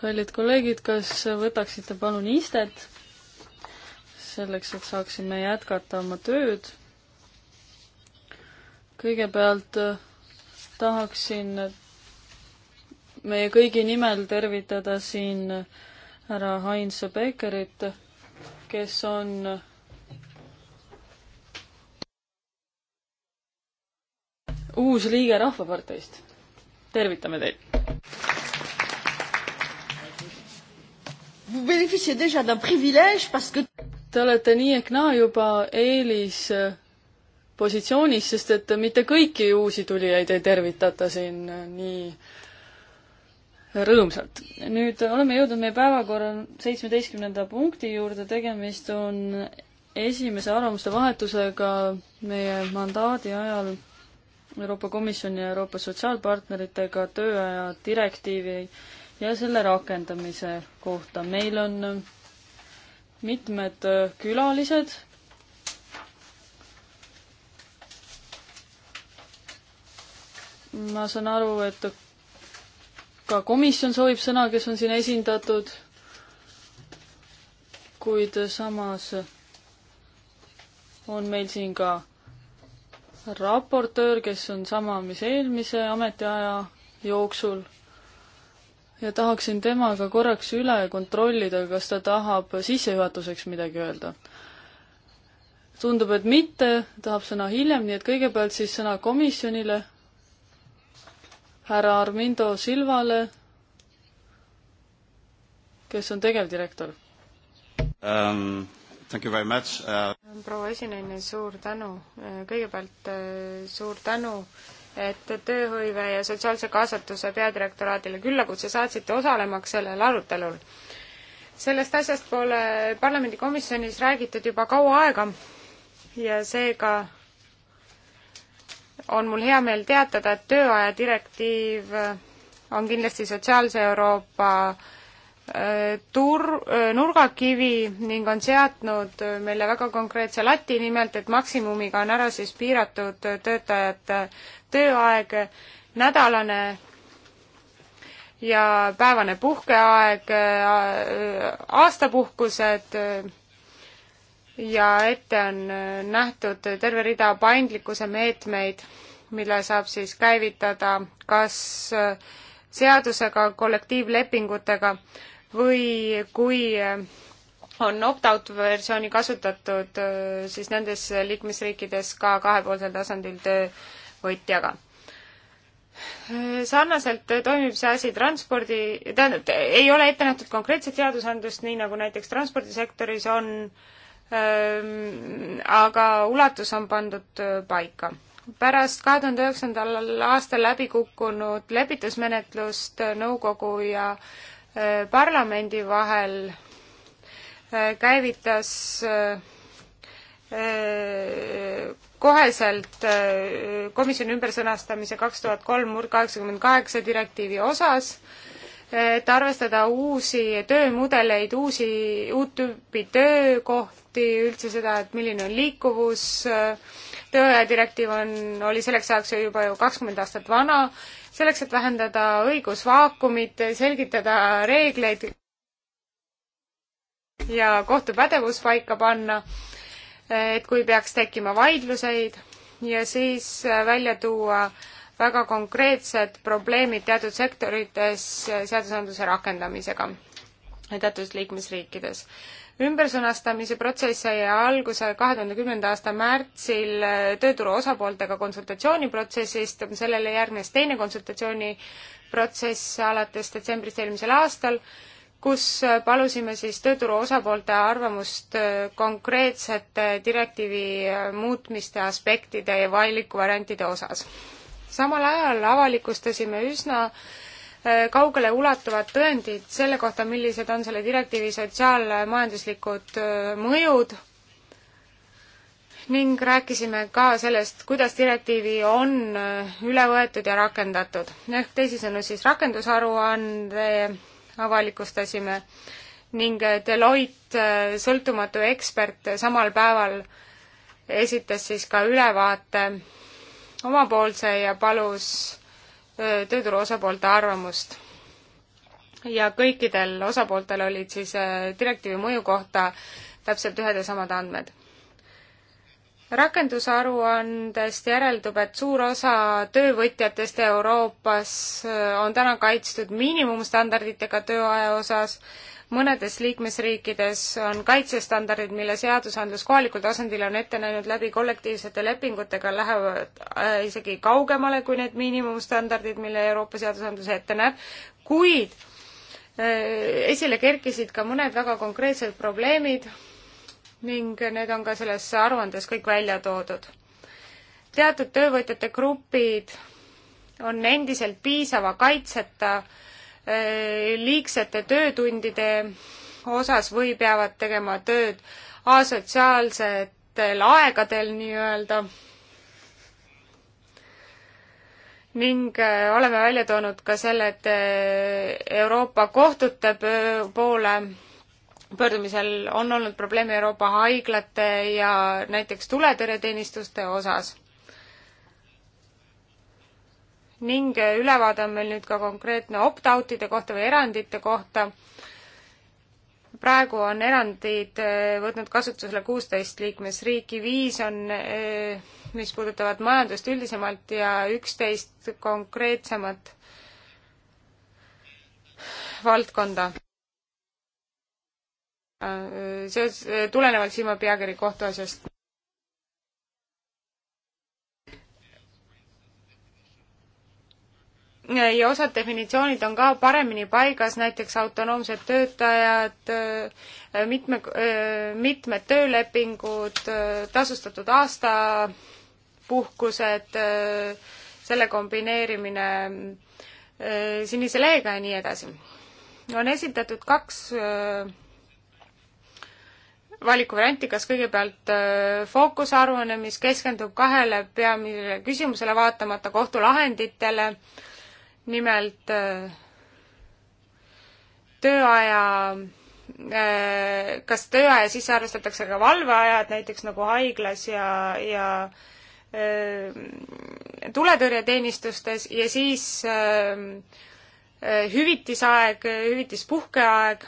kallid kolleegid, kas võtaksite palun istet selleks, et saaksime jätkata oma tööd? kõigepealt äh, tahaksin meie kõigi nimel tervitada siin härra Heinz Beckerit, kes on uus liige Rahvaparteist tervitame teid. Te olete nii ehk naa juba eelispositsioonis, sest et mitte kõiki uusi tulijaid ei tervitata siin nii rõõmsalt. nüüd oleme jõudnud meie päevakorra seitsmeteistkümnenda punkti juurde, tegemist on esimese arvamuste vahetusega meie mandaadi ajal Euroopa Komisjoni ja Euroopa sotsiaalpartneritega tööaja direktiivi ja selle rakendamise kohta. meil on mitmed külalised. ma saan aru, et ka komisjon soovib sõna, kes on siin esindatud, kuid samas on meil siin ka raportöör, kes on sama, mis eelmise ametiaja jooksul ja tahaksin temaga korraks üle kontrollida, kas ta tahab sissejuhatuseks midagi öelda. tundub, et mitte, tahab sõna hiljem, nii et kõigepealt siis sõna komisjonile, härra Armindo Silvale, kes on tegevdirektor um, uh... proua esinaine, suur tänu. kõigepealt äh, suur tänu, et tööhõive ja sotsiaalse kaasatuse peadirektoraadile küllakutse saatsite osalemaks sellel arutelul. sellest asjast pole parlamendikomisjonis räägitud juba kaua aega ja seega on mul hea meel teatada, et tööaja direktiiv on kindlasti sotsiaalse Euroopa äh, tur-, nurgakivi ning on seadnud meile väga konkreetse lati, nimelt et maksimumiga on ära siis piiratud töötajate tööaeg, nädalane ja päevane puhkeaeg, aastapuhkused ja ette on nähtud terve rida paindlikkuse meetmeid, mille saab siis käivitada kas seadusega, kollektiivlepingutega või kui äh, on opt-out versiooni kasutatud äh, siis nendes liikmesriikides ka kahepoolsel tasandil töövõtjaga. sarnaselt toimib see asi transpordi, tähendab, ei ole ette nähtud konkreetset seadusandlust, nii nagu näiteks transpordisektoris on, ähm, aga ulatus on pandud äh, paika pärast kahe tuhande üheksandal aastal läbi kukkunud lepitusmenetlust nõukogu ja Äh, parlamendi vahel äh, käivitas äh, koheselt komisjoni ümbersõnastamise kaks tuhat kolm murd kaheksakümmend kaheksa direktiivi osas, et arvestada uusi töömudeleid, uusi, uut tüüpi töökohti, üldse seda, et milline on liikuvus, tööaja direktiiv on, oli selleks ajaks juba ju kakskümmend aastat vana selleks, et vähendada õigusvaakumit, selgitada reegleid ja kohtu pädevus paika panna, et kui peaks tekkima vaidluseid ja siis välja tuua väga konkreetsed probleemid teatud sektorites seadusandluse rakendamisega teatud liikmesriikides ümbersõnastamise protsess sai alguse kahe tuhande kümnenda aasta märtsil äh, tööturu osapooltega konsultatsiooniprotsessist, sellele järgnes teine konsultatsiooniprotsess alates detsembrist eelmisel aastal, kus äh, palusime siis tööturu osapoolte arvamust äh, konkreetsete direktiivi muutmiste aspektide ja valikuvariantide osas. samal ajal avalikustasime üsna Äh, kaugele ulatuvad tõendid selle kohta, millised on selle direktiivi sotsiaalmajanduslikud äh, mõjud ning rääkisime ka sellest, kuidas direktiivi on äh, üle võetud ja rakendatud. ehk teisisõnu siis rakendusaruande avalikustasime ning Deloitte sõltumatu ekspert samal päeval esitas siis ka ülevaate omapoolse ja palus tööturu osapoolte arvamust. ja kõikidel osapooltel olid siis äh, direktiivi mõju kohta täpselt ühed ja samad andmed. rakendusaruandest järeldub, et suur osa töövõtjatest Euroopas äh, on täna kaitstud miinimumstandarditega tööaja osas mõnedes liikmesriikides on kaitsestandardid, mille seadusandlus kohalikul tasandil on ette näinud läbi kollektiivsete lepingutega, lähevad äh, isegi kaugemale kui need miinimumstandardid, mille Euroopa seadusandlus ette näeb, kuid äh, esile kerkisid ka mõned väga konkreetsed probleemid ning need on ka selles aruandes kõik välja toodud. teatud töövõtjate grupid on endiselt piisava kaitseta äh, Äh, liigsete töötundide osas või peavad tegema tööd asotsiaalsetel aegadel nii-öelda. ning äh, oleme välja toonud ka selle, et äh, Euroopa kohtute poole pöördumisel on olnud probleeme Euroopa haiglate ja näiteks tuletõrjeteenistuste osas ning ülevaade on meil nüüd ka konkreetne opt-out'ide kohta või erandite kohta. praegu on erandid äh, võtnud kasutusele kuusteist liikmesriiki, viis on, äh, mis puudutavad majandust üldisemalt ja üksteist konkreetsemat valdkonda. Äh, see tulenevalt silmapeakiri kohtuasjast ja osad definitsioonid on ka paremini paigas, näiteks autonoomsed töötajad, äh, mitme, äh, mitmed töölepingud, äh, tasustatud aastapuhkused, selle kombineerimine sinise leega ja nii edasi. on esitatud kaks valikuvarianti, kas kõigepealt fookusaruanne, mis keskendub kahele peamisele küsimusele, vaatamata kohtulahenditele, nimelt äh, tööaja, äh, kas tööaja sisse arvestatakse ka valveajad, näiteks nagu haiglas ja, ja äh, tuletõrjeteenistustes ja siis hüvitisaeg, hüvitispuhkeaeg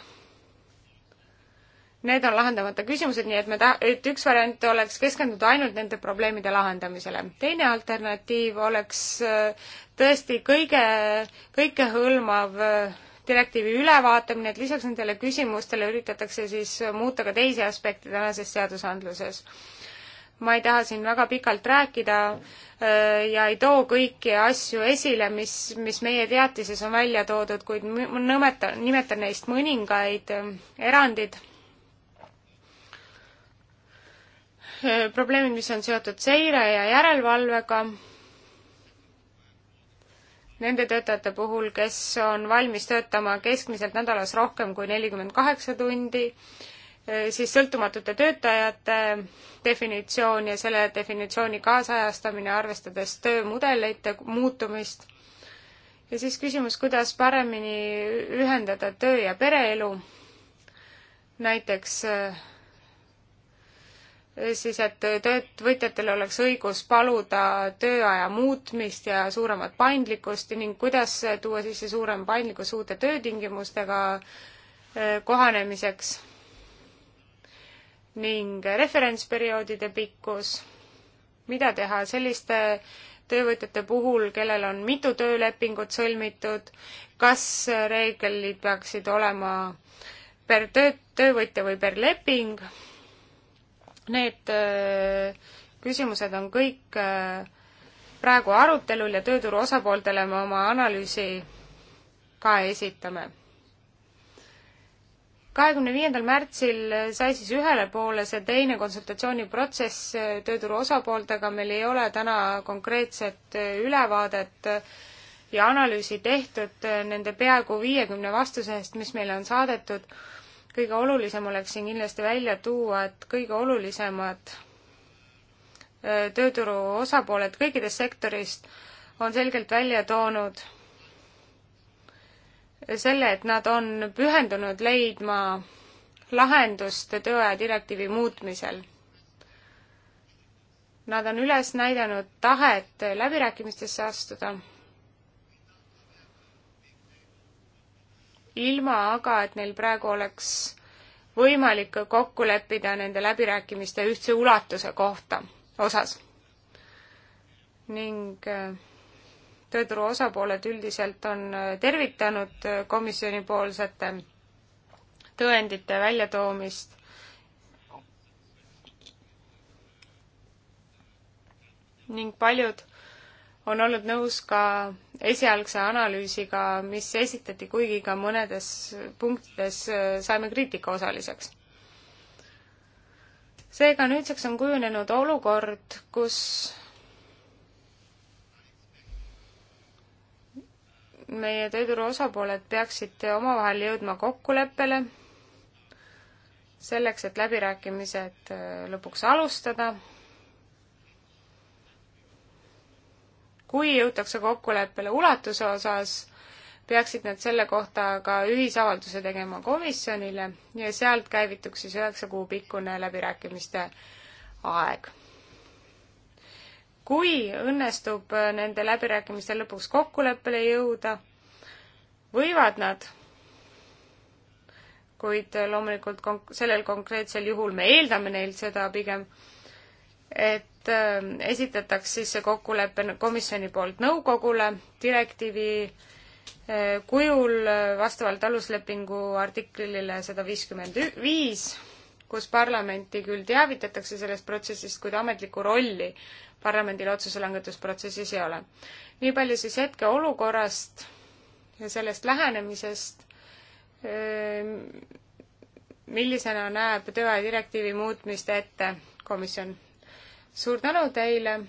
need on lahendamata küsimused, nii et me ta-, et üks variant oleks keskenduda ainult nende probleemide lahendamisele. teine alternatiiv oleks äh, tõesti kõige, kõikehõlmav äh, direktiivi ülevaatamine, et lisaks nendele küsimustele üritatakse siis äh, muuta ka teisi aspekte tänases seadusandluses. ma ei taha siin väga pikalt rääkida ja ei too kõiki asju esile, mis, mis meie teatises on välja toodud kuid, kuid nõmeta-, nimetan neist mõningaid erandid Eh, probleemid, mis on seotud seire ja järelevalvega nende töötajate puhul, kes on valmis töötama keskmiselt nädalas rohkem kui nelikümmend kaheksa tundi, eh, siis sõltumatute töötajate definitsioon ja selle definitsiooni kaasajastamine, arvestades töömudelite muutumist. ja siis küsimus, kuidas paremini ühendada töö ja pereelu, näiteks äh, siis et töövõtjatel oleks õigus paluda tööaja muutmist ja suuremat paindlikkust ning kuidas tuua sisse suurem paindlikkus uute töötingimustega eh, kohanemiseks ning referentsperioodide pikkus, mida teha selliste töövõtjate puhul, kellel on mitu töölepingut sõlmitud, kas reeglid peaksid olema per töö, töövõtja või per leping Need äh, küsimused on kõik äh, praegu arutelul ja tööturu osapooltele me oma analüüsi ka esitame. kahekümne viiendal märtsil sai siis ühele poole see teine konsultatsiooniprotsess äh, tööturu osapooltega, meil ei ole täna konkreetset ülevaadet ja analüüsi tehtud nende peaaegu viiekümne vastuse eest, mis meile on saadetud kõige olulisem oleks siin kindlasti välja tuua, et kõige olulisemad äh, tööturu osapooled kõikidest sektorist on selgelt välja toonud selle, et nad on pühendunud leidma lahendust tööaja direktiivi muutmisel. Nad on üles näidanud tahet läbirääkimistesse astuda ilma aga, et neil praegu oleks võimalik kokku leppida nende läbirääkimiste ühtse ulatuse kohta, osas. ning äh, tööturu osapooled üldiselt on äh, tervitanud äh, komisjonipoolsete tõendite väljatoomist ning paljud on olnud nõus ka esialgse analüüsiga, mis esitati, kuigi ka mõnedes punktides äh, saime kriitika osaliseks. seega nüüdseks on kujunenud olukord, kus meie tööturu osapooled peaksid omavahel jõudma kokkuleppele selleks, et läbirääkimised äh, lõpuks alustada kui jõutakse kokkuleppele ulatuse osas, peaksid nad selle kohta ka ühisavalduse tegema komisjonile ja sealt käivituks siis üheksa kuu pikkune läbirääkimiste aeg. kui õnnestub nende läbirääkimiste lõpuks kokkuleppele jõuda, võivad nad kuid loomulikult konk-, sellel konkreetsel juhul me eeldame neilt seda pigem, et Äh, esitataks siis see kokkulepe komisjoni poolt nõukogule direktiivi äh, kujul äh, vastavalt aluslepingu artiklile sada viiskümmend viis, kus parlamenti küll teavitatakse sellest protsessist, kuid ametlikku rolli parlamendil otsuse langetusprotsessis ei ole. nii palju siis hetkeolukorrast ja sellest lähenemisest, millisena näeb tööaja direktiivi muutmist ette komisjon suur tänu teile.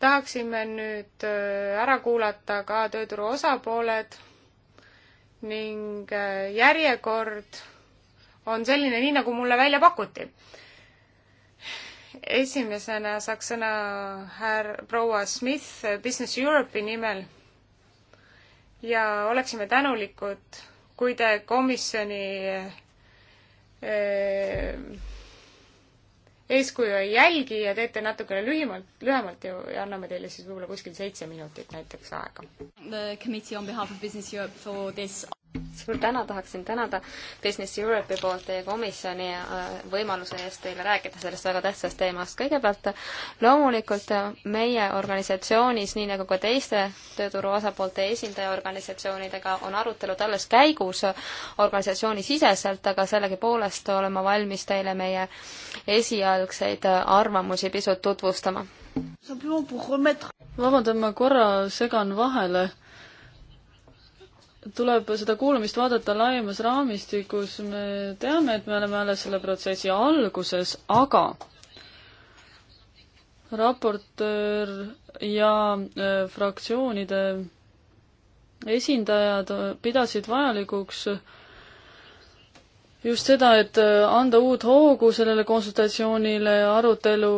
tahaksime nüüd äh, ära kuulata ka tööturu osapooled ning äh, järjekord on selline, nii nagu mulle välja pakuti. esimesena saaks sõna härra proua Smith äh, Business Europe'i nimel ja oleksime tänulikud, kui te komisjoni Äh, eeskuju ei jälgi ja teete natukene lühimalt, lühemalt ju ja anname teile siis võib-olla kuskil seitse minutit näiteks aega suur tänu, tahaksin tänada Business Europe'i poolt teie komisjoni äh, võimaluse eest teile rääkida sellest väga tähtsast teemast. kõigepealt loomulikult äh, meie organisatsioonis, nii nagu ka teiste tööturu osapoolte esindajaorganisatsioonidega, on arutelud alles käigus organisatsioonisiseselt, aga sellegipoolest olen ma valmis teile meie esialgseid äh, arvamusi pisut tutvustama. vabandan, ma korra segan vahele tuleb seda kuulamist vaadata laiemas raamistikus, me teame, et me oleme alles selle protsessi alguses, aga raportöör ja äh, fraktsioonide esindajad pidasid vajalikuks just seda, et äh, anda uut hoogu sellele konsultatsioonile, arutelu,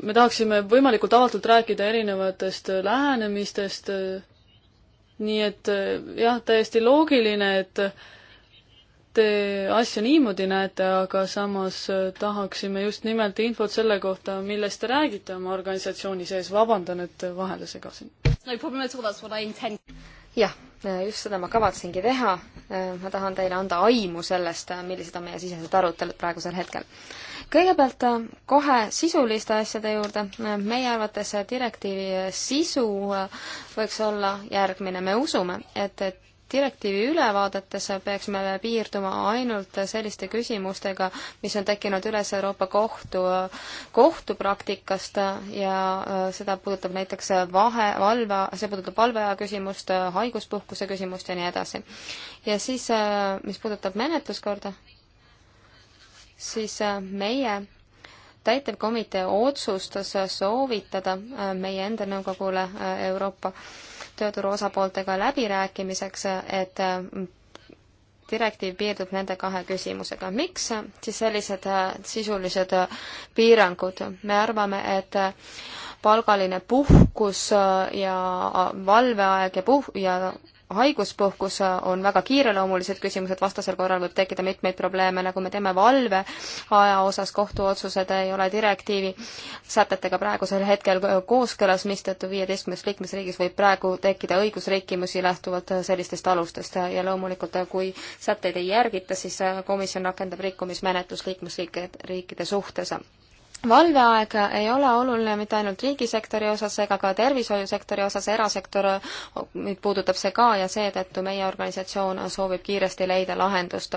me tahaksime võimalikult avatult rääkida erinevatest lähenemistest, äh, nii et äh, jah, täiesti loogiline, et te asja niimoodi näete, aga samas äh, tahaksime just nimelt infot selle kohta, millest te räägite oma organisatsiooni sees, vabandan, et äh, vahele segasin. jah, just seda ma kavatsengi teha, ma tahan teile anda aimu sellest, millised on meie sisesed arutelud praegusel hetkel kõigepealt äh, kohe sisuliste asjade juurde. meie arvates äh, direktiivi äh, sisu võiks olla järgmine. me usume, et, et direktiivi ülevaadetes peaksime piirduma ainult selliste küsimustega, mis on tekkinud üles Euroopa Kohtu, kohtupraktikast ja seda puudutab näiteks vahe, valve, see puudutab valveaja küsimust, haiguspuhkuse küsimust ja nii edasi. ja siis, mis puudutab menetluskorda, siis äh, meie täitevkomitee otsustas äh, soovitada äh, meie enda nõukogule Euroopa tööturu osapooltega läbirääkimiseks, et direktiiv piirdub nende kahe küsimusega. miks siis sellised sisulised piirangud? me arvame, et palgaline puhkus ja valveaeg ja puh- ja haiguspuhkus on väga kiireloomulised küsimused, vastasel korral võib tekkida mitmeid probleeme, nagu me teame valve aja osas, kohtuotsused ei ole direktiivi sätetega praegusel hetkel kooskõlas, mistõttu viieteistkümnes liikmesriigis võib praegu tekkida õigusrikkimusi lähtuvalt sellistest alustest ja loomulikult, kui sätteid ei järgita, siis komisjon rakendab rikkumismenetlust liikmesriikide, riikide suhtes valveaeg ei ole oluline mitte ainult riigisektori osas ega ka tervishoiusektori osas, erasektor puudutab see ka ja seetõttu meie organisatsioon soovib kiiresti leida lahendust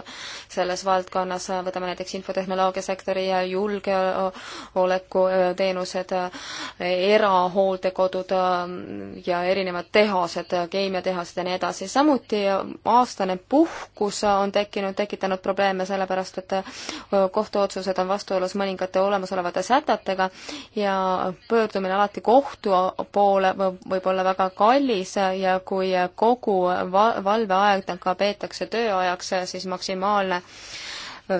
selles valdkonnas, võtame näiteks infotehnoloogiasektori ja julgeolekuteenused, erahooldekodud ja erinevad tehased, keemiatehased ja nii edasi. samuti aastane puhkus on tekkinud, tekitanud probleeme, sellepärast et kohtuotsused on vastuolus mõningate olemasolevate olevate sätetega ja pöördumine alati kohtu poole võib olla väga kallis ja kui kogu valveaeg ka peetakse tööajaks, siis maksimaalne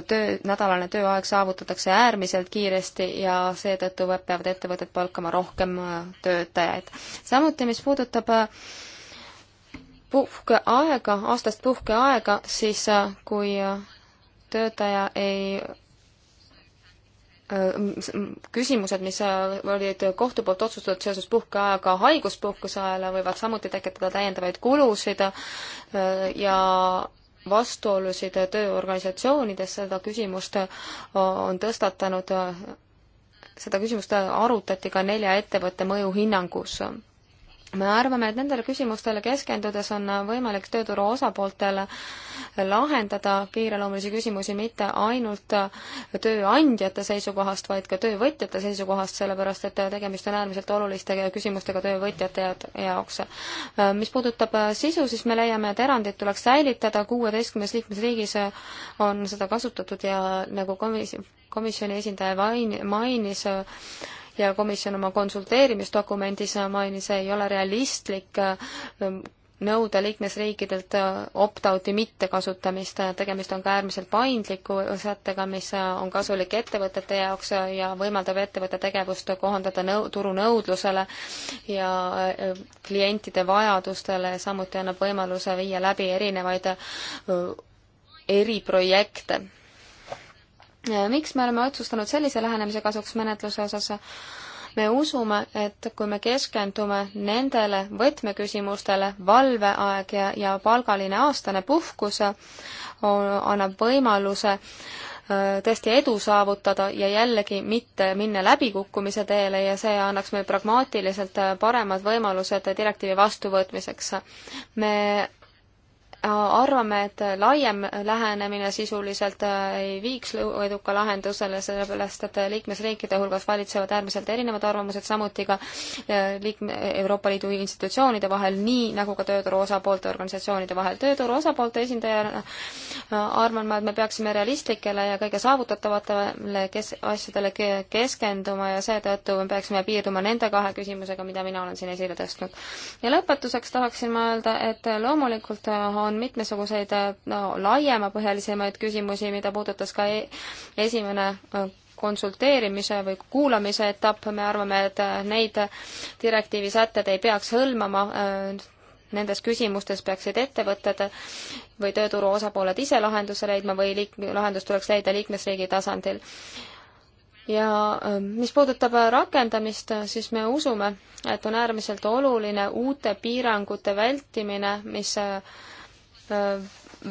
töö, nädalane tööaeg saavutatakse äärmiselt kiiresti ja seetõttu peavad ettevõtted palkama rohkem töötajaid. samuti, mis puudutab äh, puhkeaega, aastast puhkeaega, siis äh, kui äh, töötaja ei Äh, küsimused, mis äh, olid kohtu poolt otsustatud seoses puhkeajaga haiguspuhkuse ajale, võivad samuti tekitada täiendavaid kulusid äh, ja vastuolusid tööorganisatsioonides, seda küsimust on tõstatanud, seda küsimust arutati ka nelja ettevõtte mõjuhinnangus me arvame, et nendele küsimustele keskendudes on võimalik tööturu osapooltele lahendada kiireloomulisi küsimusi mitte ainult tööandjate seisukohast, vaid ka töövõtjate seisukohast, sellepärast et tegemist on äärmiselt oluliste küsimustega töövõtjate jaoks. mis puudutab sisu, siis me leiame, et erandid tuleks säilitada, kuueteistkümnes liikmesriigis on seda kasutatud ja nagu komis-, komisjoni esindaja main-, mainis, ja komisjon oma konsulteerimisdokumendis mainis, ei ole realistlik ähm, nõuda liikmesriikidelt äh, opt-out'i mittekasutamist, tegemist on ka äärmiselt paindliku sättega, mis on kasulik ettevõtete jaoks ja võimaldab ettevõtte tegevust kohandada nõu-, turunõudlusele ja äh, klientide vajadustele, samuti annab võimaluse viia läbi erinevaid äh, eriprojekte miks me oleme otsustanud sellise lähenemise kasuks menetluse osas? me usume, et kui me keskendume nendele võtmeküsimustele, valveaeg ja, ja palgaline aastane puhkus annab võimaluse tõesti edu saavutada ja jällegi mitte minna läbikukkumise teele ja see annaks meil pragmaatiliselt paremad võimalused direktiivi vastuvõtmiseks. me Äh, arvame, et laiem lähenemine sisuliselt äh, ei viiks eduka lahendusele, sellepärast et liikmesriikide hulgas valitsevad äärmiselt erinevad arvamused, samuti ka äh, liikme, Euroopa Liidu institutsioonide vahel, nii nagu ka tööturu osapoolte organisatsioonide vahel. tööturu osapoolte esindajana arvan ma, et me peaksime realistlikele ja kõige saavutatavatele kes-, asjadele keskenduma ja seetõttu me peaksime piirduma nende kahe küsimusega, mida mina olen siin esile tõstnud. ja lõpetuseks tahaksin ma öelda, et loomulikult on on mitmesuguseid no, laiemapõhjalisemaid küsimusi, mida puudutas ka e-, esimene äh, konsulteerimise või kuulamise etapp, me arvame, et äh, neid direktiivi sätted ei peaks hõlmama äh, nendes küsimustes peaksid ettevõtted või tööturu osapooled ise lahenduse leidma või liik-, lahendus tuleks leida liikmesriigi tasandil. ja mis puudutab rakendamist, siis me usume, et on äärmiselt oluline uute piirangute vältimine, mis Äh,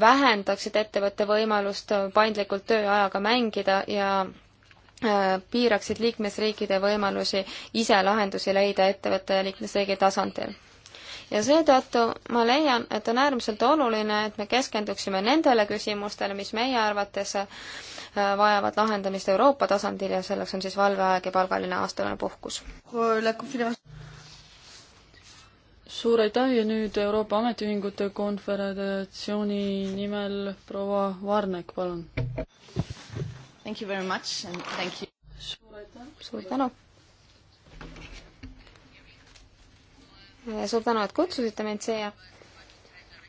vähendaksid ettevõtte võimalust paindlikult tööajaga mängida ja äh, piiraksid liikmesriikide võimalusi ise lahendusi leida ettevõtte ja liikmesriigi tasandil. ja seetõttu ma leian, et on äärmiselt oluline, et me keskenduksime nendele küsimustele, mis meie arvates äh, vajavad lahendamist Euroopa tasandil ja selleks on siis valveaeg ja palgaline aastalane puhkus suur aitäh ja nüüd Euroopa Ametiühingute Konföderatsiooni nimel proua Varnek, palun. Thank you very much and thank you. suur aitäh. suur tänu. suur tänu, et kutsusite mind siia.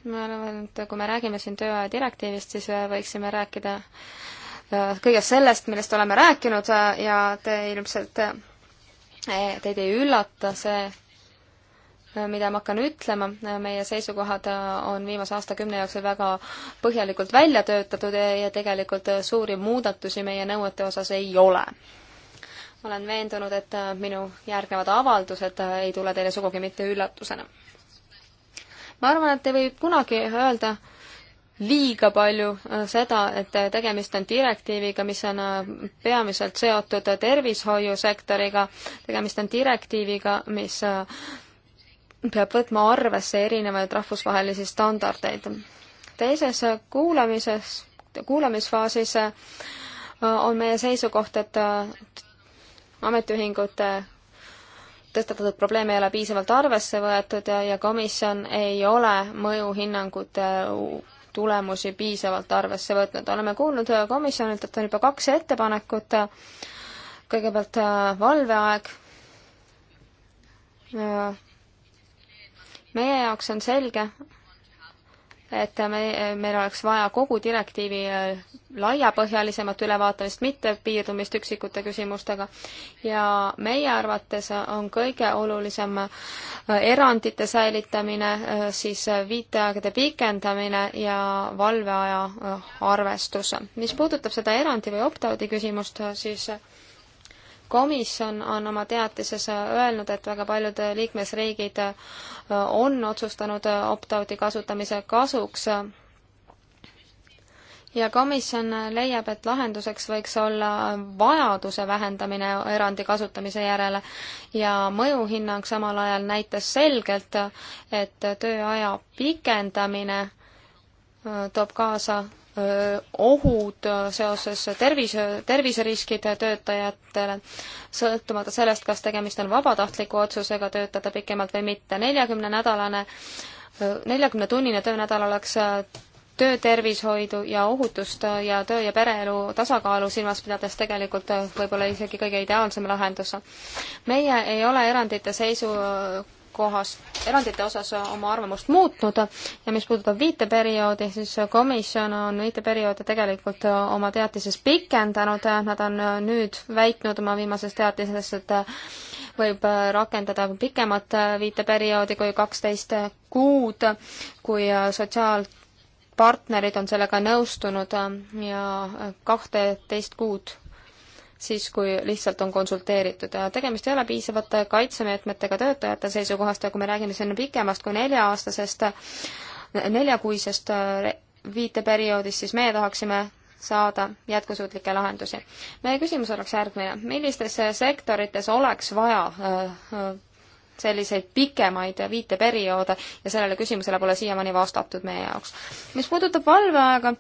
ma arvan, et kui me räägime siin tööaja direktiivist, siis äh, võiksime rääkida äh, kõigest sellest, millest oleme rääkinud äh, ja te ilmselt, teid ei üllata see mida ma hakkan ütlema, meie seisukohad äh, on viimase aastakümne jooksul väga põhjalikult välja töötatud ja tegelikult äh, suuri muudatusi meie nõuete osas ei ole. olen veendunud, et äh, minu järgnevad avaldused ei tule teile sugugi mitte üllatusena. ma arvan, et ei või kunagi öelda liiga palju seda, et tegemist on direktiiviga, mis on peamiselt seotud tervishoiusektoriga, tegemist on direktiiviga, mis peab võtma arvesse erinevaid rahvusvahelisi standardeid. teises kuulamises, kuulamisfaasis äh, on meie seisukoht, et äh, ametiühingute tõstatatud probleem ei ole piisavalt arvesse võetud ja, ja komisjon ei ole mõjuhinnangute äh, tulemusi piisavalt arvesse võtnud. oleme kuulnud komisjonilt, et on juba kaks ettepanekut, kõigepealt valveaeg meie jaoks on selge, et me, meil oleks vaja kogu direktiivi äh, laiapõhjalisemat ülevaatamist, mitte piirdumist üksikute küsimustega. ja meie arvates on kõige olulisem äh, erandite säilitamine, äh, siis viiteaegade pikendamine ja valveaja arvestus. mis puudutab seda erandi või opt-out'i küsimust, siis komisjon on oma teatises öelnud, et väga paljud liikmesriigid äh, on otsustanud äh, opt-out'i kasutamise kasuks ja komisjon leiab, et lahenduseks võiks olla vajaduse vähendamine erandi kasutamise järele ja mõjuhinnang samal ajal näitas selgelt, et tööaja pikendamine toob kaasa ohud äh, seoses tervise, terviseriskide töötajatele, sõltumata sellest, kas tegemist on vabatahtliku otsusega töötada pikemalt või mitte. neljakümnenädalane, neljakümnetunnine töönädal oleks äh, töötervishoidu ja ohutust äh, ja töö- ja pereelu tasakaalu silmas pidades tegelikult võib-olla isegi kõige ideaalsem lahendus. meie ei ole erandite seisu kohas, erandite osas oma arvamust muutnud ja mis puudutab viiteperioodi, siis komisjon on viiteperioodi tegelikult oma teatises pikendanud, nad on nüüd väitnud oma viimases teatises, et võib rakendada pikemat viiteperioodi kui kaksteist kuud, kui sotsiaalpartnerid on sellega nõustunud ja kahteteist kuud siis, kui lihtsalt on konsulteeritud. tegemist ei ole piisavate kaitsemeetmetega töötajate seisukohast ja kui me räägime siin pikemast kui nelja-aastasest, neljakuisest viiteperioodist, siis meie tahaksime saada jätkusuutlikke lahendusi. meie küsimus oleks järgmine, millistes sektorites oleks vaja äh, äh, selliseid pikemaid viiteperioode ja sellele küsimusele pole siiamaani vastatud meie jaoks. mis puudutab valveaega,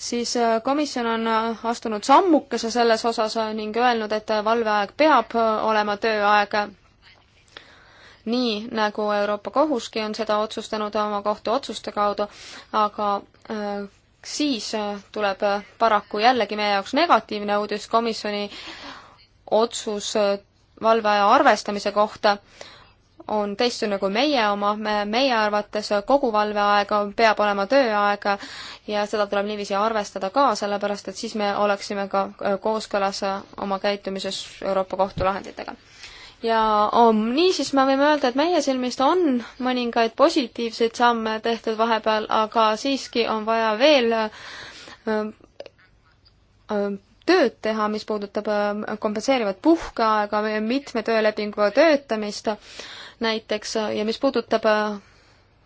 siis äh, komisjon on äh, astunud sammukese selles osas äh, ning öelnud, et valveaeg peab olema tööaeg. nii, nagu Euroopa Kohuski on seda otsustanud oma kohtuotsuste kaudu, aga siis tuleb paraku jällegi meie jaoks negatiivne uudis komisjoni otsus valveaja arvestamise kohta on teistsugune kui nagu meie oma, me, meie arvates kogu valveaeg peab olema tööaeg ja seda tuleb niiviisi arvestada ka, sellepärast et siis me oleksime ka äh, kooskõlas oma käitumises Euroopa Kohtu lahenditega. ja om, um, niisiis me võime öelda, et meie silmist on mõningaid positiivseid samme tehtud vahepeal, aga siiski on vaja veel äh, äh, tööd teha, mis puudutab kompenseerivat puhkeaega, mitme töölepinguga töötamist näiteks ja mis puudutab äh,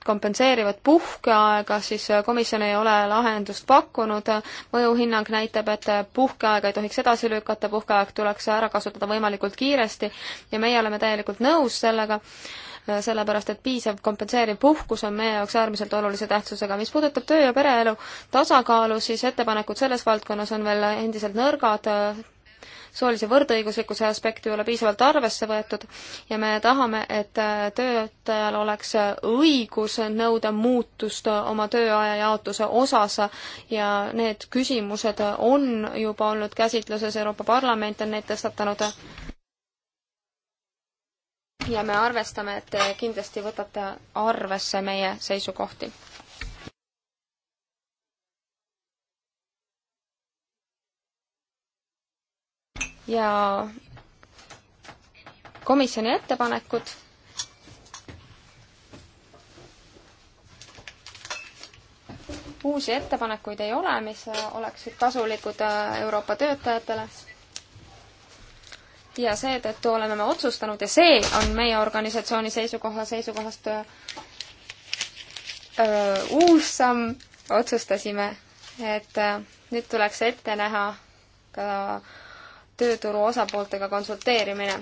kompenseerivat puhkeaega, siis äh, komisjon ei ole lahendust pakkunud. mõjuhinnang näitab, et äh, puhkeaega ei tohiks edasi lükata, puhkeaeg tuleks ära kasutada võimalikult kiiresti ja meie oleme täielikult nõus sellega sellepärast et piisav kompenseeriv puhkus on meie jaoks äärmiselt olulise tähtsusega. mis puudutab töö- ja pereelu tasakaalu, siis ettepanekud selles valdkonnas on veel endiselt nõrgad, soolise võrdõiguslikkuse aspekti ei ole piisavalt arvesse võetud ja me tahame, et äh, töötajal oleks äh, õigus nõuda muutust äh, oma tööaja jaotuse osas ja need küsimused on juba olnud käsitluses, Euroopa Parlament on neid tõstatanud ja me arvestame, et te kindlasti võtate arvesse meie seisukohti. ja komisjoni ettepanekud. uusi ettepanekuid ei ole, mis oleksid kasulikud äh, Euroopa töötajatele. ja seetõttu oleme me otsustanud ja see on meie organisatsiooni seisukoha, seisukohast öö, äh, äh, uus samm, otsustasime, et öö, nüüd tuleks ette näha ka öö, tööturu osapooltega konsulteerimine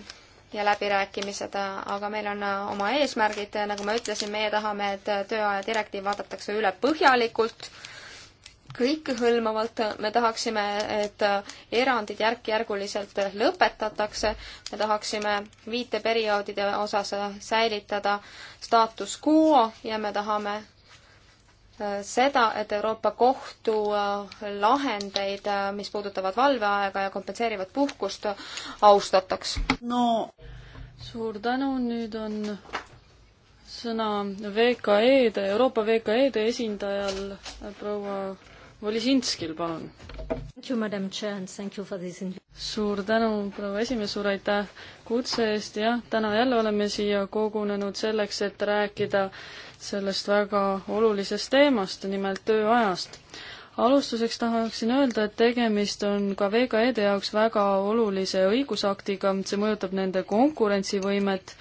ja läbirääkimised, aga meil on oma eesmärgid, nagu ma ütlesin, meie tahame, et tööaja direktiiv vaadatakse üle põhjalikult, kõikehõlmavalt, me tahaksime, et erandid järk-järguliselt lõpetatakse, me tahaksime viiteperioodide osas säilitada staatus quo ja me tahame seda, et Euroopa Kohtu äh, lahendeid, äh, mis puudutavad valveaega ja kompenseerivat puhkust, austataks. no suur tänu, nüüd on sõna VKE-de, Euroopa VKE-de esindajal äh, proua Volisinskil, palun. suur tänu, proua esimees, suur aitäh kutse eest, jah, täna jälle oleme siia kogunenud selleks, et rääkida äh, sellest väga olulisest teemast, nimelt tööajast. alustuseks tahaksin öelda, et tegemist on ka VKE-de jaoks väga olulise õigusaktiga, see mõjutab nende konkurentsivõimet,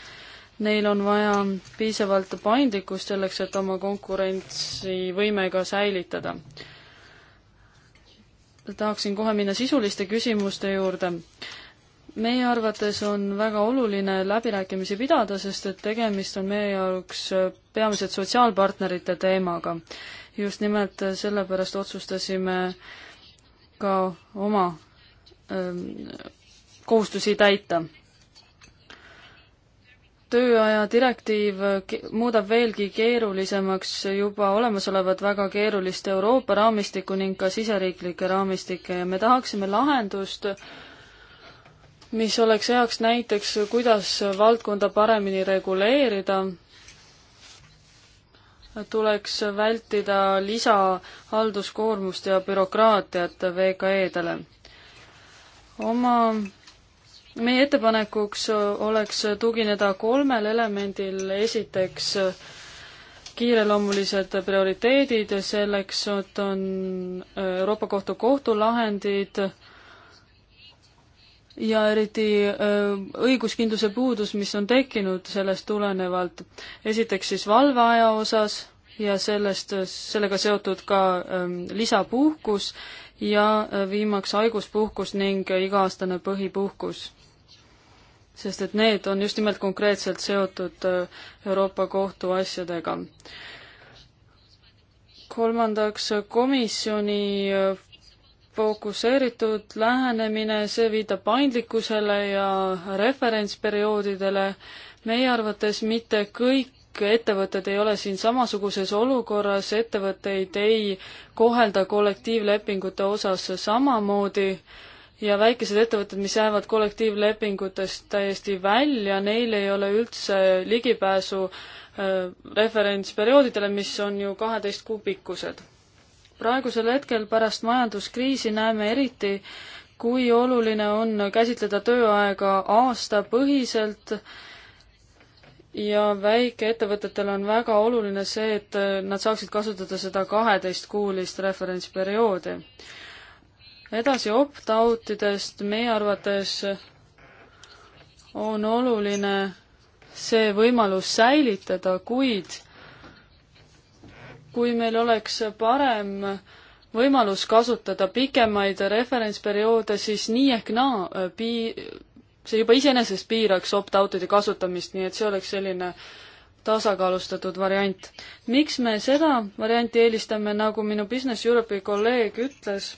neil on vaja piisavalt paindlikkust selleks, et oma konkurentsivõimega säilitada. tahaksin kohe minna sisuliste küsimuste juurde meie arvates on väga oluline läbirääkimisi pidada, sest et tegemist on meie jaoks peamiselt sotsiaalpartnerite teemaga. just nimelt sellepärast otsustasime ka oma öö, ähm, kohustusi täita. tööaja direktiiv muudab veelgi keerulisemaks juba olemasolevat väga keerulist Euroopa raamistikku ning ka siseriiklikke raamistikke ja me tahaksime lahendust, mis oleks heaks näiteks, kuidas valdkonda paremini reguleerida. tuleks vältida lisahalduskoormust ja bürokraatiat VKE-dele. oma, meie ettepanekuks oleks tugineda kolmel elemendil, esiteks kiireloomulised prioriteedid, selleks on Euroopa Kohtu kohtulahendid, ja eriti õiguskindluse puudus, mis on tekkinud sellest tulenevalt. esiteks siis valveaja osas ja sellest, sellega seotud ka lisapuhkus ja viimaks haiguspuhkus ning iga-aastane põhipuhkus. sest et need on just nimelt konkreetselt seotud Euroopa Kohtu asjadega. kolmandaks, komisjoni fokusseeritud lähenemine, see viitab paindlikkusele ja referentsperioodidele. meie arvates mitte kõik ettevõtted ei ole siin samasuguses olukorras, ettevõtteid ei kohelda kollektiivlepingute osas samamoodi ja väikesed ettevõtted, mis jäävad kollektiivlepingutest täiesti välja, neil ei ole üldse ligipääsu äh, referentsperioodidele, mis on ju kaheteist kuu pikkused praegusel hetkel pärast majanduskriisi näeme eriti, kui oluline on käsitleda tööaega aastapõhiselt ja väikeettevõtetel on väga oluline see, et nad saaksid kasutada seda kaheteistkuulist referentsperioodi. edasi opt-out idest meie arvates on oluline see võimalus säilitada, kuid kui meil oleks parem võimalus kasutada pikemaid referentsperioode, siis nii ehk naa äh, pii-, see juba iseenesest piiraks opt-out'ide kasutamist, nii et see oleks selline tasakaalustatud variant. miks me seda varianti eelistame, nagu minu Business Europe'i kolleeg ütles,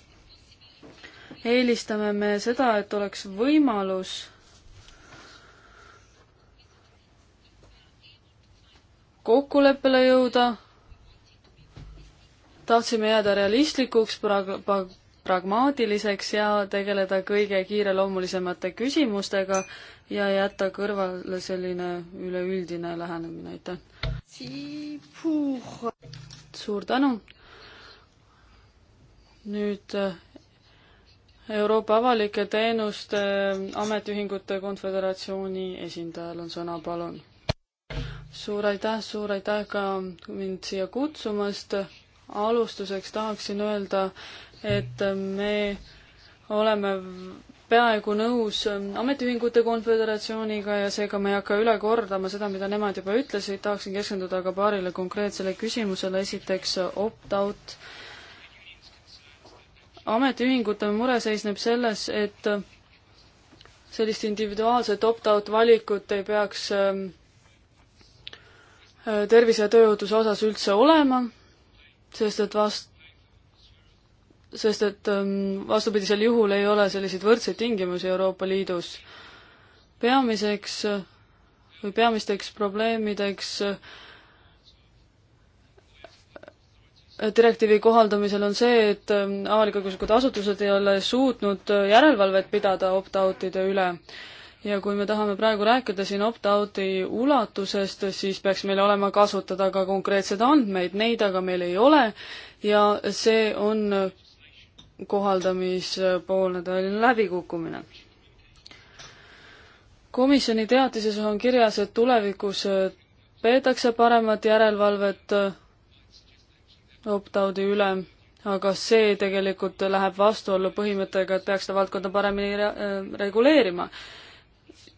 eelistame me seda, et oleks võimalus kokkuleppele jõuda tahtsime jääda realistlikuks, pragmaatiliseks ja tegeleda kõige kiireloomulisemate küsimustega ja jätta kõrvale selline üleüldine lähenemine, aitäh. suur tänu. nüüd eh, Euroopa Avalike Teenuste eh, Ametiühingute Konföderatsiooni esindajal on sõna, palun. suur aitäh, suur aitäh ka mind siia kutsumast alustuseks tahaksin öelda, et me oleme peaaegu nõus Ametiühingute Konföderatsiooniga ja seega ma ei hakka üle kordama seda, mida nemad juba ütlesid, tahaksin keskenduda aga paarile konkreetsele küsimusele, esiteks opt-out. ametiühingute mure seisneb selles, et sellist individuaalset opt-out valikut ei peaks ähm, tervise ja tööohutuse osas üldse olema sest et vast-, sest et ähm, vastupidisel juhul ei ole selliseid võrdseid tingimusi Euroopa Liidus. peamiseks või peamisteks probleemideks äh, direktiivi kohaldamisel on see, et ähm, avalik-õiguslikud asutused ei ole suutnud äh, järelevalvet pidada opt-out'ide üle ja kui me tahame praegu rääkida siin opt-out'i ulatusest, siis peaks meil olema kasutada ka konkreetseid andmeid, neid aga meil ei ole ja see on kohaldamispoolne tõeline läbikukkumine. komisjoni teatises on kirjas, et tulevikus peetakse paremat järelevalvet opt-out'i üle, aga see tegelikult läheb vastuollu põhimõttega, et peaks seda valdkonda paremini re reguleerima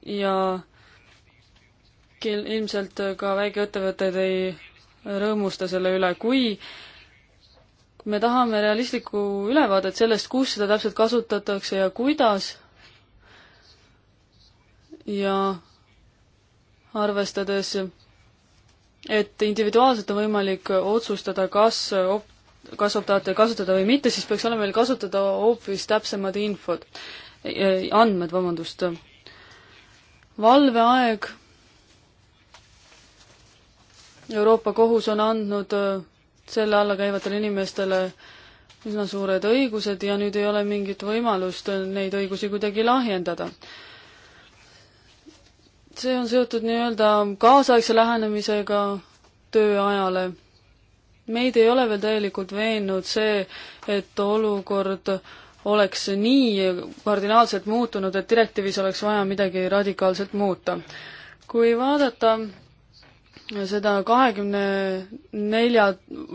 ja ilmselt ka väikeettevõtted ei rõõmusta selle üle, kui me tahame realistlikku ülevaadet sellest, kus seda täpselt kasutatakse ja kuidas ja arvestades, et individuaalselt on võimalik otsustada, kas op-, kas optaate kasutada või mitte, siis peaks olema meil kasutada hoopis täpsemad infod, eh, andmed, vabandust valveaeg. Euroopa Kohus on andnud äh, selle alla käivatele inimestele üsna suured õigused ja nüüd ei ole mingit võimalust äh, neid õigusi kuidagi lahjendada. see on seotud nii-öelda kaasaegse lähenemisega tööajale. meid ei ole veel täielikult veennud see, et olukord äh, oleks nii kardinaalselt muutunud, et direktiivis oleks vaja midagi radikaalselt muuta. kui vaadata seda kahekümne nelja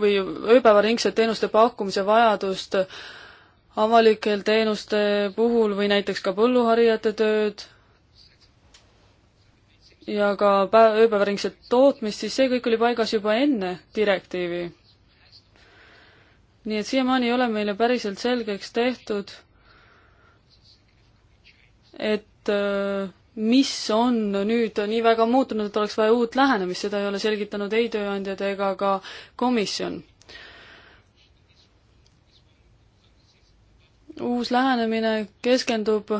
või ööpäevaringset teenuste pakkumise vajadust avalikel teenuste puhul või näiteks ka põlluharijate tööd ja ka päev, ööpäevaringset tootmist, siis see kõik oli paigas juba enne direktiivi nii et siiamaani ei ole meile päriselt selgeks tehtud, et äh, mis on nüüd nii väga muutunud, et oleks vaja uut lähenemist, seda ei ole selgitanud ei tööandjad ega ka komisjon. uus lähenemine keskendub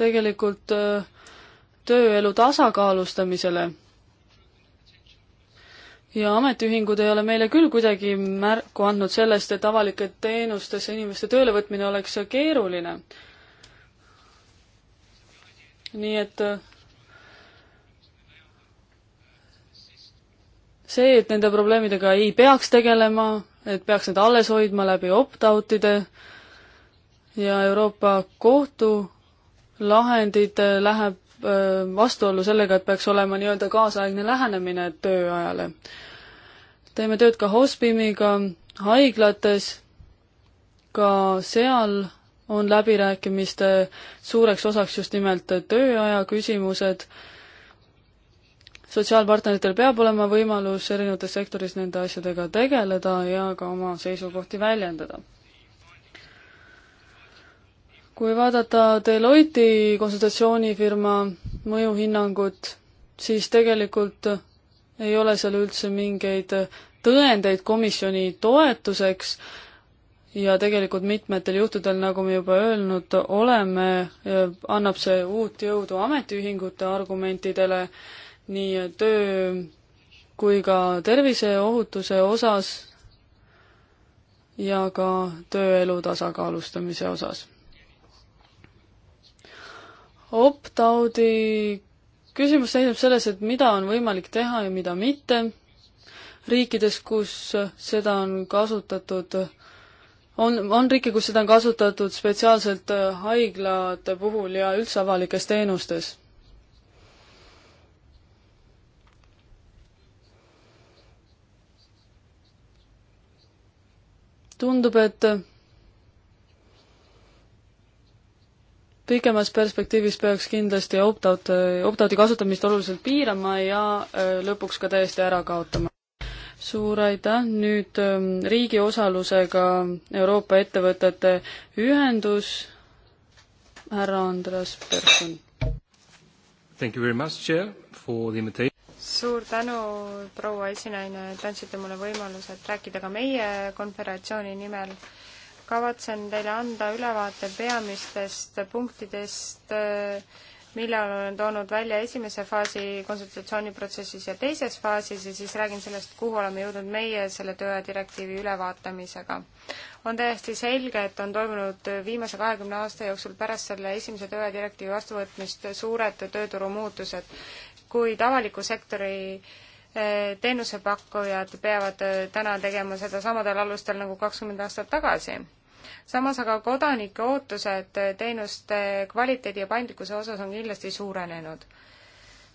tegelikult äh, tööelu tasakaalustamisele ja ametiühingud ei ole meile küll kuidagi märku andnud sellest, et avalike teenustesse inimeste töölevõtmine oleks keeruline. nii et see, et nende probleemidega ei peaks tegelema, et peaks need alles hoidma läbi opt-out'ide ja Euroopa Kohtu lahendid läheb Äh, vastuollu sellega, et peaks olema nii-öelda kaasaegne lähenemine tööajale. teeme tööd ka hospimiga, haiglates, ka seal on läbirääkimiste suureks osaks just nimelt tööaja küsimused, sotsiaalpartneritel peab olema võimalus erinevates sektoris nende asjadega tegeleda ja ka oma seisukohti väljendada kui vaadata Deloitte'i konsultatsioonifirma mõjuhinnangut, siis tegelikult ei ole seal üldse mingeid tõendeid komisjoni toetuseks ja tegelikult mitmetel juhtudel, nagu me juba öelnud oleme, annab see uut jõudu ametiühingute argumentidele nii töö kui ka terviseohutuse osas ja ka tööelu tasakaalustamise osas opt-out'i küsimus seisneb selles, et mida on võimalik teha ja mida mitte. riikides, kus seda on kasutatud, on, on riike, kus seda on kasutatud spetsiaalselt äh, haiglate puhul ja üldse avalikes teenustes tundub, et pikemas perspektiivis peaks kindlasti opt-out, opt-out'i kasutamist oluliselt piirama ja äh, lõpuks ka täiesti ära kaotama. suur aitäh, nüüd ähm, riigi osalusega Euroopa Ettevõtete Ühendus, härra Andres Persson. Thank you very much, chair, for the invitation suur tänu, proua esinaine, et andsite mulle võimaluse, et rääkida ka meie konföderatsiooni nimel äh, kavatsen teile anda ülevaate peamistest punktidest, mille olen toonud välja esimese faasi konsultatsiooniprotsessis ja teises faasis ja siis räägin sellest, kuhu oleme jõudnud meie selle tööajadirektiivi ülevaatamisega. on täiesti selge, et on toimunud viimase kahekümne aasta jooksul pärast selle esimese tööajadirektiivi vastuvõtmist suured tööturu muutused, kuid avaliku sektori äh, teenusepakkujad peavad äh, täna tegema seda samadel alustel nagu kakskümmend aastat tagasi. samas aga kodanike ootused äh, teenuste kvaliteedi ja paindlikkuse osas on kindlasti suurenenud.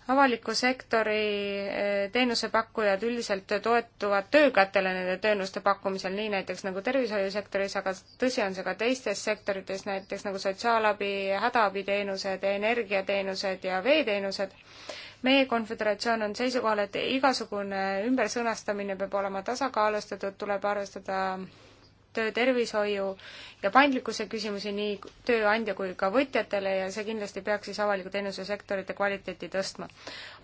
avaliku sektori äh, teenusepakkujad üldiselt toetuvad töökätele nende teenuste pakkumisel, nii näiteks nagu tervishoiusektoris, aga tõsi on see ka teistes sektorites, näiteks nagu sotsiaalabi, hädaabiteenused, energiateenused ja veeteenused meie konföderatsioon on seisukohal, et igasugune ümbersõnastamine peab olema tasakaalustatud, tuleb arvestada töötervishoiu ja paindlikkuse küsimusi nii tööandja kui ka võtjatele ja see kindlasti peaks siis avaliku teenuse sektorite kvaliteeti tõstma.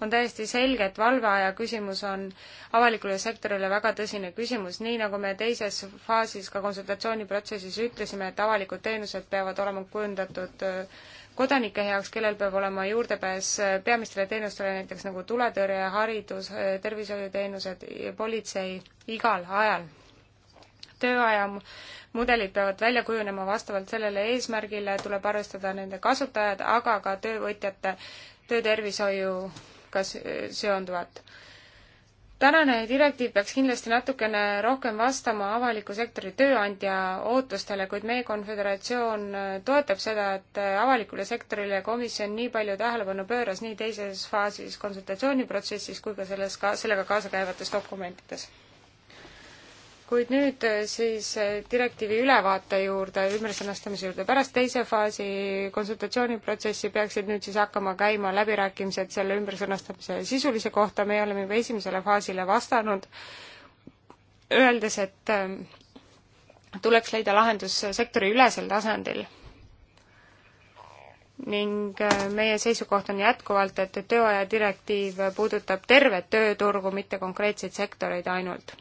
on täiesti selge, et valveaja küsimus on avalikule sektorile väga tõsine küsimus, nii nagu me teises faasis ka konsultatsiooniprotsessis ütlesime, et avalikud teenused peavad olema kujundatud äh, kodanike heaks, kellel peab olema juurdepääs äh, peamistele teenustele, näiteks nagu tuletõrje, haridus, äh, tervishoiuteenused, politsei, igal ajal. tööaja mudelid peavad välja kujunema vastavalt sellele eesmärgile, tuleb arvestada nende kasutajad, aga ka töövõtjate töötervishoiuga seonduvat tänane direktiiv peaks kindlasti natukene rohkem vastama avaliku sektori tööandja ootustele, kuid meie konföderatsioon äh, toetab seda, et äh, avalikule sektorile komisjon nii palju tähelepanu pööras nii teises faasis konsultatsiooniprotsessis kui ka selles ka, sellega kaasa käivates dokumentides kuid nüüd eh, siis eh, direktiivi ülevaate juurde, ümbersõnastamise juurde. pärast teise faasi konsultatsiooniprotsessi peaksid nüüd siis hakkama käima läbirääkimised selle ümbersõnastamise sisulise kohta, me oleme juba esimesele faasile vastanud, öeldes, et eh, tuleks leida lahendus sektoriülesel tasandil. ning meie seisukoht on jätkuvalt, et tööaja direktiiv puudutab tervet tööturgu, mitte konkreetseid sektoreid ainult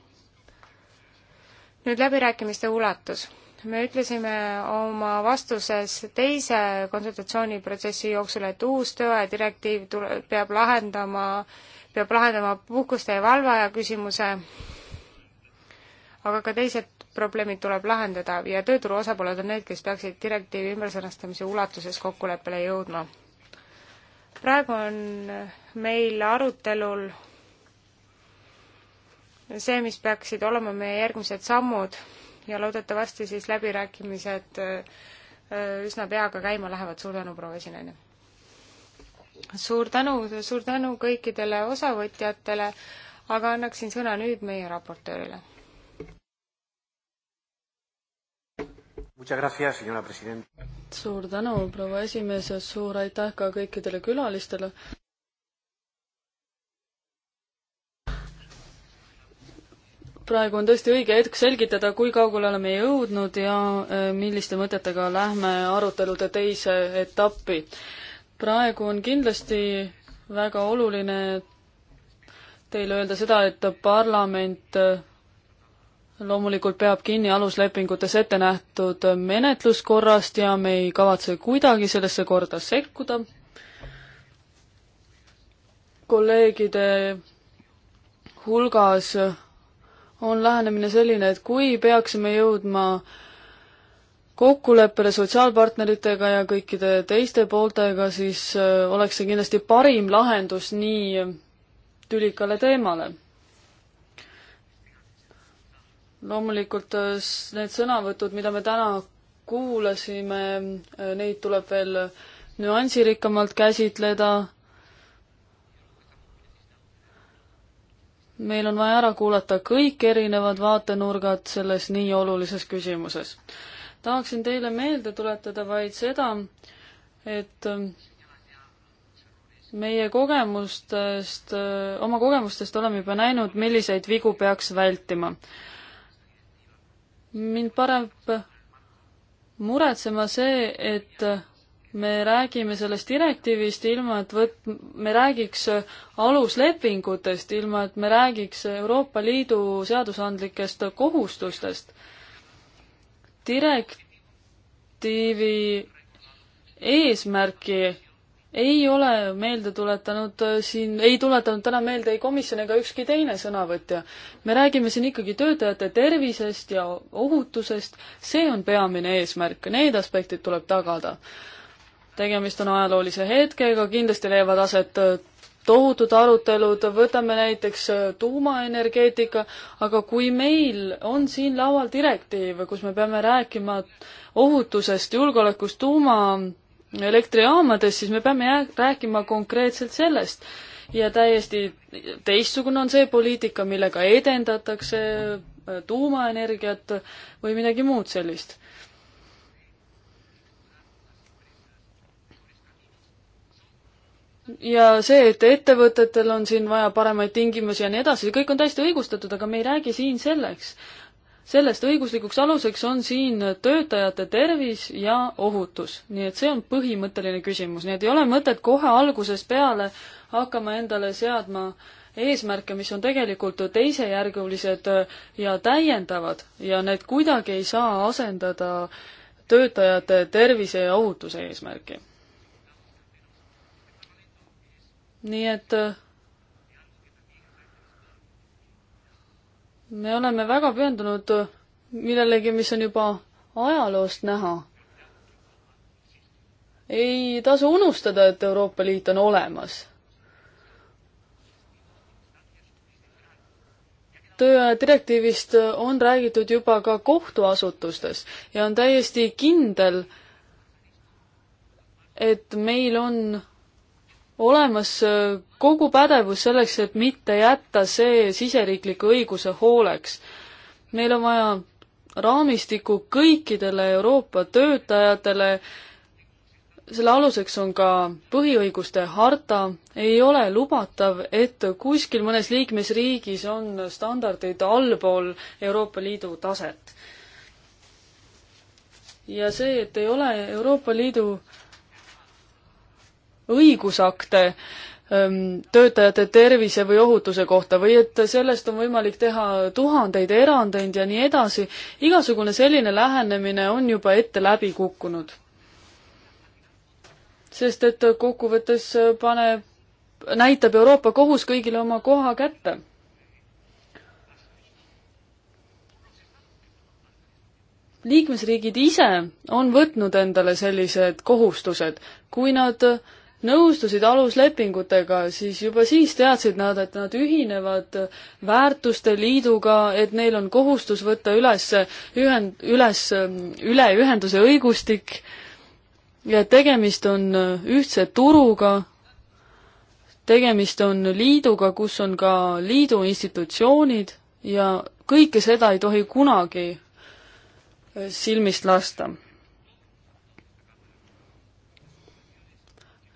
nüüd läbirääkimiste ulatus. me ütlesime oma vastuses teise konsultatsiooniprotsessi jooksul, et uus tööaja direktiiv tule-, peab lahendama, peab lahendama puhkuste ja valveaja küsimuse, aga ka teised probleemid tuleb lahendada ja tööturu osapooled on need, kes peaksid direktiivi ümbersõnastamise ulatuses kokkuleppele jõudma. praegu on meil arutelul see, mis peaksid olema meie järgmised sammud ja loodetavasti siis läbirääkimised äh, üsna pea ka käima lähevad. suur tänu, proua esinaine! suur tänu, suur tänu kõikidele osavõtjatele, aga annaksin sõna nüüd meie raportöörile. suur tänu, proua esimees ja suur aitäh ka kõikidele külalistele praegu on tõesti õige hetk selgitada, kui kaugele oleme jõudnud ja äh, milliste mõtetega lähme arutelude teise etappi. praegu on kindlasti väga oluline teile öelda seda, et parlament äh, loomulikult peab kinni aluslepingutes ette nähtud menetluskorrast ja me ei kavatse kuidagi sellesse korda sekkuda. kolleegide hulgas on lähenemine selline, et kui peaksime jõudma kokkuleppele sotsiaalpartneritega ja kõikide teiste pooltega, siis äh, oleks see kindlasti parim lahendus nii tülikale teemale. loomulikult äh, need sõnavõtud, mida me täna kuulasime, äh, neid tuleb veel nüansirikkamalt käsitleda meil on vaja ära kuulata kõik erinevad vaatenurgad selles nii olulises küsimuses. tahaksin teile meelde tuletada vaid seda, et ähm, meie kogemustest, äh, oma kogemustest oleme juba näinud, milliseid vigu peaks vältima. mind paneb muretsema see, et me räägime sellest direktiivist ilma, et võt-, me räägiks aluslepingutest, ilma et me räägiks Euroopa Liidu seadusandlikest kohustustest. direktiivi eesmärki ei ole meelde tuletanud äh, siin, ei tuletanud täna meelde ei komisjon ega ükski teine sõnavõtja. me räägime siin ikkagi töötajate tervisest ja ohutusest, see on peamine eesmärk, need aspektid tuleb tagada tegemist on ajaloolise hetkega, kindlasti leiavad aset äh, tohutud arutelud, võtame näiteks äh, tuumaenergeetika, aga kui meil on siin laual direktiiv, kus me peame rääkima ohutusest, julgeolekust tuumaelektrijaamades, siis me peame jää-, rääkima konkreetselt sellest. ja täiesti teistsugune on see poliitika, millega edendatakse äh, tuumaenergiat või midagi muud sellist ja see, et ettevõtetel on siin vaja paremaid tingimusi ja nii edasi, kõik on täiesti õigustatud, aga me ei räägi siin selleks. sellest õiguslikuks aluseks on siin töötajate tervis ja ohutus, nii et see on põhimõtteline küsimus, nii et ei ole mõtet kohe algusest peale hakkama endale seadma eesmärke, mis on tegelikult teisejärgulised ja täiendavad ja need kuidagi ei saa asendada töötajate tervise ja ohutuse eesmärki nii et äh, me oleme väga pühendunud millelegi, mis on juba ajaloost näha. ei tasu unustada, et Euroopa Liit on olemas. töödirektiivist on räägitud juba ka kohtuasutustes ja on täiesti kindel, et meil on olemas äh, kogu pädevus selleks, et mitte jätta see siseriikliku õiguse hooleks. meil on vaja raamistikku kõikidele Euroopa töötajatele, selle aluseks on ka põhiõiguste harta, ei ole lubatav, et kuskil mõnes liikmesriigis on standardid allpool Euroopa Liidu taset. ja see, et ei ole Euroopa Liidu õigusakte ähm, töötajate tervise või ohutuse kohta või et sellest on võimalik teha tuhandeid erandeid ja nii edasi. igasugune selline lähenemine on juba ette läbi kukkunud. sest et kokkuvõttes äh, paneb, näitab Euroopa Kohus kõigile oma koha kätte. liikmesriigid ise on võtnud endale sellised kohustused, kui nad äh, nõustusid aluslepingutega, siis juba siis teadsid nad, et nad ühinevad väärtuste liiduga, et neil on kohustus võtta üles ühend-, üles, ähm, üle ühenduse õigustik ja et tegemist on ühtse turuga, tegemist on liiduga, kus on ka liidu institutsioonid ja kõike seda ei tohi kunagi silmist lasta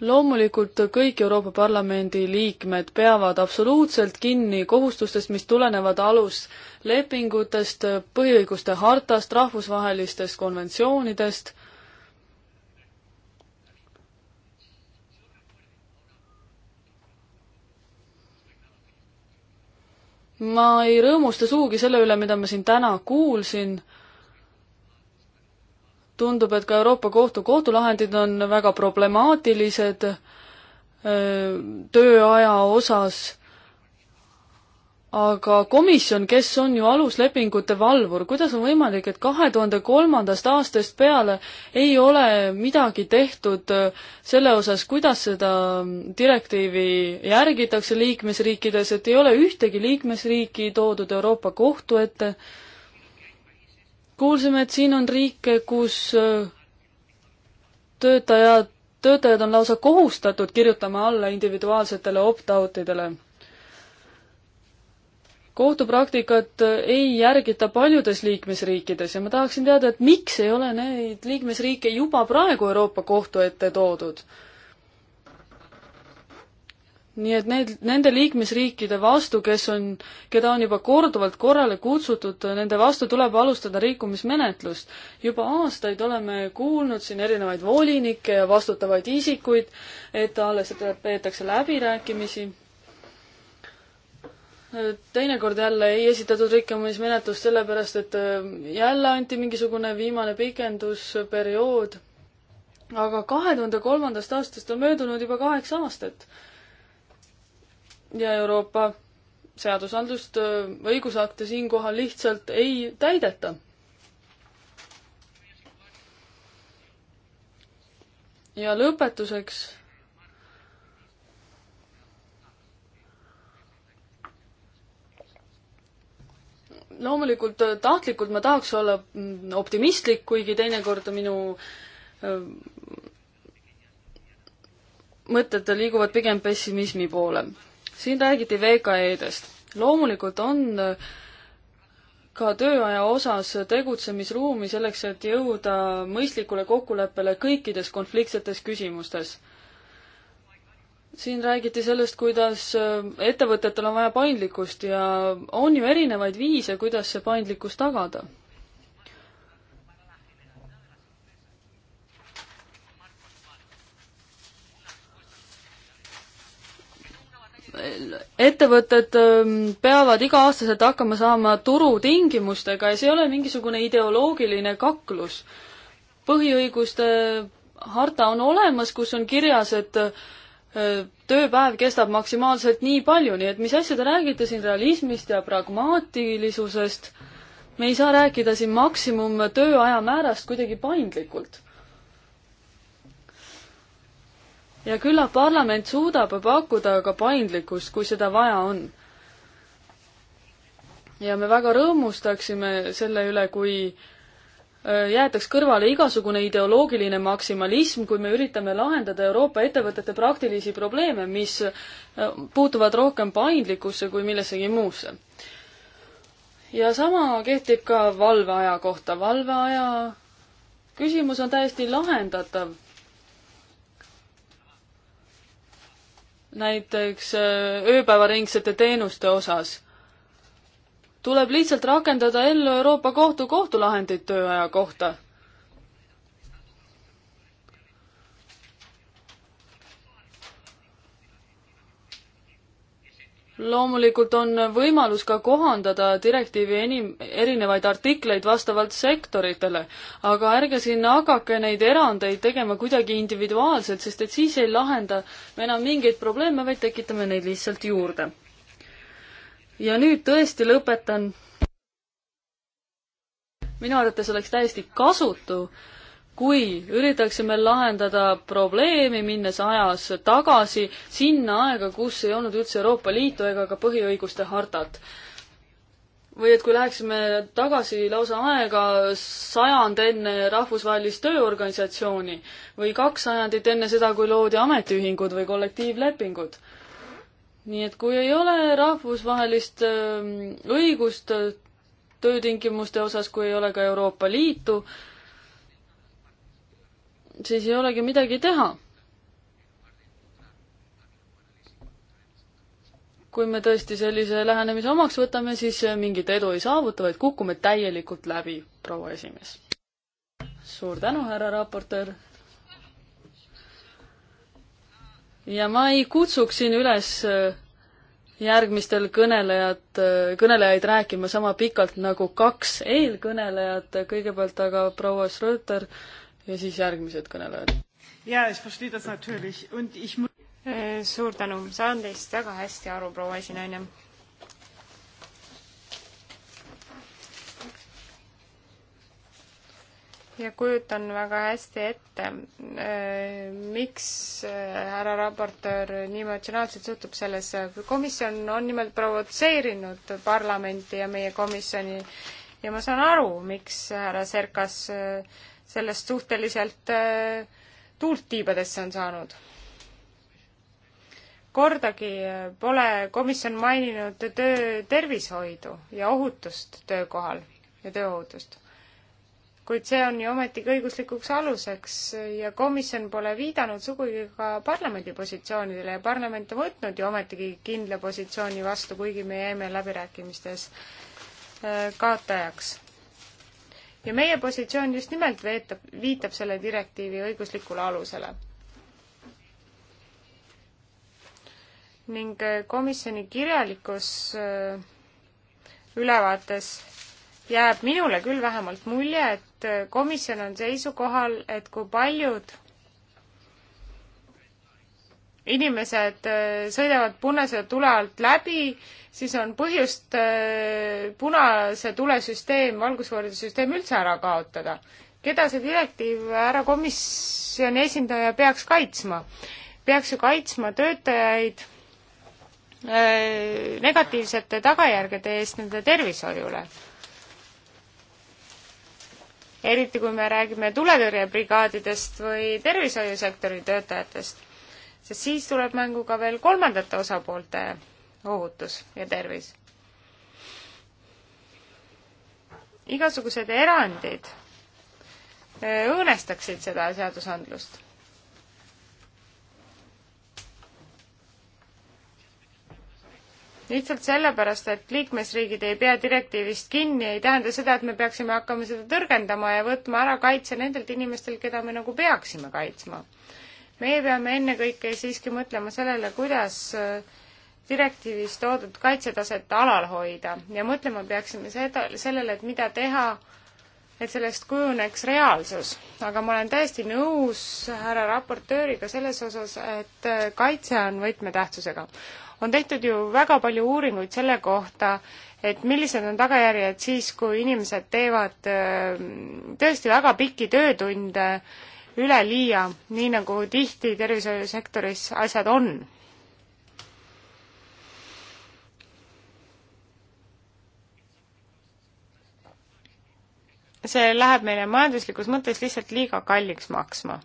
loomulikult kõik Euroopa Parlamendi liikmed peavad absoluutselt kinni kohustustest, mis tulenevad aluslepingutest, põhiõiguste hartast, rahvusvahelistest konventsioonidest. ma ei rõõmusta sugugi selle üle, mida ma siin täna kuulsin tundub, et ka Euroopa Kohtu kohtulahendid on väga problemaatilised tööaja osas, aga komisjon, kes on ju aluslepingute valvur, kuidas on võimalik, et kahe tuhande kolmandast aastast peale ei ole midagi tehtud selle osas, kuidas seda direktiivi järgitakse liikmesriikides, et ei ole ühtegi liikmesriiki toodud Euroopa Kohtu ette äh, kuulsime, et siin on riike, kus äh, töötajad, töötajad on lausa kohustatud kirjutama alla individuaalsetele opt-out idele. kohtupraktikat äh, ei järgita paljudes liikmesriikides ja ma tahaksin teada, et miks ei ole neid liikmesriike juba praegu Euroopa Kohtu ette toodud nii et need, nende liikmesriikide vastu, kes on, keda on juba korduvalt korrale kutsutud, nende vastu tuleb alustada rikkumismenetlust. juba aastaid oleme kuulnud siin erinevaid volinikke ja vastutavaid isikuid, et alles peetakse läbirääkimisi. teinekord jälle ei esitatud rikkumismenetlust sellepärast, et jälle anti mingisugune viimane pikendusperiood aga kahe tuhande kolmandast aastast on möödunud juba kaheksa aastat ja Euroopa seadusandlust, õigusakte siinkohal lihtsalt ei täideta. ja lõpetuseks loomulikult tahtlikult ma tahaks olla mm, optimistlik, kuigi teinekord minu mõtted liiguvad pigem pessimismi poole siin räägiti VKE-dest. loomulikult on äh, ka tööaja osas tegutsemisruumi selleks, et jõuda mõistlikule kokkuleppele kõikides konfliktsetes küsimustes. siin räägiti sellest, kuidas äh, ettevõtetel on vaja paindlikkust ja on ju erinevaid viise, kuidas see paindlikkus tagada ettevõtted ähm, peavad iga-aastaselt hakkama saama turutingimustega ja see ei ole mingisugune ideoloogiline kaklus. põhiõiguste harta on olemas, kus on kirjas, et äh, tööpäev kestab maksimaalselt nii palju, nii et mis asja te räägite siin realismist ja pragmaatilisusest, me ei saa rääkida siin maksimum tööaja määrast kuidagi paindlikult ja küllap parlament suudab pakkuda ka paindlikkust, kui seda vaja on. ja me väga rõõmustaksime selle üle, kui äh, jäetaks kõrvale igasugune ideoloogiline maksimalism, kui me üritame lahendada Euroopa ettevõtete praktilisi probleeme, mis äh, puutuvad rohkem paindlikkusse kui millessegi muusse. ja sama kehtib ka valveaja kohta. valveaja küsimus on täiesti lahendatav näiteks äh, ööpäevaringsete teenuste osas. tuleb lihtsalt rakendada ellu Euroopa Kohtu kohtulahendit tööaja kohta loomulikult on võimalus ka kohandada direktiivi enim, erinevaid artikleid vastavalt sektoritele, aga ärge siin hakake neid erandeid tegema kuidagi individuaalselt, sest et siis ei lahenda me enam mingeid probleeme, vaid tekitame neid lihtsalt juurde. ja nüüd tõesti lõpetan. minu arvates oleks täiesti kasutu äh, kui üritaksime lahendada probleemi, minnes ajas tagasi sinna aega, kus ei olnud üldse Euroopa Liitu ega ka põhiõiguste hartat. või et kui läheksime tagasi lausa aega sajand enne Rahvusvahelist Tööorganisatsiooni või kaks sajandit enne seda, kui loodi ametiühingud või kollektiivlepingud nii et kui ei ole rahvusvahelist ähm, õigust töötingimuste osas, kui ei ole ka Euroopa Liitu, siis ei olegi midagi teha. kui me tõesti sellise lähenemise omaks võtame, siis mingit edu ei saavuta, vaid kukume täielikult läbi, proua esimees. suur tänu, härra raportöör. ja ma ei kutsuks siin üles äh, järgmistel kõnelejad, äh, kõnelejaid rääkima sama pikalt nagu kaks eelkõnelejat, kõigepealt aga proua Schröter äh, ja siis järgmised kõnelejad. jaa, ich verstehe das natürlich und ich mu-. Äh, suur tänu, saan teist väga hästi aru, proua esinaine. ja kujutan väga hästi ette, äh, miks äh, härra raportöör nii emotsionaalselt suhtub sellesse. komisjon on nimelt provotseerinud parlamenti ja meie komisjoni ja ma saan aru, miks härra Serkas äh, sellest suhteliselt äh, tuult tiibadesse on saanud. kordagi äh, pole komisjon maininud töö tervishoidu ja ohutust töökohal ja tööohutust. kuid see on ju ometigi õiguslikuks aluseks ja komisjon pole viidanud sugugi ka parlamendi positsioonidele ja parlament on võtnud ju ometigi kindla positsiooni vastu, kuigi me jäime läbirääkimistes äh, kaotajaks ja meie positsioon just nimelt veetab, viitab selle direktiivi õiguslikule alusele. ning äh, komisjoni kirjalikus äh, ülevaates jääb minule küll vähemalt mulje, et äh, komisjon on seisukohal, et kui paljud inimesed äh, sõidavad punase tule alt läbi, siis on põhjust äh, punase tule süsteem, valgusfooride süsteem üldse ära kaotada. keda see direktiiv härra komisjoni esindaja peaks kaitsma? peaks ju kaitsma töötajaid äh, negatiivsete tagajärgede eest nende tervishoiule. eriti kui me räägime tuletõrjebrigaadidest või tervishoiusektori töötajatest sest siis tuleb mängu ka veel kolmandate osapoolte ohutus ja tervis. igasugused erandid e, õõnestaksid seda seadusandlust lihtsalt sellepärast, et liikmesriigid ei pea direktiivist kinni, ei tähenda seda, et me peaksime hakkama seda tõrgendama ja võtma ära kaitse nendelt inimestelt, keda me nagu peaksime kaitsma meie peame ennekõike siiski mõtlema sellele, kuidas äh, direktiivis toodud kaitsetaset alal hoida ja mõtlema peaksime seda, sellele, et mida teha, et sellest kujuneks reaalsus. aga ma olen täiesti nõus härra raportööriga selles osas, et äh, kaitse on võtmetähtsusega. on tehtud ju väga palju uuringuid selle kohta, et millised on tagajärjed siis, kui inimesed teevad äh, tõesti väga pikki töötunde äh, üleliia, nii nagu tihti tervishoiusektoris asjad on see läheb meile majanduslikus mõttes lihtsalt liiga kalliks maksma.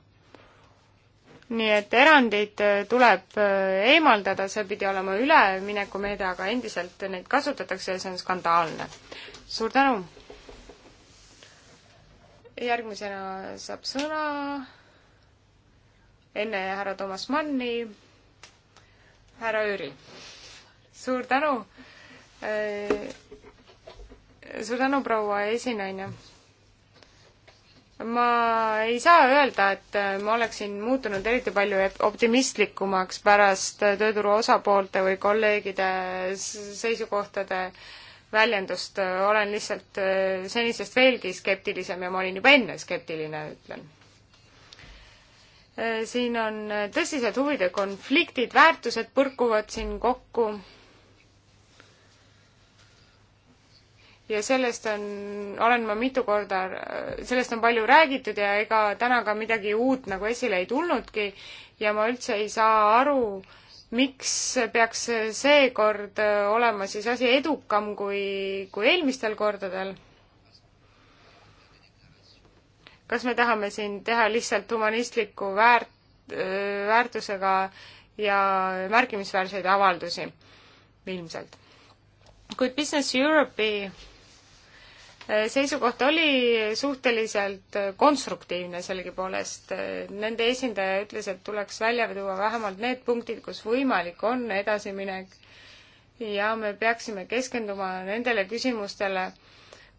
nii et erandid tuleb äh, eemaldada, see pidi olema üleminekumeede, aga endiselt neid kasutatakse ja see on skandaalne. suur tänu! järgmisena saab sõna enne härra Toomas Manni, härra Jüri. suur tänu. Äh, suur tänu, proua esinaine. ma ei saa öelda, et äh, ma oleksin muutunud eriti palju optimistlikumaks pärast tööturu osapoolte või kolleegide seisukohtade äh, väljendust, olen lihtsalt senisest veelgi skeptilisem ja ma olin juba enne skeptiline, ütlen. siin on tõsised huvide konfliktid, väärtused põrkuvad siin kokku. ja sellest on, olen ma mitu korda, sellest on palju räägitud ja ega täna ka midagi uut nagu esile ei tulnudki ja ma üldse ei saa aru, miks peaks seekord olema siis asi edukam kui, kui eelmistel kordadel? kas me tahame siin teha lihtsalt humanistliku väärt-, väärtusega ja märkimisväärseid avaldusi? ilmselt. kuid Business Europe'i seisukoht oli suhteliselt konstruktiivne sellegipoolest. Nende esindaja ütles, et tuleks välja tuua vähemalt need punktid, kus võimalik on edasiminek ja me peaksime keskenduma nendele küsimustele,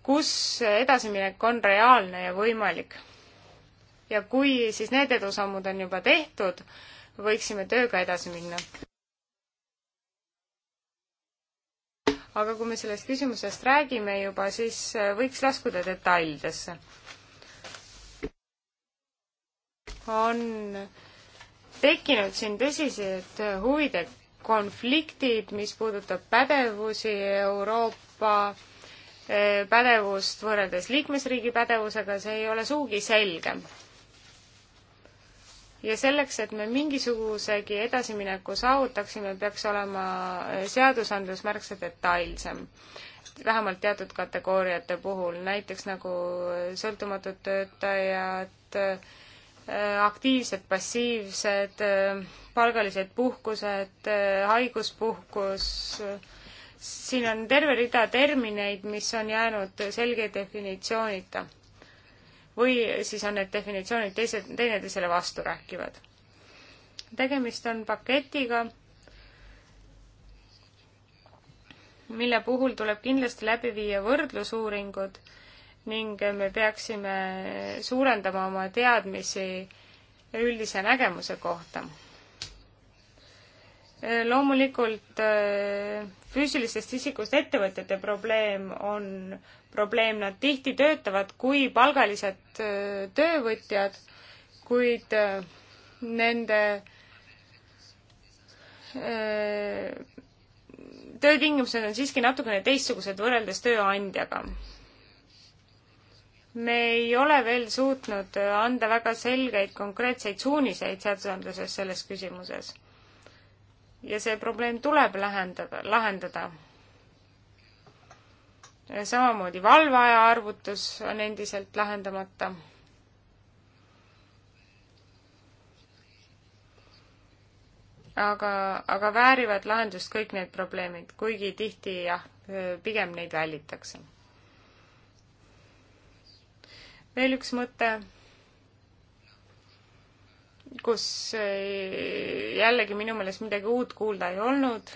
kus edasiminek on reaalne ja võimalik. ja kui siis need edusammud on juba tehtud, võiksime tööga edasi minna. aga kui me sellest küsimusest räägime juba, siis äh, võiks laskuda detailidesse. on tekkinud siin tõsised äh, huvide konfliktid, mis puudutab pädevusi Euroopa äh, pädevust võrreldes liikmesriigi pädevusega, see ei ole sugugi selge ja selleks, et me mingisugusegi edasimineku saavutaksime, peaks olema äh, seadusandlus märksa detailsem. vähemalt teatud kategooriate puhul, näiteks nagu äh, sõltumatud töötajad, äh, aktiivsed, passiivsed, palgalised puhkused, haiguspuhkus, siin on terve rida termineid, mis on jäänud selge definitsioonita või siis on need definitsioonid teised, teineteisele vasturääkivad. tegemist on paketiga, mille puhul tuleb kindlasti läbi viia võrdlusuuringud ning me peaksime suurendama oma teadmisi üldise nägemuse kohta Eh, loomulikult eh, füüsilisest isikust ettevõtjate probleem on probleem, nad tihti töötavad kui palgalised eh, töövõtjad, kuid nende töötingimused on siiski natukene teistsugused võrreldes tööandjaga. me ei ole veel suutnud anda väga selgeid konkreetseid suuniseid seadusandluses selles küsimuses ja see probleem tuleb lahendada, lahendada. samamoodi valveaja arvutus on endiselt lahendamata. aga, aga väärivad lahendust kõik need probleemid, kuigi tihti jah, pigem neid välditakse. veel üks mõte kus jällegi minu meelest midagi uut kuulda ei olnud.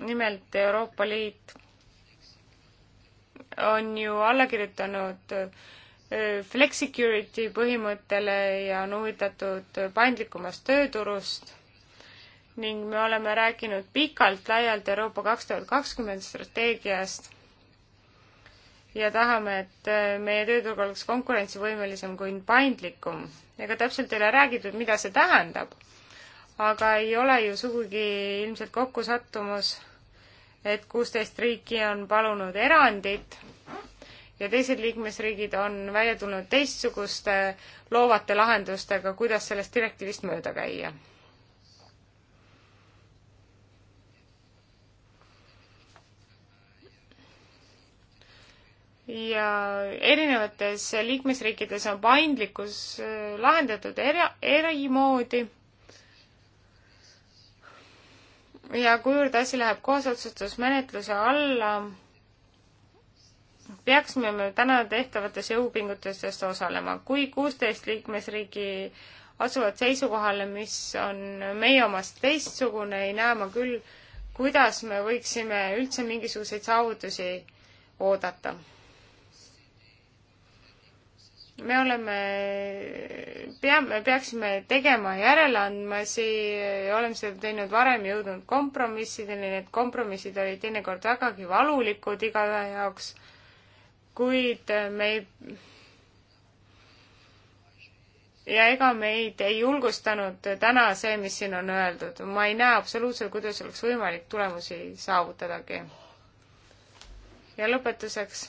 nimelt Euroopa Liit on ju alla kirjutanud äh, flexicurity põhimõttele ja on huvitatud paindlikumast tööturust ning me oleme rääkinud pikalt-laialt Euroopa kaks tuhat kakskümmend strateegiast ja tahame, et äh, meie tööturg oleks konkurentsivõimelisem kui paindlikum. ega täpselt ei ole räägitud, mida see tähendab, aga ei ole ju sugugi ilmselt kokku sattumus, et kuusteist riiki on palunud erandit ja teised liikmesriigid on välja tulnud teistsuguste loovate lahendustega, kuidas sellest direktiivist mööda käia ja erinevates liikmesriikides on paindlikkus äh, lahendatud eri, eri moodi. ja kuivõrd asi läheb kaasotsustusmenetluse alla, peaksime me täna tehtavates jõupingutustes osalema. kui kuusteist liikmesriigi asuvad seisukohale, mis on meie omast teistsugune, ei näe ma küll, kuidas me võiksime üldse mingisuguseid saavutusi oodata me oleme, peame, peaksime tegema järeleandmisi, oleme seda teinud varem, jõudnud kompromissideni, need kompromissid olid teinekord vägagi valulikud igaühe jaoks, kuid me ei ja ega meid ei julgustanud täna see, mis siin on öeldud. ma ei näe absoluutselt, kuidas oleks võimalik tulemusi saavutadagi. ja lõpetuseks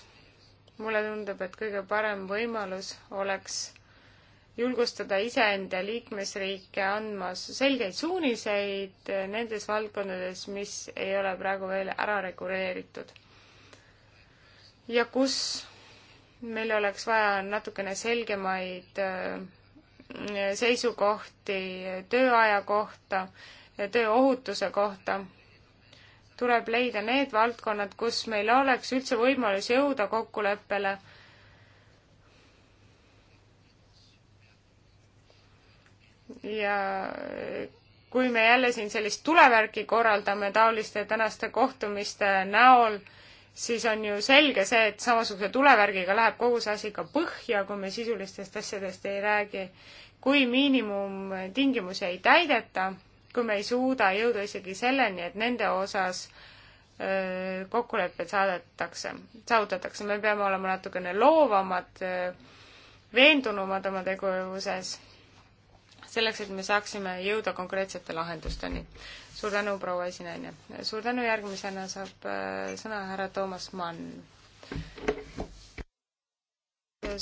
mulle tundub, et kõige parem võimalus oleks julgustada iseenda liikmesriike andma selgeid suuniseid nendes valdkondades, mis ei ole praegu veel ära reguleeritud. ja kus meil oleks vaja natukene selgemaid äh, seisukohti tööaja kohta, tööohutuse kohta tuleb leida need valdkonnad, kus meil oleks üldse võimalus jõuda kokkuleppele. ja kui me jälle siin sellist tulevärki korraldame taoliste tänaste kohtumiste näol, siis on ju selge see, et samasuguse tulevärgiga läheb kogu see asi ka põhja, kui me sisulistest asjadest ei räägi. kui miinimumtingimusi ei täideta kui me ei suuda jõuda isegi selleni, et nende osas kokkulepped saadetakse, saavutatakse, me peame olema natukene loovamad, veendunumad oma tegevuses, selleks, et me saaksime jõuda konkreetsete lahendusteni. suur tänu, proua esinaine. suur tänu, järgmisena saab sõna härra Toomas Mann.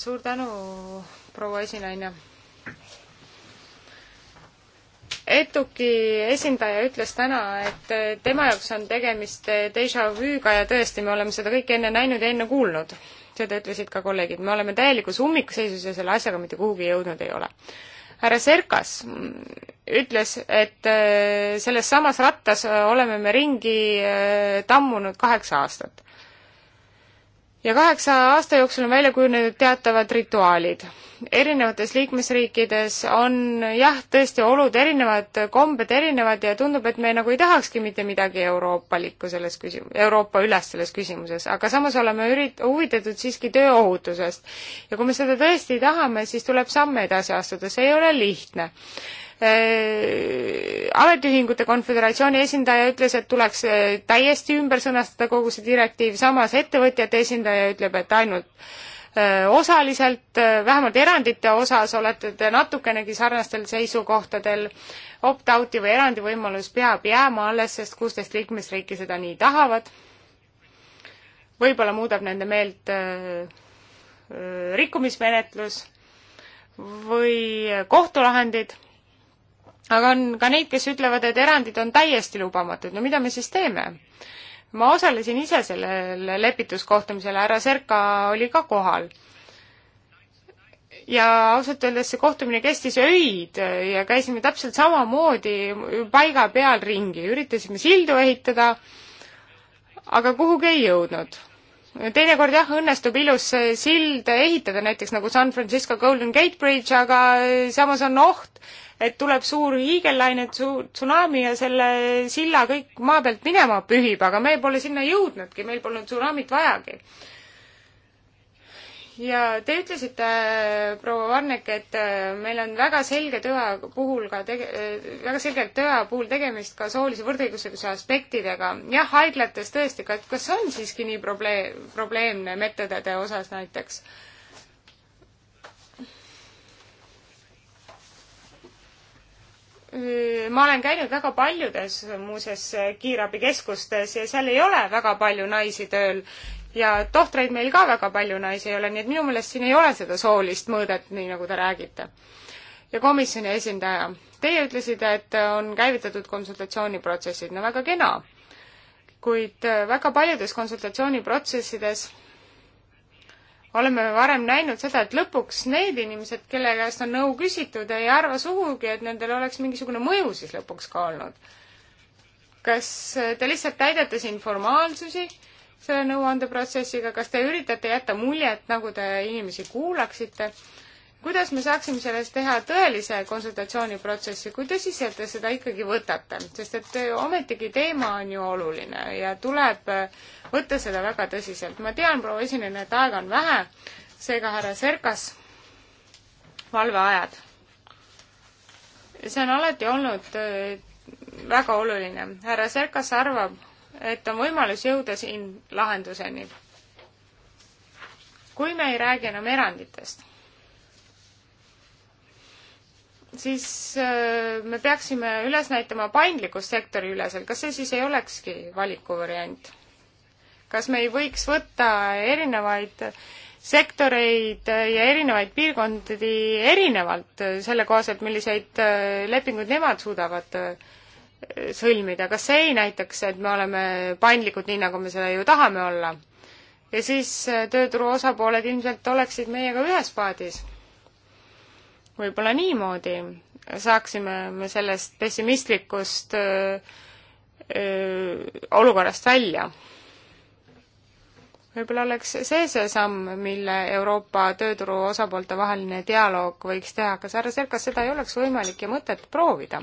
suur tänu, proua esinaine Etuki esindaja ütles täna, et eh, tema jaoks on tegemist eh, déjà vu'ga ja tõesti, me oleme seda kõike enne näinud ja enne kuulnud. seda ütlesid ka kolleegid, me oleme täielikus ummikuseisus ja selle asjaga mitte kuhugi jõudnud ei ole. härra Serkas mm, ütles, et eh, selles samas rattas oleme me ringi tammunud kaheksa aastat ja kaheksa aasta jooksul on välja kujunenud teatavad rituaalid. erinevates liikmesriikides on jah, tõesti olud erinevad, kombed erinevad ja tundub, et me nagu ei tahakski mitte midagi euroopalikku selles küsimus, Euroopa üles selles küsimuses, aga samas oleme ürit-, huvitatud siiski tööohutusest. ja kui me seda tõesti tahame, siis tuleb samme edasi astuda, see ei ole lihtne Äh, ametiühingute konföderatsiooni esindaja ütles, et tuleks äh, täiesti ümber sõnastada kogu see direktiiv, samas ettevõtjate esindaja ütleb, et ainult äh, osaliselt, vähemalt erandite osas olete te natukenegi sarnastel seisukohtadel. Opt-out'i või erandi võimalus peab jääma alles, sest kuusteist liikmesriiki seda nii tahavad. võib-olla muudab nende meelt rikkumismenetlus või kohtulahendid aga on ka neid, kes ütlevad, et erandid on täiesti lubamatud, no mida me siis teeme? ma osalesin ise sellel lepituskohtumisel, härra Serka oli ka kohal. ja ausalt öeldes see kohtumine kestis öid ja käisime täpselt samamoodi paiga peal ringi, üritasime sildu ehitada, aga kuhugi ei jõudnud teinekord jah, õnnestub ilus sild ehitada, näiteks nagu San Francisco Golden Gate Bridge, aga samas on oht, et tuleb suur hiigellaine, tsunami ja selle silla kõik maa pealt minema pühib, aga me pole sinna jõudnudki, meil polnud tsunamit vajagi ja te ütlesite, proua Varnek, et äh, meil on väga selge tööaja puhul ka tege-, äh, väga selgelt tööaja puhul tegemist ka soolise võrdõiguslikkuse aspektidega. jah, haiglates tõesti, aga kas see on siiski nii probleem, probleemne mettedede osas näiteks? Äh, ma olen käinud väga paljudes muuseas kiirabikeskustes ja seal ei ole väga palju naisi tööl ja tohtreid meil ka väga palju naisi ei ole, nii et minu meelest siin ei ole seda soolist mõõdet, nii nagu te räägite. ja komisjoni esindaja, teie ütlesite, et on käivitatud konsultatsiooniprotsessid, no väga kena, kuid väga paljudes konsultatsiooniprotsessides oleme varem näinud seda, et lõpuks need inimesed, kelle käest on nõu küsitud, ei arva sugugi, et nendel oleks mingisugune mõju siis lõpuks ka olnud. kas te lihtsalt täidate siin formaalsusi selle nõuandeprotsessiga, kas te üritate jätta muljet, nagu te inimesi kuulaksite? kuidas me saaksime sellest teha tõelise konsultatsiooniprotsessi, kui tõsiselt te seda ikkagi võtate, sest et eh, ometigi teema on ju oluline ja tuleb eh, võtta seda väga tõsiselt. ma tean, proua esineja, et aega on vähe, seega härra Serkas, valveajad. see on alati olnud eh, väga oluline. härra Serkas arvab, et on võimalus jõuda siin lahenduseni. kui me ei räägi enam eranditest, siis äh, me peaksime üles näitama paindlikkust sektoriüleselt, kas see siis ei olekski valikuvariant? kas me ei võiks võtta erinevaid sektoreid ja erinevaid piirkondi erinevalt selle kohaselt, milliseid äh, lepinguid nemad suudavad äh, sõlmida, kas see ei näitaks, et me oleme paindlikud, nii nagu me seda ju tahame olla? ja siis äh, tööturu osapooled ilmselt oleksid meiega ühes paadis. võib-olla niimoodi saaksime me sellest pessimistlikust öö, äh, öö, äh, olukorrast välja võib-olla oleks see see samm, mille Euroopa tööturu osapoolte vaheline dialoog võiks teha, kas härra Serkas, seda ei oleks võimalik ja mõtet proovida?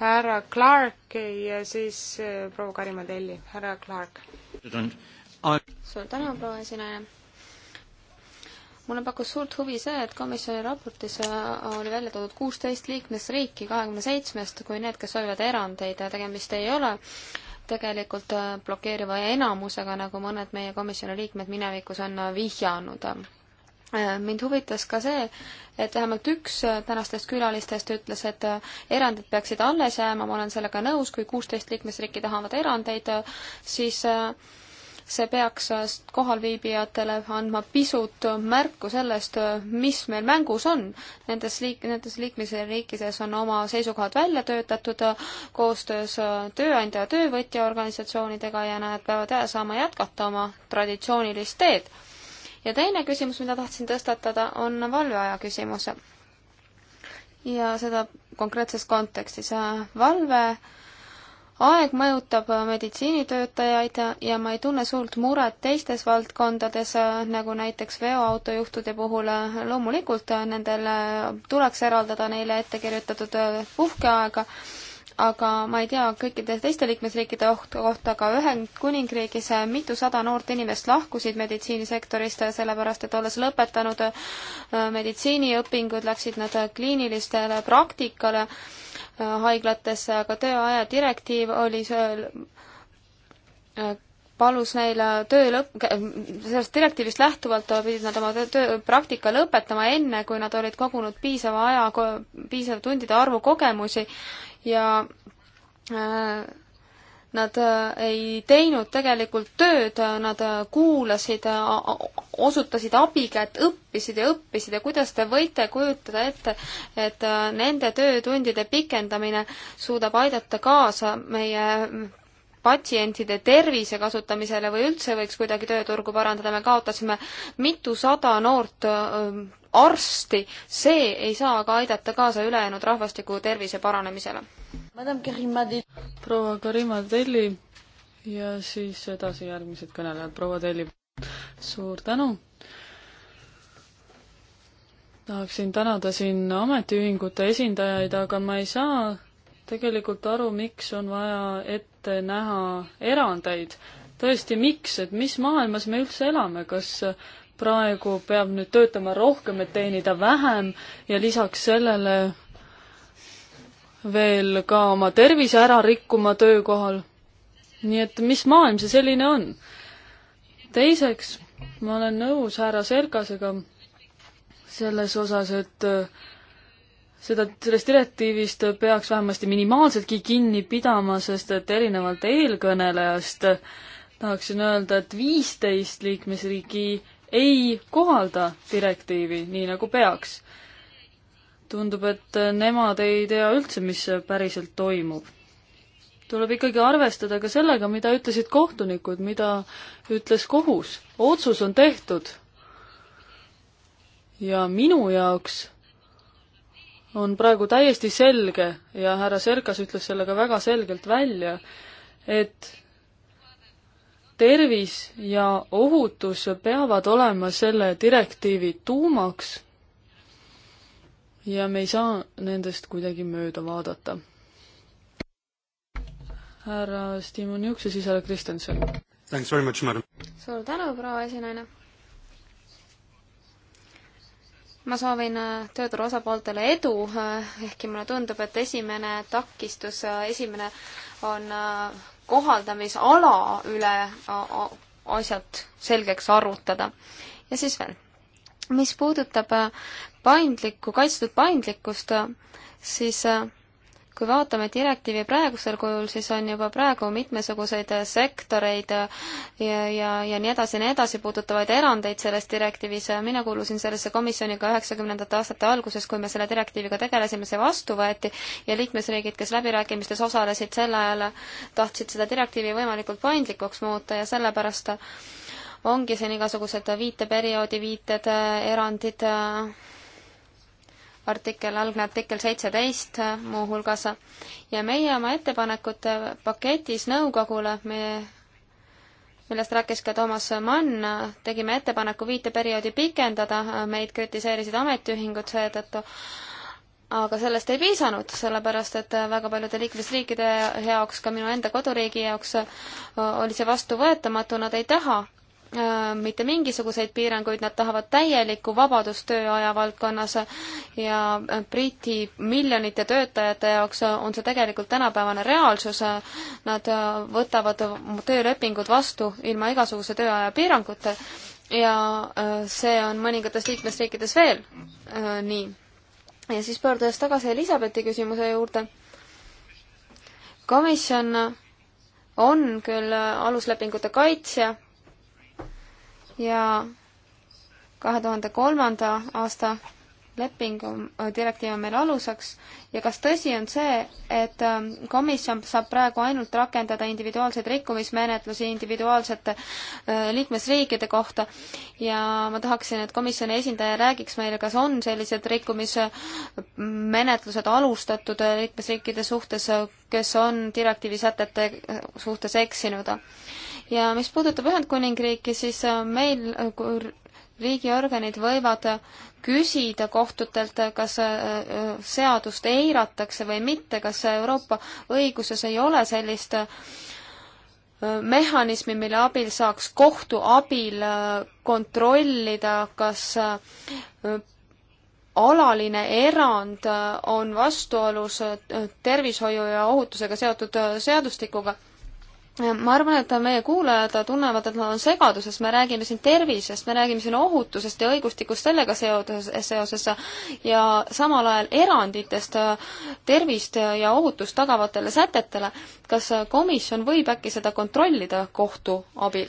härra Clark ja siis äh, proua Karima Telli, härra Clark. suur tänu, proua esinaine mulle pakkus suurt huvi see, et komisjoni raportis äh, oli välja toodud kuusteist liikmesriiki kahekümne seitsmest, kui need, kes soovivad erandeid, tegemist ei ole tegelikult äh, blokeeriva enamusega, nagu mõned meie komisjoni liikmed minevikus on äh, vihjanud. Äh, mind huvitas ka see, et vähemalt üks tänastest külalistest ütles, et erandid peaksid alles jääma, ma olen sellega nõus, kui kuusteist liikmesriiki tahavad erandeid, siis äh, see peaks kohalviibijatele andma pisut märku sellest, mis meil mängus on. Nendes liik-, nendes liikmesriikides on oma seisukohad välja töötatud koostöös tööandja ja töövõtja organisatsioonidega ja nad peavad saama jätkata oma traditsioonilist teed. ja teine küsimus, mida tahtsin tõstatada, on valveaja küsimus. ja seda konkreetses kontekstis. valve aeg mõjutab äh, meditsiinitöötajaid ja ma ei tunne suurt muret teistes valdkondades, äh, nagu näiteks veoautojuhtide puhul. loomulikult äh, nendele tuleks eraldada neile ettekirjutatud puhkeaega aga ma ei tea kõikide teiste liikmesriikide oht, kohta, aga Ühendkuningriigis mitusada noort inimest lahkusid meditsiinisektorist, sellepärast et olles lõpetanud äh, meditsiiniõpingud, läksid nad kliinilistele praktikale äh, haiglatesse, aga tööaja direktiiv oli seal äh, palus neile töö lõpp, sellest direktiivist lähtuvalt pidid nad oma tööpraktika lõpetama enne, kui nad olid kogunud piisava aja, piisava tundide arvu kogemusi ja äh, nad äh, ei teinud tegelikult tööd, äh, nad kuulasid, osutasid abikätt, õppisid ja õppisid ja kuidas te võite kujutada ette, et nende töötundide pikendamine suudab aidata kaasa meie patsientide tervise kasutamisele või üldse võiks kuidagi tööturgu parandada, me kaotasime mitusada noort arsti, see ei saa aga aidata kaasa ülejäänud rahvastiku tervise paranemisele proua Karima Telli ja siis edasi järgmised kõnelejad, proua Telli. suur tänu! tahaksin tänada siin ametiühingute esindajaid, aga ma ei saa tegelikult aru, miks on vaja ette näha erandeid. tõesti, miks, et mis maailmas me üldse elame, kas praegu peab nüüd töötama rohkem, et teenida vähem ja lisaks sellele veel ka oma tervise ära rikkuma töökohal. nii et mis maailm see selline on? teiseks, ma olen nõus härra Sergasega selles osas, et äh, seda, sellest direktiivist peaks vähemasti minimaalseltki kinni pidama, sest et erinevalt eelkõnelejast tahaksin öelda, et viisteist liikmesriigi ei kohalda direktiivi nii, nagu peaks tundub, et nemad ei tea üldse, mis päriselt toimub. tuleb ikkagi arvestada ka sellega, mida ütlesid kohtunikud, mida ütles kohus. otsus on tehtud. ja minu jaoks on praegu täiesti selge ja härra Serkas ütles selle ka väga selgelt välja, et tervis ja ohutus peavad olema selle direktiivi tuumaks ja me ei saa nendest kuidagi mööda vaadata. härra Stimoniuk ja siis härra Kristjanson. suur tänu, proua esinaine! ma soovin äh, tööturu osapooltele edu, äh, ehkki mulle tundub, et esimene takistus, äh, esimene on kohaldamisala üle asjad selgeks arutada. ja siis veel, mis puudutab paindlikku, kaitstud paindlikkust, siis äh, kui vaatame direktiivi praegusel kujul, siis on juba praegu mitmesuguseid sektoreid äh, ja, ja, ja nii edasi ja nii edasi puudutavaid erandeid selles direktiivis. mina kuulusin sellesse komisjoni ka üheksakümnendate aastate alguses, kui me selle direktiiviga tegelesime, see vastu võeti ja liikmesriigid, kes läbirääkimistes osalesid sel ajal, tahtsid seda direktiivi võimalikult paindlikuks muuta ja sellepärast ongi siin igasugused viiteperioodi viited, äh, erandid artikkel, algne artikkel seitseteist äh, muuhulgas. ja meie oma ettepanekute paketis nõukogule, me, millest rääkis ka Toomas Mann, tegime ettepaneku viiteperioodi pikendada, meid kritiseerisid ametiühingud seetõttu, aga sellest ei piisanud, sellepärast et väga paljude liikmesriikide jaoks, ka minu enda koduriigi jaoks oli see vastuvõetamatu, nad ei taha Äh, mitte mingisuguseid piiranguid, nad tahavad täielikku vabadust tööaja valdkonnas ja äh, Briti miljonite töötajate jaoks on see tegelikult tänapäevane reaalsus. Nad äh, võtavad töölepingud vastu ilma igasuguse tööaja piiranguta ja see on mõningates liikmesriikides veel nii. ja siis pöördudes tagasi Elizabethi küsimuse juurde, komisjon on küll aluslepingute kaitsja, ja kahe tuhande kolmanda aasta leping, äh, direktiiv on meil aluseks ja kas tõsi on see, et ähm, komisjon saab praegu ainult rakendada individuaalseid rikkumismenetlusi individuaalsete äh, liikmesriikide kohta ja ma tahaksin, et komisjoni esindaja räägiks meile, kas on sellised rikkumismenetlused alustatud äh, liikmesriikide suhtes, kes on direktiivi sätete suhtes eksinud ja mis puudutab Ühendkuningriiki, siis äh, meil äh, riigiorganid võivad äh, küsida kohtutelt, kas seadust eiratakse või mitte, kas Euroopa õiguses ei ole sellist mehhanismi, mille abil saaks kohtu abil kontrollida, kas alaline erand on vastuolus tervishoiu ja ohutusega seotud seadustikuga ma arvan, et meie kuulajad tunnevad, et nad on segaduses, me räägime siin tervisest, me räägime siin ohutusest ja õigustikust sellega seoses, seoses ja samal ajal eranditest tervist ja ohutust tagavatele sätetele. kas komisjon võib äkki seda kontrollida kohtu abil?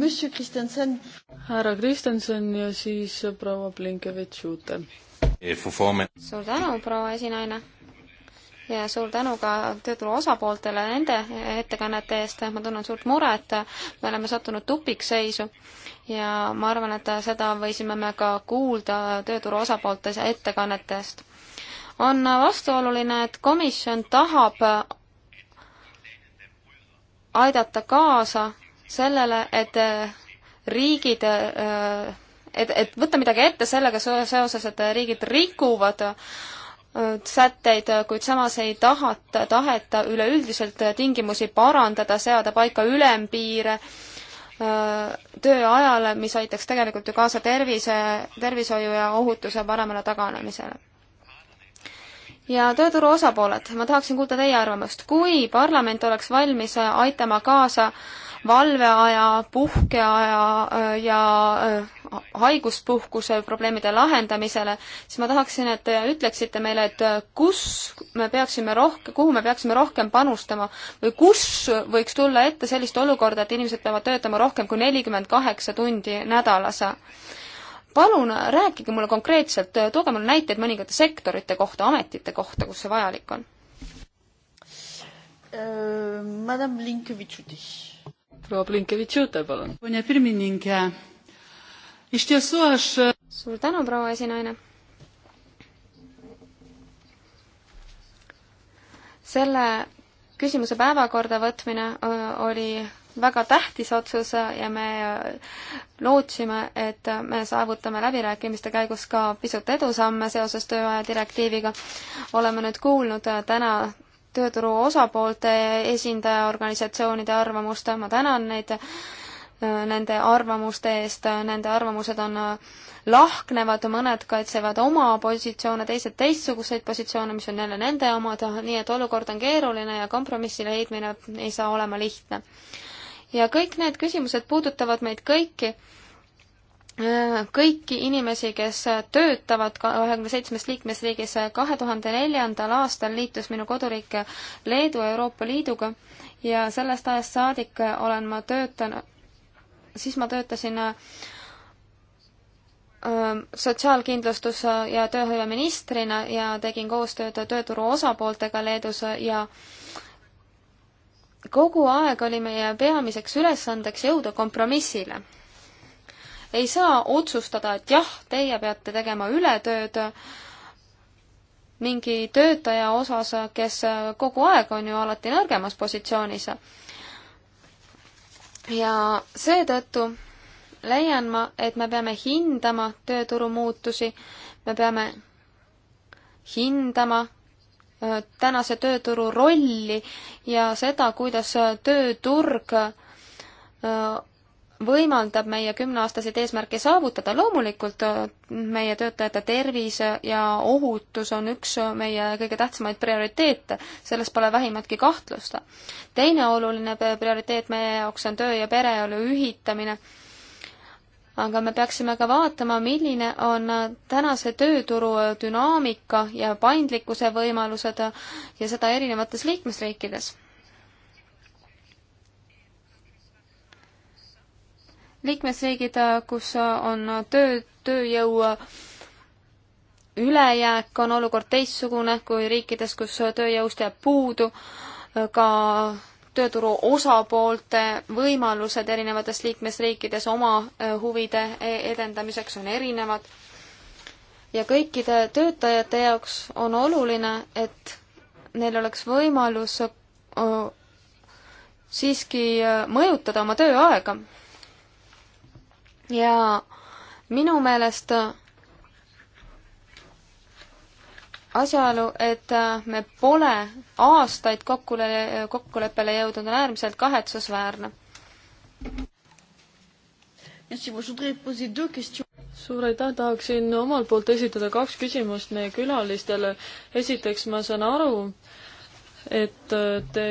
Monsieur Kristjanson. härra Kristjanson ja siis proua Blinkevitš-Juute. suur tänu, proua esinaine ja suur tänu ka tööturu osapooltele nende ettekannete eest, ma tunnen suurt muret, me oleme sattunud tupikseisu ja ma arvan, et seda võisime me ka kuulda tööturu osapoolte ettekannetest. on vastuoluline, et komisjon tahab aidata kaasa sellele, et riigid et, et võtta midagi ette sellega seoses, et riigid rikuvad Äh, sätteid, äh, kuid samas ei tahata, taheta üleüldiselt äh, tingimusi parandada, seada paika ülempiire tööajale, mis aitaks tegelikult ju kaasa tervise, tervishoiu ja ohutuse paremale taganemisele ja tööturu osapooled, ma tahaksin kuulda teie arvamust, kui parlament oleks valmis aitama kaasa äh, valveaja, puhkeaja äh, ja äh, haiguspuhkuse probleemide lahendamisele, siis ma tahaksin, et te ütleksite meile, et äh, kus me peaksime rohkem, kuhu me peaksime rohkem panustama või kus võiks tulla ette sellist olukorda, et inimesed peavad töötama rohkem kui nelikümmend kaheksa tundi nädalas. palun rääkige mulle konkreetselt, tooge mulle näiteid mõningate sektorite kohta, ametite kohta, kus see vajalik on. Madame Linkevitš-Udis proua Blinkevitš-Jute, palun. suur tänu, proua esinaine selle küsimuse päevakorda võtmine oli väga tähtis otsus ja me lootsime, et me saavutame läbirääkimiste käigus ka pisut edusamme seoses tööaja direktiiviga. oleme nüüd kuulnud täna tööturu osapoolte esindaja organisatsioonide arvamust, ma tänan neid äh, nende arvamuste eest, nende arvamused on äh, lahknevad, mõned kaitsevad oma positsioone, teised teistsuguseid positsioone, mis on jälle nende omad, nii et olukord on keeruline ja kompromissi leidmine ei saa olema lihtne. ja kõik need küsimused puudutavad meid kõiki kõiki inimesi, kes töötavad kahekümne seitsmes liikmesriigis. kahe tuhande neljandal aastal liitus minu koduriik Leedu Euroopa Liiduga ja sellest ajast saadik olen ma töötanud, siis ma töötasin ähm, sotsiaalkindlustus- ja tööhõiveministrina ja tegin koostööd tööturu osapooltega Leedus ja kogu aeg oli meie peamiseks ülesandeks jõuda kompromissile ei saa otsustada, et jah, teie peate tegema ületööd mingi töötaja osas, kes kogu aeg on ju alati nõrgemas positsioonis. ja seetõttu leian ma, et me peame hindama tööturu muutusi, me peame hindama äh, tänase tööturu rolli ja seda, kuidas tööturg äh, võimaldab meie kümneaastaseid eesmärke saavutada. loomulikult äh, meie töötajate tervis ja ohutus on üks meie kõige tähtsamaid prioriteete, selles pole vähimatki kahtlust. teine oluline prioriteet meie jaoks on töö ja pereelu ühitamine. aga me peaksime ka vaatama, milline on tänase tööturu dünaamika ja paindlikkuse võimalused ja seda erinevates liikmesriikides liikmesriigid, kus on töö, tööjõu ülejääk, on olukord teistsugune kui riikides, kus tööjõust jääb puudu, ka tööturu osapoolte võimalused erinevates liikmesriikides oma huvide edendamiseks on erinevad. ja kõikide töötajate jaoks on oluline, et neil oleks võimalus siiski mõjutada oma tööaega ja minu meelest asjaolu, et me pole aastaid kokkule, kokkuleppele jõudnud, on äärmiselt kahetsusväärne. suur aitäh, tahaksin omalt poolt esitada kaks küsimust meie külalistele. esiteks, ma saan aru, et äh, te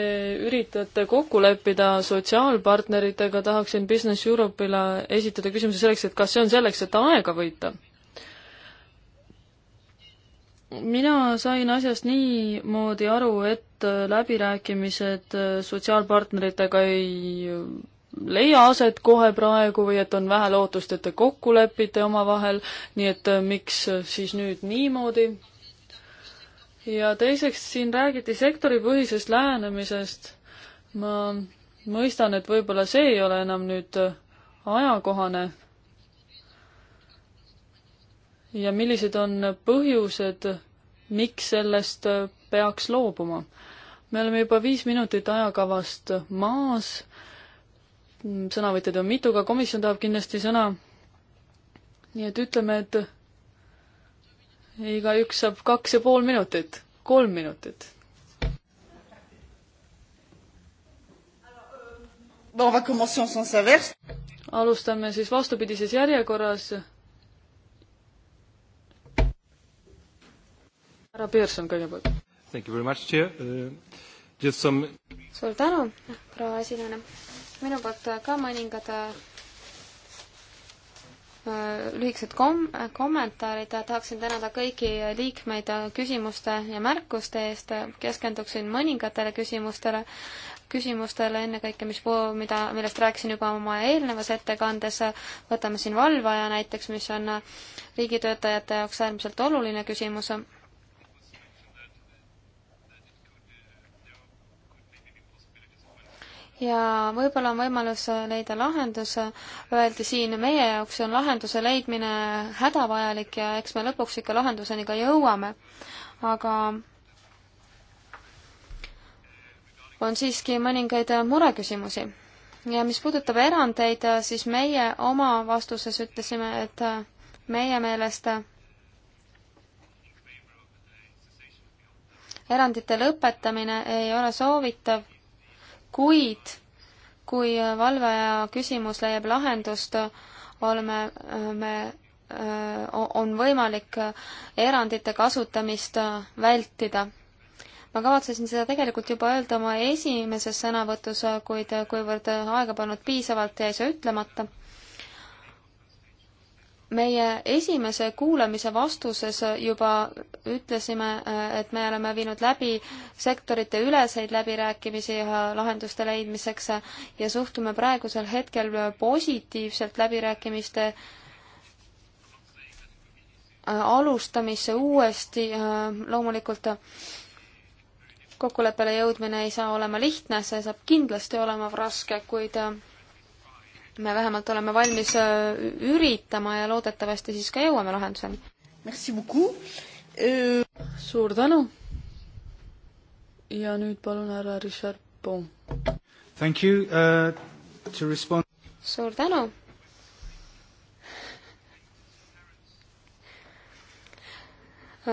üritate kokku leppida sotsiaalpartneritega, tahaksin Business Europe'ile esitada küsimuse selleks, et kas see on selleks, et aega võita? mina sain asjast niimoodi aru, et äh, läbirääkimised äh, sotsiaalpartneritega ei leia aset kohe praegu või et on vähe lootust, et te kokku lepite omavahel, nii et miks siis nüüd niimoodi? ja teiseks, siin räägiti sektoripõhisest lähenemisest. ma mõistan, et võib-olla see ei ole enam nüüd ajakohane. ja millised on põhjused, miks sellest peaks loobuma? me oleme juba viis minutit ajakavast maas, sõnavõtjaid on mitu, ka komisjon tahab kindlasti sõna. nii et ütleme, et igaüks saab kaks ja pool minutit, kolm minutit. alustame siis vastupidises järjekorras. härra Pearson kõigepealt. Thank you very much, Chair uh,. Just some suur tänu, proua esinaine. minu poolt ka mõningad Äh, lühikesed kom-, äh, kommentaarid, tahaksin tänada kõiki liikmeid küsimuste ja märkuste eest, keskenduksin mõningatele küsimustele, küsimustele ennekõike, mis puu-, mida, millest rääkisin juba oma eelnevas ettekandes, võtame siin valveaja näiteks, mis on riigitöötajate jaoks äärmiselt oluline küsimus ja võib-olla on võimalus leida lahendus, öeldi siin, meie jaoks on lahenduse leidmine hädavajalik ja eks me lõpuks ikka lahenduseni ka jõuame, aga on siiski mõningaid mureküsimusi. ja mis puudutab erandeid, siis meie oma vastuses ütlesime, et meie meelest erandite lõpetamine ei ole soovitav kuid kui äh, valveaja küsimus leiab lahendust, oleme äh, me äh, on võimalik erandite kasutamist vältida. ma kavatsesin seda tegelikult juba öelda oma esimeses sõnavõtus, kuid kuivõrd aega polnud piisavalt, jäi see ütlemata meie esimese kuulamise vastuses juba ütlesime, et me oleme viinud läbi sektorite üleseid läbirääkimisi lahenduste leidmiseks ja suhtume praegusel hetkel positiivselt läbirääkimiste alustamisse uuesti. loomulikult kokkuleppele jõudmine ei saa olema lihtne, see saab kindlasti olema raske, kuid me vähemalt oleme valmis äh, üritama ja loodetavasti siis ka jõuame lahenduseni. Euh, suur tänu. ja nüüd palun härra Richard Poom. Thank you uh, to respond. suur tänu.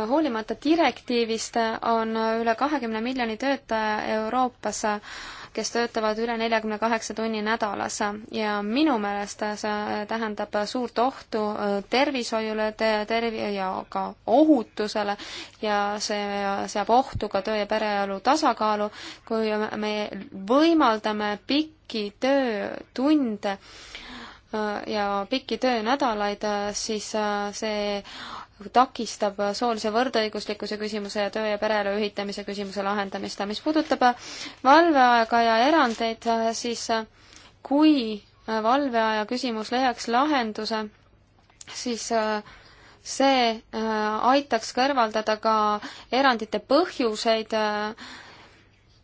hoolimata direktiivist on üle kahekümne miljoni töötaja Euroopas kes töötavad üle neljakümne kaheksa tunni nädalas ja minu meelest see tähendab suurt ohtu äh, tervishoiule tervi- ja ka ohutusele ja see seab ohtu ka töö- ja pereelu tasakaalu, kui me võimaldame pikki töötunde äh, ja pikki töönädalaid, äh, siis see takistab soolise võrdõiguslikkuse küsimuse ja töö ja pereelu ühitamise küsimuse lahendamist. mis puudutab äh, valveaega ja erandeid, äh, siis äh, kui valveaja küsimus leiaks lahenduse, siis see aitaks kõrvaldada ka erandite põhjuseid.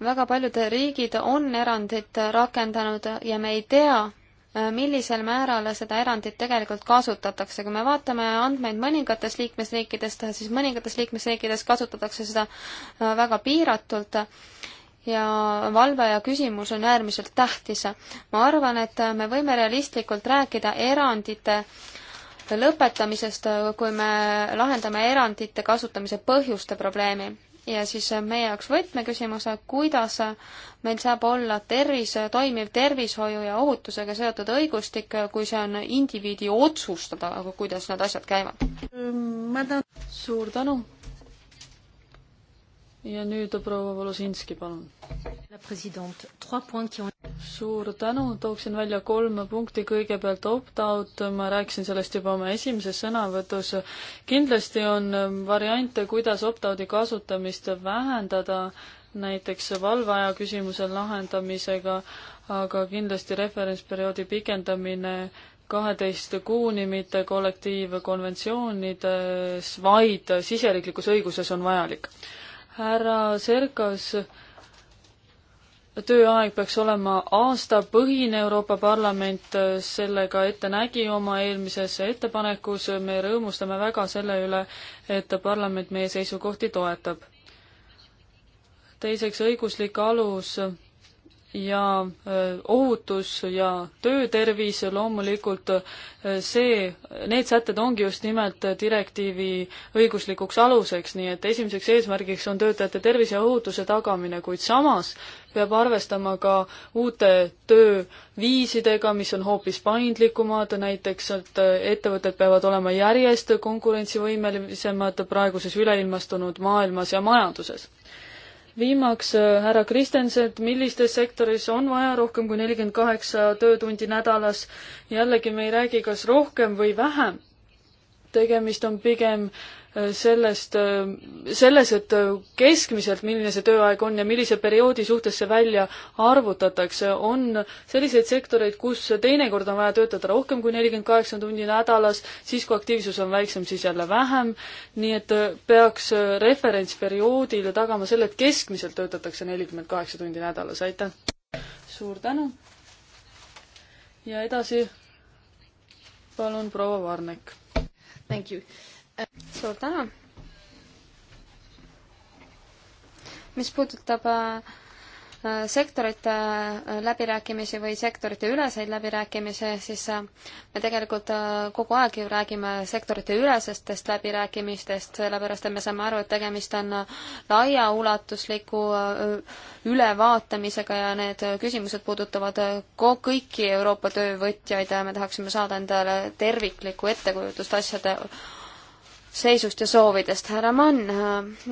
väga paljud riigid on erandit rakendanud ja me ei tea, Äh, millisel määral seda erandit tegelikult kasutatakse. kui me vaatame andmeid mõningatest liikmesriikidest, siis mõningates liikmesriikides kasutatakse seda äh, väga piiratult ja valveaja küsimus on äärmiselt tähtis. ma arvan, et me võime realistlikult rääkida erandite lõpetamisest, äh, kui me lahendame erandite kasutamise põhjuste probleemi ja siis meie jaoks võtmeküsimus, kuidas meil saab olla tervise, toimiv tervishoiu ja ohutusega seotud õigustik, kui see on indiviidi otsustada, kuidas need asjad käivad? suur tänu, ja nüüd proua Volosinski, palun. suur tänu, tooksin välja kolm punkti, kõigepealt opt-out, ma rääkisin sellest juba oma esimeses sõnavõtus. kindlasti on ähm, variante, kuidas opt-out'i kasutamist vähendada, näiteks valveaja küsimuse lahendamisega, aga kindlasti referentsperioodi pikendamine kaheteist kuuni mitte kollektiivkonventsioonides, vaid siseriiklikus õiguses on vajalik härra Serkas, tööaeg peaks olema aastapõhine, Euroopa Parlament äh, sellega ette nägi oma eelmises ettepanekus, me rõõmustame väga selle üle, et parlament meie seisukohti toetab. teiseks, õiguslik alus ja ohutus ja töötervis loomulikult see, need sätted ongi just nimelt direktiivi õiguslikuks aluseks, nii et esimeseks eesmärgiks on töötajate tervise ja ohutuse tagamine, kuid samas peab arvestama ka uute tööviisidega, mis on hoopis paindlikumad, näiteks et ettevõtted peavad olema järjest konkurentsivõimelisemad praeguses üleilmastunud maailmas ja majanduses viimaks äh, härra Kristenselt, millistes sektoris on vaja rohkem kui nelikümmend kaheksa töötundi nädalas. jällegi me ei räägi, kas rohkem või vähem. tegemist on pigem äh, sellest, selles, et keskmiselt, milline see tööaeg on ja millise perioodi suhtes see välja arvutatakse, on selliseid sektoreid, kus teinekord on vaja töötada rohkem kui nelikümmend kaheksa tundi nädalas, siis kui aktiivsus on väiksem, siis jälle vähem, nii et peaks referentsperioodil tagama selle, et keskmiselt töötatakse nelikümmend kaheksa tundi nädalas, aitäh! suur tänu! ja edasi palun proua Varnek. Thank you suur tänu. mis puudutab äh, äh, sektorite äh, läbirääkimisi või sektorite üleseid läbirääkimisi, siis me tegelikult kogu aeg ju räägime sektorite ülesestest läbirääkimistest, sellepärast et me saame aru, et tegemist on laiaulatusliku ülevaatamisega ja need küsimused puudutavad kõiki Euroopa töövõtjaid ja me tahaksime saada endale terviklikku ettekujutust asjade seisust ja soovidest. härra Mann,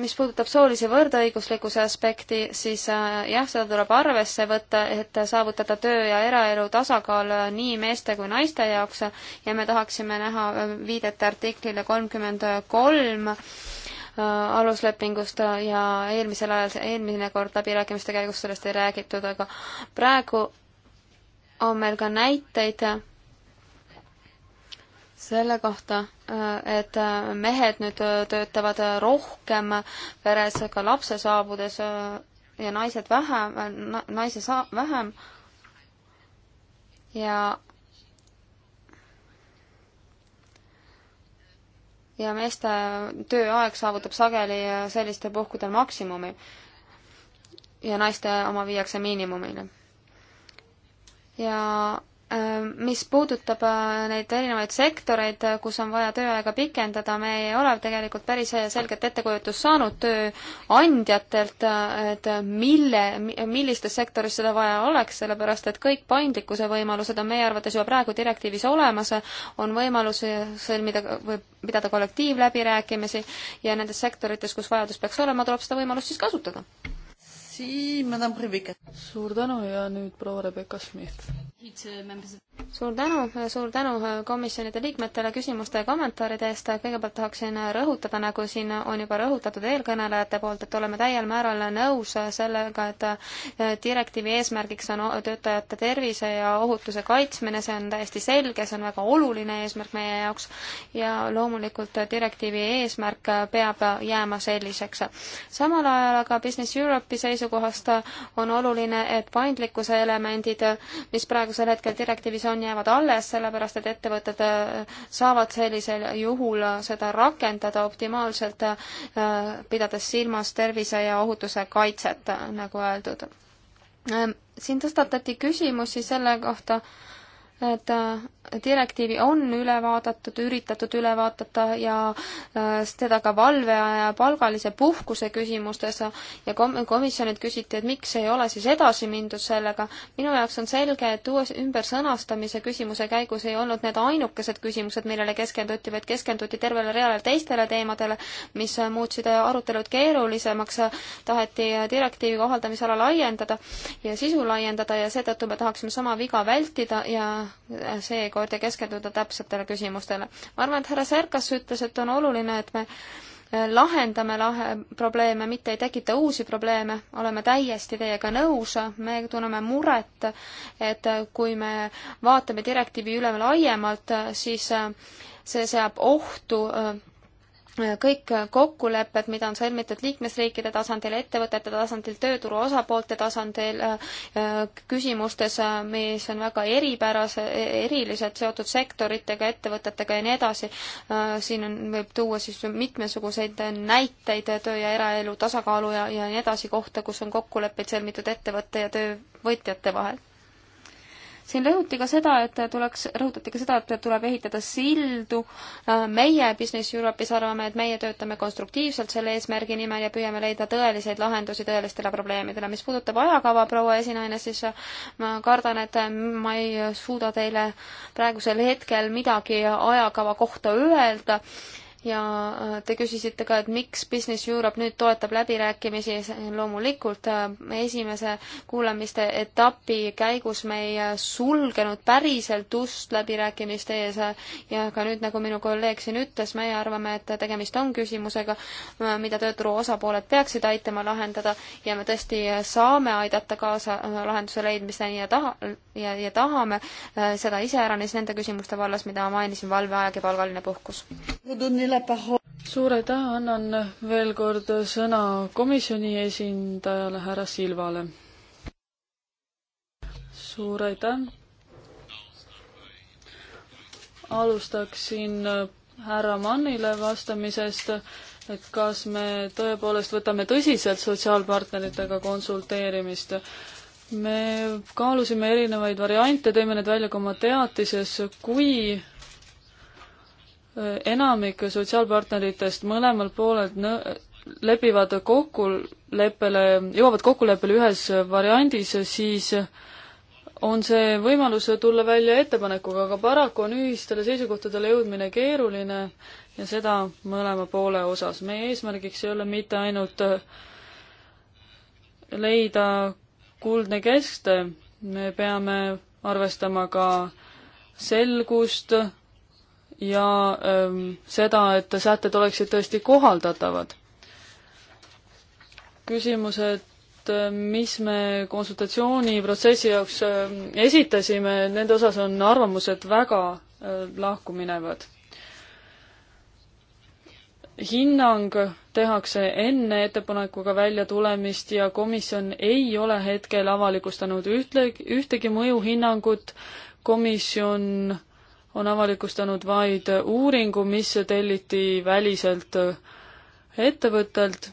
mis puudutab soolise võrdõiguslikkuse aspekti, siis äh, jah, seda tuleb arvesse võtta, et saavutada töö ja eraelu tasakaal nii meeste kui naiste jaoks ja me tahaksime näha äh, viidet artiklile kolmkümmend kolm äh, aluslepingust ja eelmisel ajal, eelmine kord läbirääkimiste käigus sellest ei räägitud, aga praegu on meil ka näiteid selle kohta, äh, et äh, mehed nüüd äh, töötavad rohkem peres ka lapse saabudes ja naised vähem, naise saa-, vähem ja ja meeste tööaeg saavutab sageli sellistel puhkudel maksimumi ja naiste oma viiakse miinimumile. ja Äh, mis puudutab äh, neid erinevaid sektoreid, äh, kus on vaja tööaega pikendada, me ei ole tegelikult päris selget ettekujutust saanud tööandjatelt, et mille, millistes sektoris seda vaja oleks, sellepärast et kõik paindlikkuse võimalused on meie arvates juba praegu direktiivis olemas, on võimalus sõlmida või pidada kollektiivläbirääkimisi ja nendes sektorites, kus vajadus peaks olema, tuleb seda võimalust siis kasutada. Madame Rebecca. suur tänu ja nüüd proua Rebecca Schmidt suur tänu, suur tänu komisjonide liikmetele küsimuste ja kommentaaride eest, kõigepealt tahaksin rõhutada, nagu siin on juba rõhutatud eelkõnelejate poolt, et oleme täiel määral nõus sellega, et eh, direktiivi eesmärgiks on töötajate tervise ja ohutuse kaitsmine, see on täiesti selge, see on väga oluline eesmärk meie jaoks ja loomulikult direktiivi eesmärk peab jääma selliseks. samal ajal aga Business Europe'i seisukohast on oluline, et paindlikkuse elemendid, mis praegu praegusel hetkel direktiivis on, jäävad alles, sellepärast et ettevõtted äh, saavad sellisel juhul seda rakendada optimaalselt, äh, pidades silmas tervise ja ohutuse kaitset, äh, nagu öeldud. Ähm, siin tõstatati küsimusi selle kohta, et direktiivi on üle vaadatud, üritatud üle vaadata ja äh, seda ka valveaja palgalise puhkuse küsimustes ja kom-, komisjonilt küsiti, et miks ei ole siis edasi mindud sellega. minu jaoks on selge, et uue ümbersõnastamise küsimuse käigus ei olnud need ainukesed küsimused, millele keskenduti, vaid keskenduti tervele reale teistele teemadele, mis muutsid arutelud keerulisemaks, taheti direktiivi kohaldamisala laiendada ja sisu laiendada ja seetõttu me tahaksime sama viga vältida ja see mõnikord ja keskenduda täpsetele küsimustele. ma arvan, et härra Serkas ütles, et on oluline, et me äh, lahendame lahe, probleeme, mitte ei tekita uusi probleeme, oleme täiesti teiega nõus, me tunneme muret, et kui me vaatame direktiivi üle laiemalt, siis äh, see seab ohtu äh, kõik kokkulepped, mida on sõlmitud liikmesriikide tasandil, ettevõtete tasandil, tööturu osapoolte tasandil, äh, äh, küsimustes, äh, mis on väga eripärase, erilised, seotud sektoritega, ettevõtetega ja nii edasi, siin on, võib tuua siis mitmesuguseid näiteid töö ja eraelu tasakaalu ja, ja nii edasi kohta, kus on kokkuleppeid sõlmitud ettevõtte ja töövõtjate vahel siin rõhuti ka seda, et tuleks, rõhutati ka seda, et tuleb ehitada sildu. Äh, meie Business Europe'is arvame, et meie töötame konstruktiivselt selle eesmärgi nimel ja püüame leida tõeliseid lahendusi tõelistele probleemidele. mis puudutab ajakava, proua esinaine, siis äh, ma kardan, et äh, ma ei suuda teile praegusel hetkel midagi ajakava kohta öelda ja äh, te küsisite ka, et miks Business Europe nüüd toetab läbirääkimisi, loomulikult äh, esimese kuulamiste etapi käigus me ei äh, sulgenud päriselt ust läbirääkimiste ees ja ka nüüd, nagu minu kolleeg siin ütles, meie arvame, et tegemist on küsimusega, mida tööturu osapooled peaksid aitama lahendada ja me tõesti saame aidata kaasa lahenduse leidmiseni ja taha, ja, ja tahame seda iseäranis nende küsimuste vallas, mida mainisin, valveaeg ja palgaline puhkus suur aitäh, annan veel kord sõna komisjoni esindajale, härra Silvale. suur aitäh. alustaksin härra Mannile vastamisest, et kas me tõepoolest võtame tõsiselt sotsiaalpartneritega konsulteerimist me kaalusime erinevaid variante, tõime need välja ka oma teatises, kui enamik sotsiaalpartneritest mõlemal poolel lepivad kokkuleppele, jõuavad kokkuleppele ühes variandis, siis on see võimalus tulla välja ettepanekuga, aga paraku on ühistele seisukohtadele jõudmine keeruline ja seda mõlema poole osas. meie eesmärgiks ei ole mitte ainult leida kuldne kesktee, me peame arvestama ka selgust, ja ähm, seda, et sätted oleksid tõesti kohaldatavad. küsimus, et äh, mis me konsultatsiooniprotsessi jaoks äh, esitasime, nende osas on arvamused väga äh, lahkuminevad. hinnang tehakse enne ettepanekuga väljatulemist ja komisjon ei ole hetkel avalikustanud ühtle, ühtegi mõjuhinnangut, komisjon äh, on avalikustanud vaid uuringu, mis telliti väliselt ettevõttelt.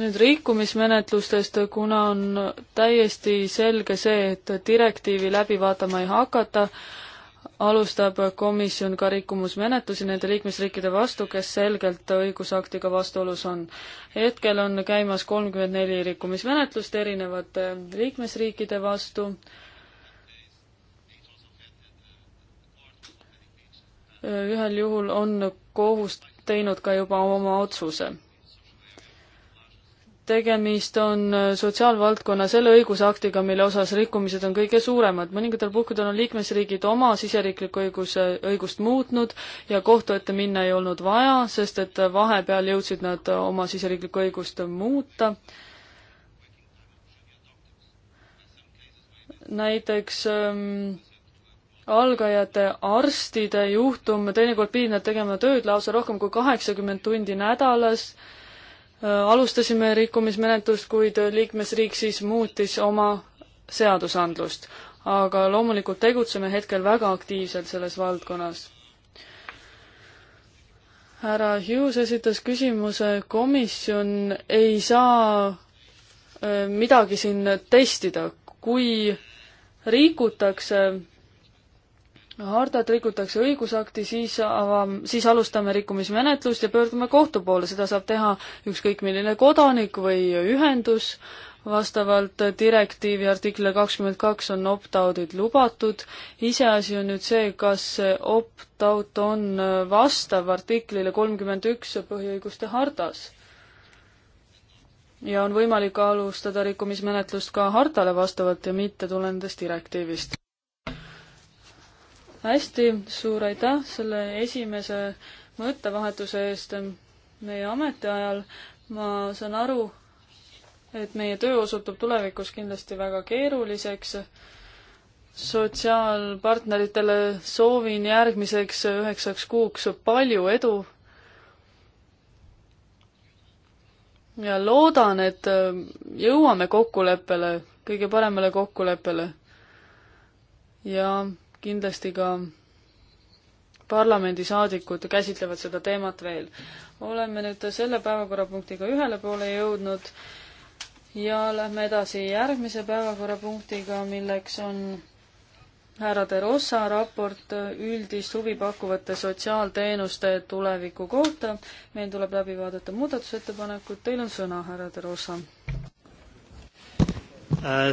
nüüd rikkumismenetlustest, kuna on täiesti selge see, et direktiivi läbi vaatama ei hakata, alustab komisjon ka rikkumusmenetlusi nende liikmesriikide vastu, kes selgelt õigusaktiga vastuolus on. hetkel on käimas kolmkümmend neli rikkumismenetlust erinevate liikmesriikide vastu. ühel juhul on kohus teinud ka juba oma otsuse tegemist on äh, sotsiaalvaldkonna selle õigusaktiga, mille osas rikkumised on kõige suuremad. mõningatel puhkudel on liikmesriigid oma siseriiklikku õiguse, õigust muutnud ja kohtu ette minna ei olnud vaja, sest et vahepeal jõudsid nad oma siseriiklikku õigust muuta näiteks ähm, algajate arstide juhtum, teinekord pidid nad tegema tööd lausa rohkem kui kaheksakümmend tundi nädalas äh,, Äh, alustasime rikkumismenetlust, kuid liikmesriik siis muutis oma seadusandlust. aga loomulikult tegutseme hetkel väga aktiivselt selles valdkonnas. härra Hughes esitas küsimuse, komisjon ei saa äh, midagi siin testida, kui rikutakse hardat rikutakse õigusakti, siis avame, siis alustame rikkumismenetlust ja pöördume kohtu poole, seda saab teha ükskõik milline kodanik või ühendus, vastavalt direktiivi artikli kakskümmend kaks on opt-out'id lubatud, iseasi on nüüd see, kas see opt-out on vastav artiklile kolmkümmend üks põhiõiguste hardas. ja on võimalik alustada rikkumismenetlust ka hardale vastavalt ja mitte tulenedes direktiivist hästi, suur aitäh selle esimese mõttevahetuse eest meie ametiajal. ma saan aru, et meie töö osutub tulevikus kindlasti väga keeruliseks. sotsiaalpartneritele soovin järgmiseks üheksaks kuuks palju edu. ja loodan, et jõuame kokkuleppele, kõige paremale kokkuleppele. ja kindlasti ka parlamendisaadikud käsitlevad seda teemat veel. oleme nüüd selle päevakorrapunktiga ühele poole jõudnud ja lähme edasi järgmise päevakorrapunktiga, milleks on härra De Rossa raport üldist huvi pakkuvate sotsiaalteenuste tuleviku kohta. meil tuleb läbi vaadata muudatusettepanekud, teil on sõna, härra De Rossa uh,.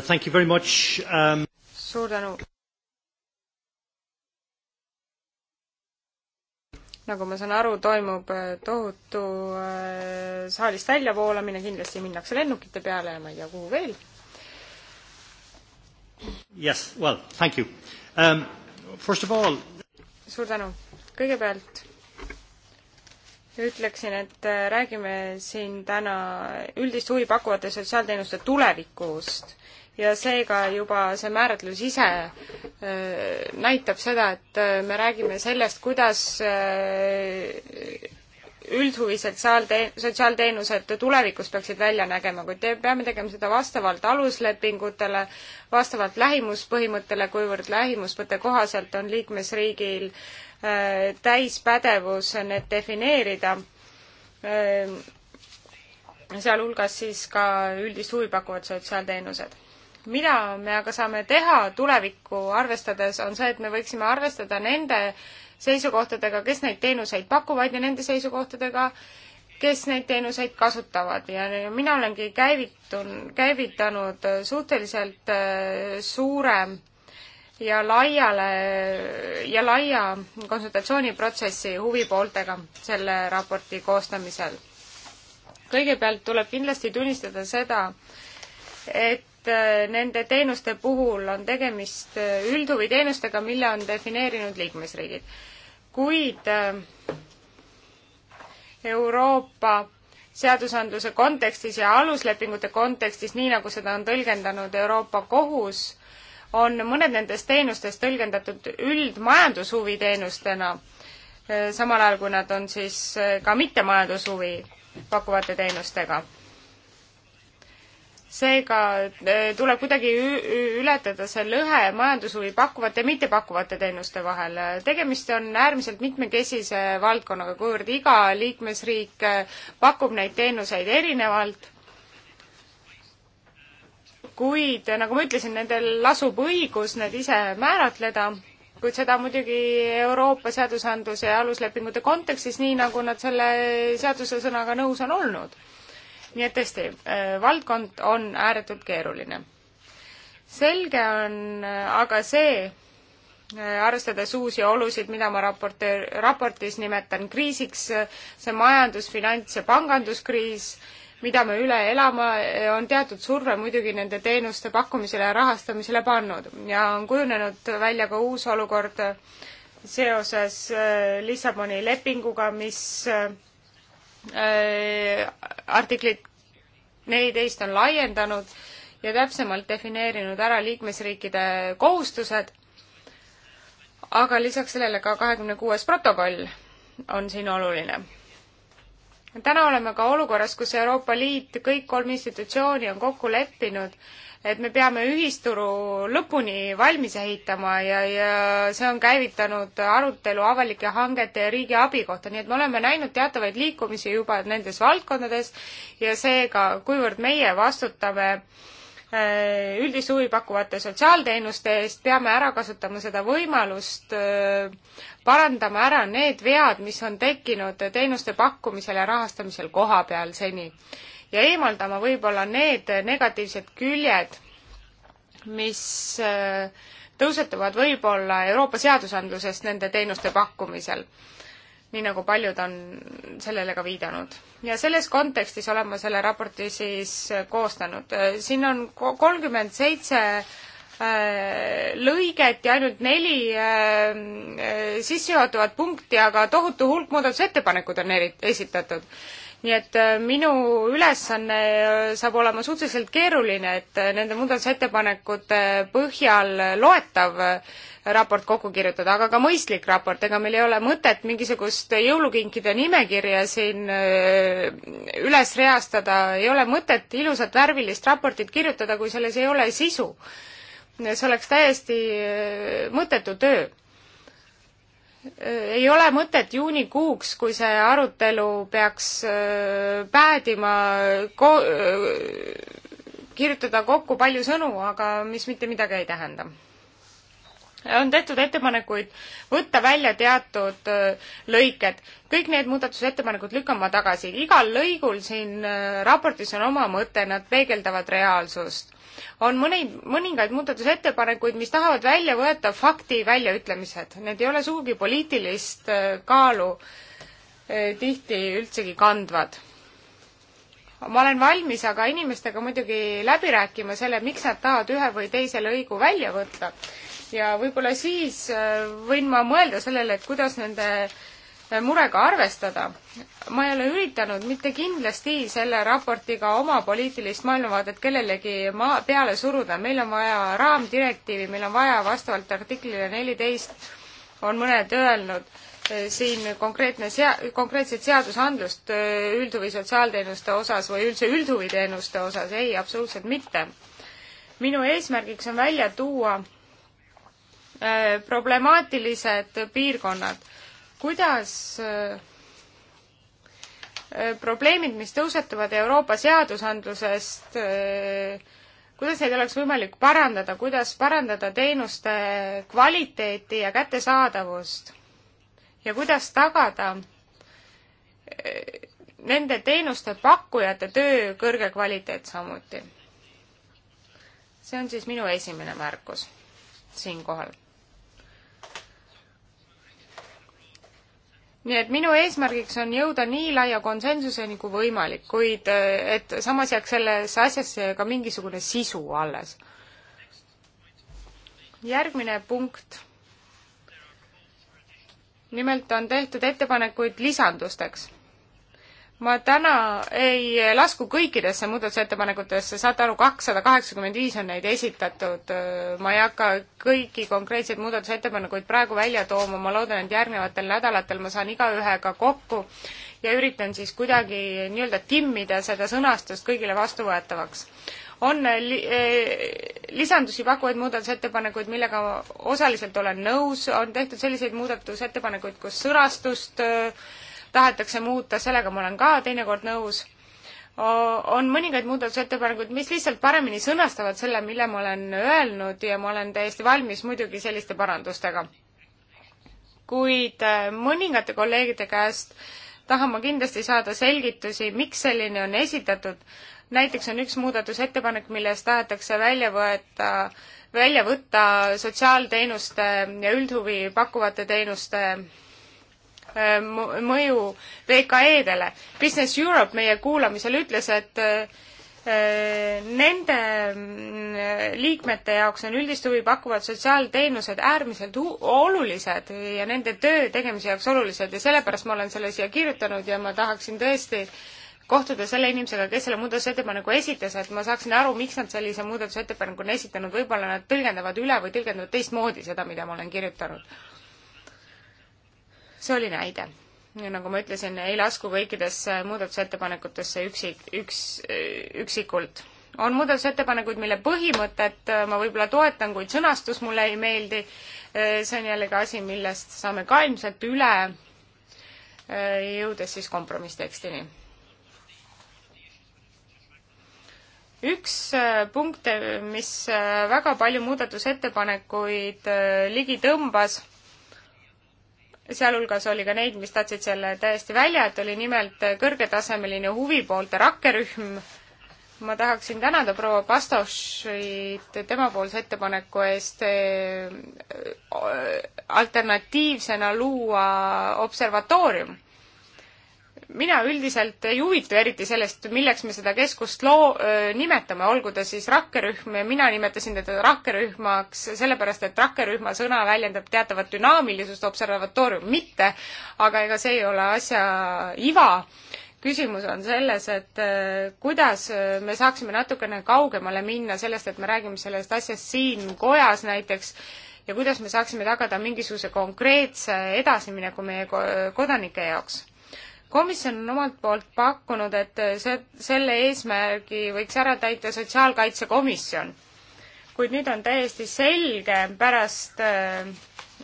Thank you very much um.... suur tänu nagu ma saan aru, toimub äh, tohutu äh, saalist väljavoolamine, kindlasti minnakse lennukite peale ja ma ei tea, kuhu veel. Yes, well, thank you um,. First of all. suur tänu. kõigepealt ütleksin, et äh, räägime siin täna üldist huvi pakkuvate sotsiaalteenuste tulevikust ja seega juba see määratlus ise äh, näitab seda, et äh, me räägime sellest, kuidas äh, üldhuvi sotsiaaltee-, sotsiaalteenused tulevikus peaksid välja nägema, kuid te, peame tegema seda vastavalt aluslepingutele, vastavalt lähimuspõhimõttele, kuivõrd lähimuspõte kohaselt on liikmesriigil äh, täispädevus need defineerida äh,, sealhulgas siis ka üldist huvi pakuvad sotsiaalteenused mida me aga saame teha tulevikku arvestades, on see, et me võiksime arvestada nende seisukohtadega, kes neid teenuseid pakuvad ja nende seisukohtadega, kes neid teenuseid kasutavad ja mina olengi käivitun, käivitanud suhteliselt äh, suure ja laiale ja laia konsultatsiooniprotsessi huvipooltega selle raporti koostamisel. kõigepealt tuleb kindlasti tunnistada seda, et Äh, nende teenuste puhul on tegemist äh, üldhuvi teenustega, mille on defineerinud liikmesriigid. kuid äh, Euroopa seadusandluse kontekstis ja aluslepingute kontekstis, nii nagu seda on tõlgendanud Euroopa Kohus, on mõned nendest teenustest tõlgendatud üldmajandushuvi teenustena, samal ajal kui nad on siis ka mittemajandushuvi pakkuvate teenustega seega äh, tuleb kuidagi ületada see lõhe majandushuvi pakkuvate ja mittepakkuvate teenuste vahel. tegemist on äärmiselt mitmekesise valdkonnaga, kuivõrd iga liikmesriik äh, pakub neid teenuseid erinevalt. kuid äh, nagu ma ütlesin, nendel lasub õigus need ise määratleda, kuid seda muidugi Euroopa seadusandluse ja aluslepingute kontekstis, nii nagu nad selle seadusesõnaga nõus on olnud nii et tõesti, äh, valdkond on ääretult keeruline. selge on äh, aga see, äh, arvestades uusi olusid, mida ma raportöör, raportis nimetan kriisiks, see majandus, finants ja panganduskriis, mida me üle elama, on teatud surve muidugi nende teenuste pakkumisele ja rahastamisele pannud ja on kujunenud välja ka uus olukord seoses Lissaboni lepinguga, mis Äh, artiklit neliteist on laiendanud ja täpsemalt defineerinud ära liikmesriikide kohustused, aga lisaks sellele ka kahekümne kuues protokoll on siin oluline. täna oleme ka olukorras, kus Euroopa Liit, kõik kolm institutsiooni on kokku leppinud, et me peame ühisturu lõpuni valmis ehitama ja, ja see on käivitanud arutelu avalike hangete ja riigiabi kohta, nii et me oleme näinud teatavaid liikumisi juba nendes valdkondades ja seega, kuivõrd meie vastutame äh, üldist huvi pakkuvate sotsiaalteenuste eest, peame ära kasutama seda võimalust, äh, parandama ära need vead, mis on tekkinud teenuste pakkumisel ja rahastamisel koha peal seni ja eemaldama võib-olla need negatiivsed küljed, mis äh, tõusetuvad võib-olla Euroopa seadusandlusest nende teenuste pakkumisel, nii nagu paljud on sellele ka viidanud. ja selles kontekstis olen ma selle raporti siis äh, koostanud. Äh, siin on kolmkümmend seitse lõiget ja ainult neli sissejuhatavat punkti, aga tohutu hulk muudatusettepanekud on eri-, esitatud nii et äh, minu ülesanne äh, saab olema suhteliselt keeruline, et äh, nende muudatusettepanekute põhjal loetav raport kokku kirjutada, aga ka mõistlik raport, ega meil ei ole mõtet mingisugust jõulukinkide nimekirja siin üles reastada, ei ole mõtet ilusat värvilist raportit kirjutada, kui selles ei ole sisu. see oleks täiesti mõttetu töö ei ole mõtet juunikuuks, kui see arutelu peaks äh, päädima ko-, äh, kirjutada kokku palju sõnu, aga mis mitte midagi ei tähenda on tehtud ettepanekuid võtta välja teatud lõiked. kõik need muudatusettepanekud lükkan ma tagasi. igal lõigul siin raportis on oma mõte, nad peegeldavad reaalsust. on mõneid, mõningaid muudatusettepanekuid, mis tahavad välja võtta fakti väljaütlemised. Need ei ole sugugi poliitilist kaalu tihti üldsegi kandvad ma olen valmis aga inimestega muidugi läbi rääkima selle, miks nad tahavad ühe või teise lõigu välja võtta ja võib-olla siis äh, võin ma mõelda sellele, et kuidas nende äh, murega arvestada. ma ei ole üritanud mitte kindlasti selle raportiga oma poliitilist maailmavaadet kellelegi maa peale suruda, meil on vaja raamdirektiivi, meil on vaja vastavalt artiklile neliteist, on mõned öelnud, äh, siin konkreetne sea-, konkreetset seadusandlust üldhuvi sotsiaalteenuste osas või üldse üldhuviteenuste osas, ei, absoluutselt mitte. minu eesmärgiks on välja tuua Äh, problemaatilised piirkonnad. kuidas äh, äh, probleemid, mis tõusetuvad Euroopa seadusandlusest, kuidas neid oleks võimalik parandada, kuidas parandada teenuste kvaliteeti ja kättesaadavust ja kuidas tagada nende teenuste pakkujate töö kõrge kvaliteet samuti. see on siis minu esimene märkus siinkohal. nii et minu eesmärgiks on jõuda nii laia konsensuseni kui võimalik, kuid eh, et samas jääks sellesse asjasse ka mingisugune sisu alles. järgmine punkt. nimelt on tehtud ettepanekuid lisandusteks ma täna ei lasku kõikidesse muudatusettepanekutesse, saate aru, kakssada kaheksakümmend viis on neid esitatud, ma ei hakka kõiki konkreetseid muudatusettepanekuid praegu välja tooma, ma loodan, et järgnevatel nädalatel ma saan igaühega kokku ja üritan siis kuidagi nii-öelda timmida seda sõnastust kõigile vastuvõetavaks. on li-, eh, lisandusi pakkuvaid muudatusettepanekuid, millega osaliselt olen nõus, on tehtud selliseid muudatusettepanekuid, kus sõnastust öö, eh, tahetakse muuta, sellega ma olen ka teinekord nõus. on mõningaid muudatusettepanekuid, mis lihtsalt paremini sõnastavad selle, mille ma olen öelnud ja ma olen täiesti valmis muidugi selliste parandustega. kuid äh, mõningate kolleegide käest tahan ma kindlasti saada selgitusi, miks selline on esitatud. näiteks on üks muudatusettepanek, milles tahetakse välja võeta välja võtta sotsiaalteenuste ja üldhuvi pakkuvate teenuste Äh, mõju VKE-dele. Business Europe meie kuulamisel ütles, et äh, nende mm, liikmete jaoks on üldist huvi pakuvad sotsiaalteenused äärmiselt olulised ja nende töö tegemise jaoks olulised ja sellepärast ma olen selle siia kirjutanud ja ma tahaksin tõesti kohtuda selle inimesega, kes selle muudatusettepaneku esitas, et ma saaksin aru, miks nad sellise muudatusettepaneku on esitanud, võib-olla nad tõlgendavad üle või tõlgendavad teistmoodi seda, mida ma olen kirjutanud see oli näide. nagu ma ütlesin, ei lasku kõikidesse äh, muudatusettepanekutesse üksi, üks, äh, üksikult. on muudatusettepanekuid, mille põhimõtet äh, ma võib-olla toetan, kuid sõnastus mulle ei meeldi. see on jällegi asi, millest saame ka ilmselt üle, jõudes siis kompromisstekstini üks punkte, mis väga palju muudatusettepanekuid ligi tõmbas, sealhulgas oli ka neid, mis tahtsid selle täiesti välja, et oli nimelt kõrgetasemeline huvipoolte rakkerühm. ma tahaksin tänada proua Pastošit temapoolse ettepaneku eest eh, alternatiivsena luua observatoorium mina üldiselt ei huvitu eriti sellest, milleks me seda keskust loo-, nimetame, olgu ta siis rakkerühm, mina nimetasin teda rakkerühmaks sellepärast, et rakkerühma sõna väljendab teatavat dünaamilisust, observatoorium mitte, aga ega see ei ole asja iva. küsimus on selles, et kuidas me saaksime natukene kaugemale minna sellest, et me räägime sellest asjast siin kojas näiteks, ja kuidas me saaksime tagada mingisuguse konkreetse edasimineku meie kodanike jaoks komisjon on omalt poolt pakkunud, et see, selle eesmärgi võiks ära täita Sotsiaalkaitsekomisjon. kuid nüüd on täiesti selge pärast äh,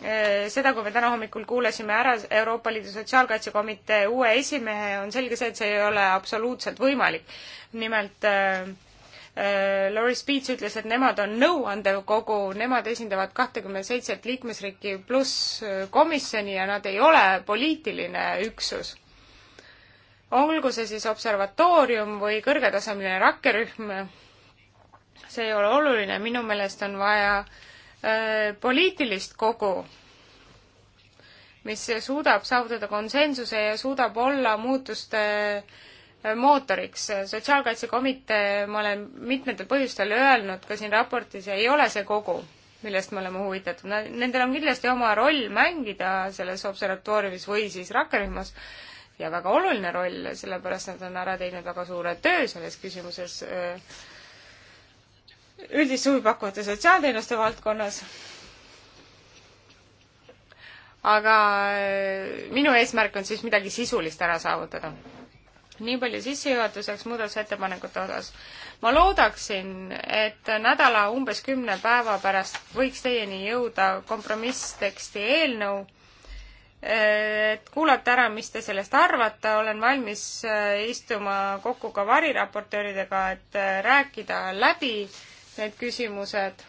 äh, seda, kui me täna hommikul kuulasime ära Euroopa Liidu Sotsiaalkaitsekomitee uue esimehe, on selge see, et see ei ole absoluutselt võimalik. nimelt äh, äh, Laurie Speech ütles, et nemad on nõuandev kogu, nemad esindavad kahtekümne seitset liikmesriiki pluss äh, komisjoni ja nad ei ole poliitiline üksus olgu see siis observatoorium või kõrgetasemeline rakkerühm, see ei ole oluline, minu meelest on vaja öö, äh, poliitilist kogu, mis suudab saavutada konsensuse ja suudab olla muutuste äh, mootoriks. sotsiaalkaitsekomitee, ma olen mitmetel põhjustel öelnud ka siin raportis, ei ole see kogu, millest me oleme huvitatud. Nendel on kindlasti oma roll mängida selles observatooriumis või siis rakkerühmas, ja väga oluline roll, sellepärast nad on ära teinud väga suure töö selles küsimuses äh, üldist huvi pakkuvate sotsiaalteenuste valdkonnas. aga äh, minu eesmärk on siis midagi sisulist ära saavutada. nii palju sissejuhatuseks muudatusettepanekute osas. ma loodaksin, et nädala umbes kümne päeva pärast võiks teieni jõuda kompromissteksti eelnõu et kuulata ära, mis te sellest arvate, olen valmis äh, istuma kokku ka variraportööridega, et äh, rääkida läbi need küsimused.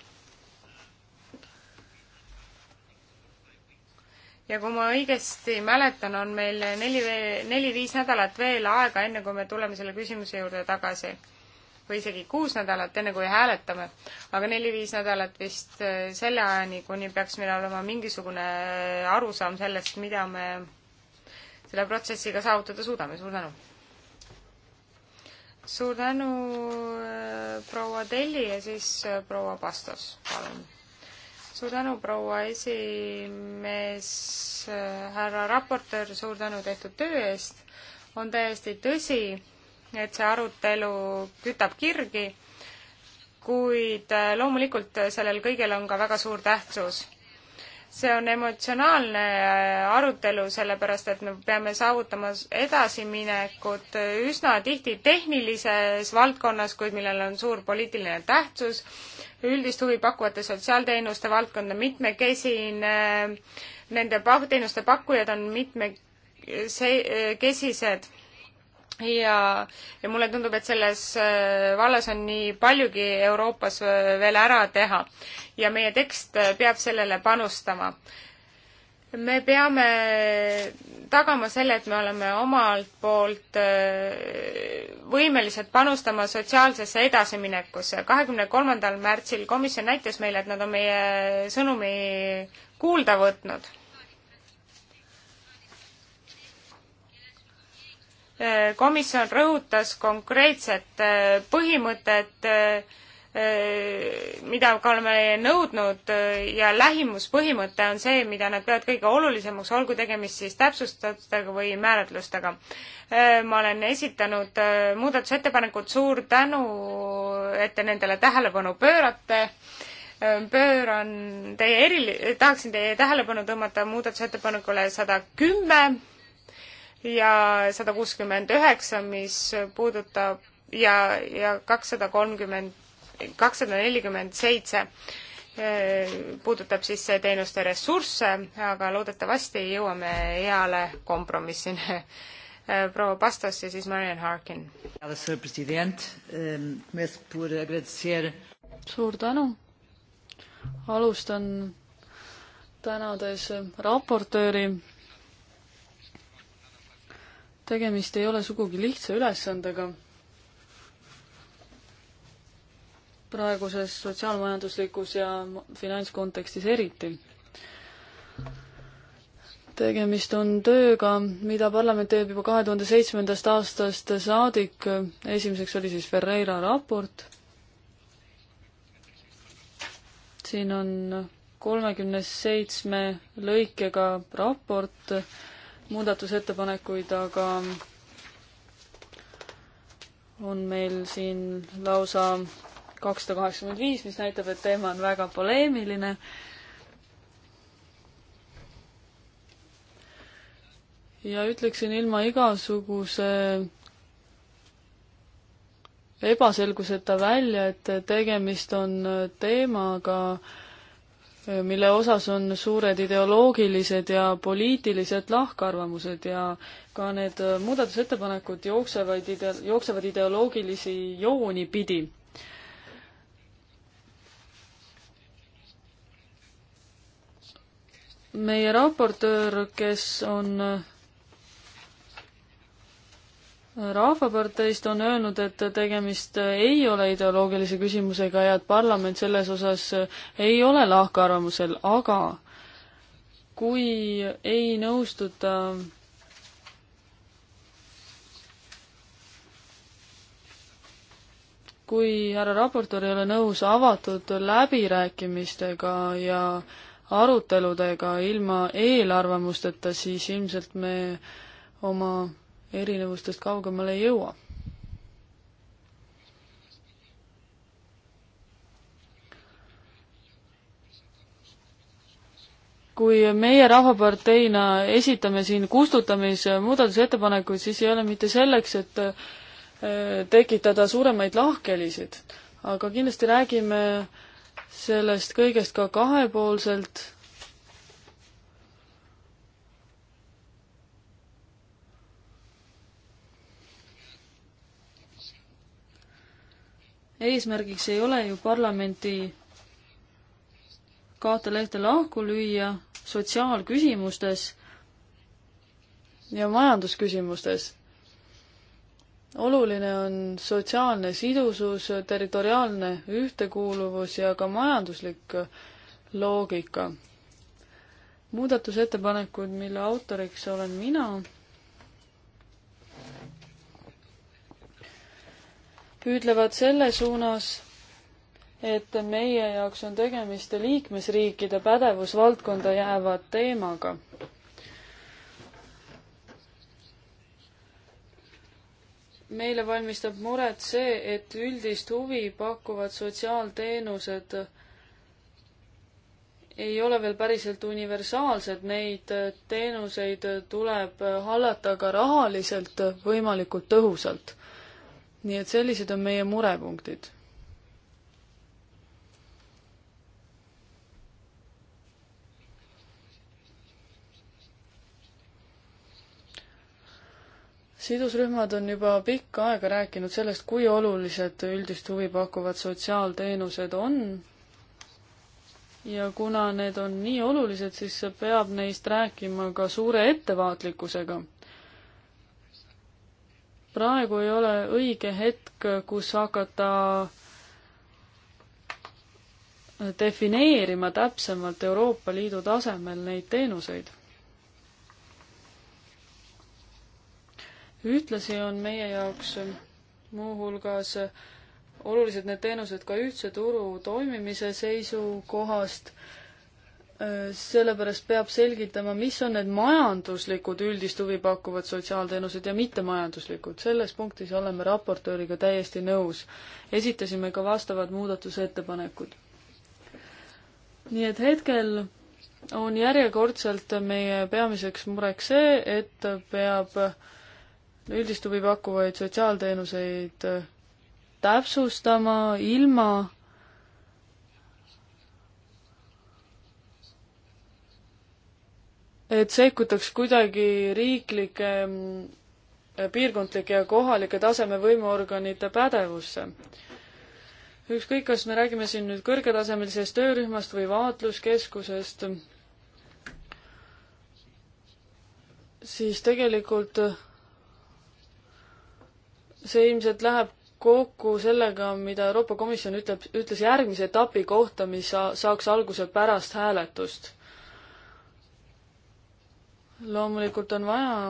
ja kui ma õigesti mäletan, on meil neli, neli-viis nädalat veel aega, enne kui me tuleme selle küsimuse juurde tagasi või isegi kuus nädalat, enne kui hääletame. aga neli-viis nädalat vist äh, selle ajani, kuni peaks meil olema mingisugune äh, arusaam sellest, mida me selle protsessiga saavutada suudame. suur tänu! suur tänu, äh, proua Telli ja siis proua Pastos, palun. suur tänu, proua esimees, härra raportöör, suur tänu tehtud töö eest. on täiesti tõsi et see arutelu kütab kirgi, kuid äh, loomulikult sellel kõigel on ka väga suur tähtsus. see on emotsionaalne äh, arutelu, sellepärast et me peame saavutama edasiminekut üsna tihti tehnilises valdkonnas, kuid millel on suur poliitiline tähtsus, üldist huvi pakkuvate sotsiaalteenuste valdkonda mitmekesine, nende teenuste pakkujad on mitmekesised ja, ja mulle tundub, et selles äh, vallas on nii paljugi Euroopas äh, veel ära teha ja meie tekst äh, peab sellele panustama. me peame tagama selle, et me oleme omalt poolt võimelised panustama sotsiaalsesse edasiminekusse. kahekümne kolmandal märtsil komisjon näitas meile, et nad on meie sõnumi kuulda võtnud Äh, komisjon rõhutas konkreetset äh, põhimõtet, äh, mida ka oleme nõudnud ja lähimuspõhimõte on see, mida nad peavad kõige olulisemaks, olgu tegemist siis täpsustustega või määratlustega. ma olen esitanud muudatusettepanekud, suur tänu, et te nendele tähelepanu pöörate. pööran teie eri, tahaksin teie tähelepanu tõmmata muudatusettepanekule sada kümme ja sada kuuskümmend üheksa, mis puudutab ja, ja kakssada kolmkümmend, kakssada nelikümmend seitse eh, puudutab siis teenuste ressursse, aga loodetavasti jõuame heale kompromissile eh, proua Pastos ja siis Marian Harkin. Eh, suur tänu. alustan tänades raportööri tegemist ei ole sugugi lihtsa ülesandega. praeguses sotsiaalmajanduslikus ja finantskontekstis eriti. tegemist on tööga, mida parlament teeb juba kahe tuhande seitsmendast aastast saadik, esimeseks oli siis Ferreira raport, siin on kolmekümne seitsme lõikega raport, muudatusettepanekuid, aga on meil siin lausa kakssada kaheksakümmend viis, mis näitab, et teema on väga poleemiline. ja ütleksin ilma igasuguse ebaselguseta välja, et tegemist on teemaga, mille osas on suured ideoloogilised ja poliitilised lahkarvamused ja ka need muudatusettepanekud jooksevad ide-, jooksevad ideoloogilisi jooni pidi. meie raportöör, kes on rahvaparteist on öelnud, et tegemist ei ole ideoloogilise küsimusega ja et parlament selles osas ei ole lahkarvamusel, aga kui ei nõustuta kui härra raportöör ei ole nõus avatud läbirääkimistega ja aruteludega ilma eelarvamusteta, siis ilmselt me oma erinevustest kaugemale ei jõua. kui meie Rahvaparteina esitame siin kustutamise muudatusettepanekuid, siis ei ole mitte selleks, et äh, tekitada suuremaid lahkhelisid, aga kindlasti räägime sellest kõigest ka kahepoolselt eesmärgiks ei ole ju parlamenti kaotelehte lahku lüüa sotsiaalküsimustes ja majandusküsimustes. oluline on sotsiaalne sidusus, territoriaalne ühtekuuluvus ja ka majanduslik loogika. muudatusettepanekud, mille autoriks olen mina, püüdlevad selle suunas, et meie jaoks on tegemist liikmesriikide pädevusvaldkonda jääva teemaga. meile valmistab muret see, et üldist huvi pakuvad sotsiaalteenused ei ole veel päriselt universaalsed, neid teenuseid tuleb hallata ka rahaliselt võimalikult tõhusalt nii et sellised on meie murepunktid. sidusrühmad on juba pikka aega rääkinud sellest, kui olulised üldist huvi pakuvad sotsiaalteenused on ja kuna need on nii olulised, siis peab neist rääkima ka suure ettevaatlikkusega praegu ei ole õige hetk, kus hakata defineerima täpsemalt Euroopa Liidu tasemel neid teenuseid. ühtlasi on meie jaoks muuhulgas olulised need teenused ka ühtse turu toimimise seisukohast Äh, sellepärast peab selgitama, mis on need majanduslikud üldist huvi pakkuvad sotsiaalteenused ja mittemajanduslikud. selles punktis oleme raportööriga täiesti nõus. esitasime ka vastavad muudatusettepanekud. nii et hetkel on järjekordselt meie peamiseks mureks see, et peab üldist huvi pakkuvaid sotsiaalteenuseid täpsustama ilma et sekkutaks kuidagi riiklike, mm, piirkondlike ja kohalike taseme võimuorganite pädevusse. ükskõik, kas me räägime siin nüüd kõrgetasemelisest töörühmast või vaatluskeskusest, siis tegelikult see ilmselt läheb kokku sellega, mida Euroopa Komisjon ütleb, ütles järgmise etapi kohta, mis sa-, saaks alguse pärast hääletust loomulikult on vaja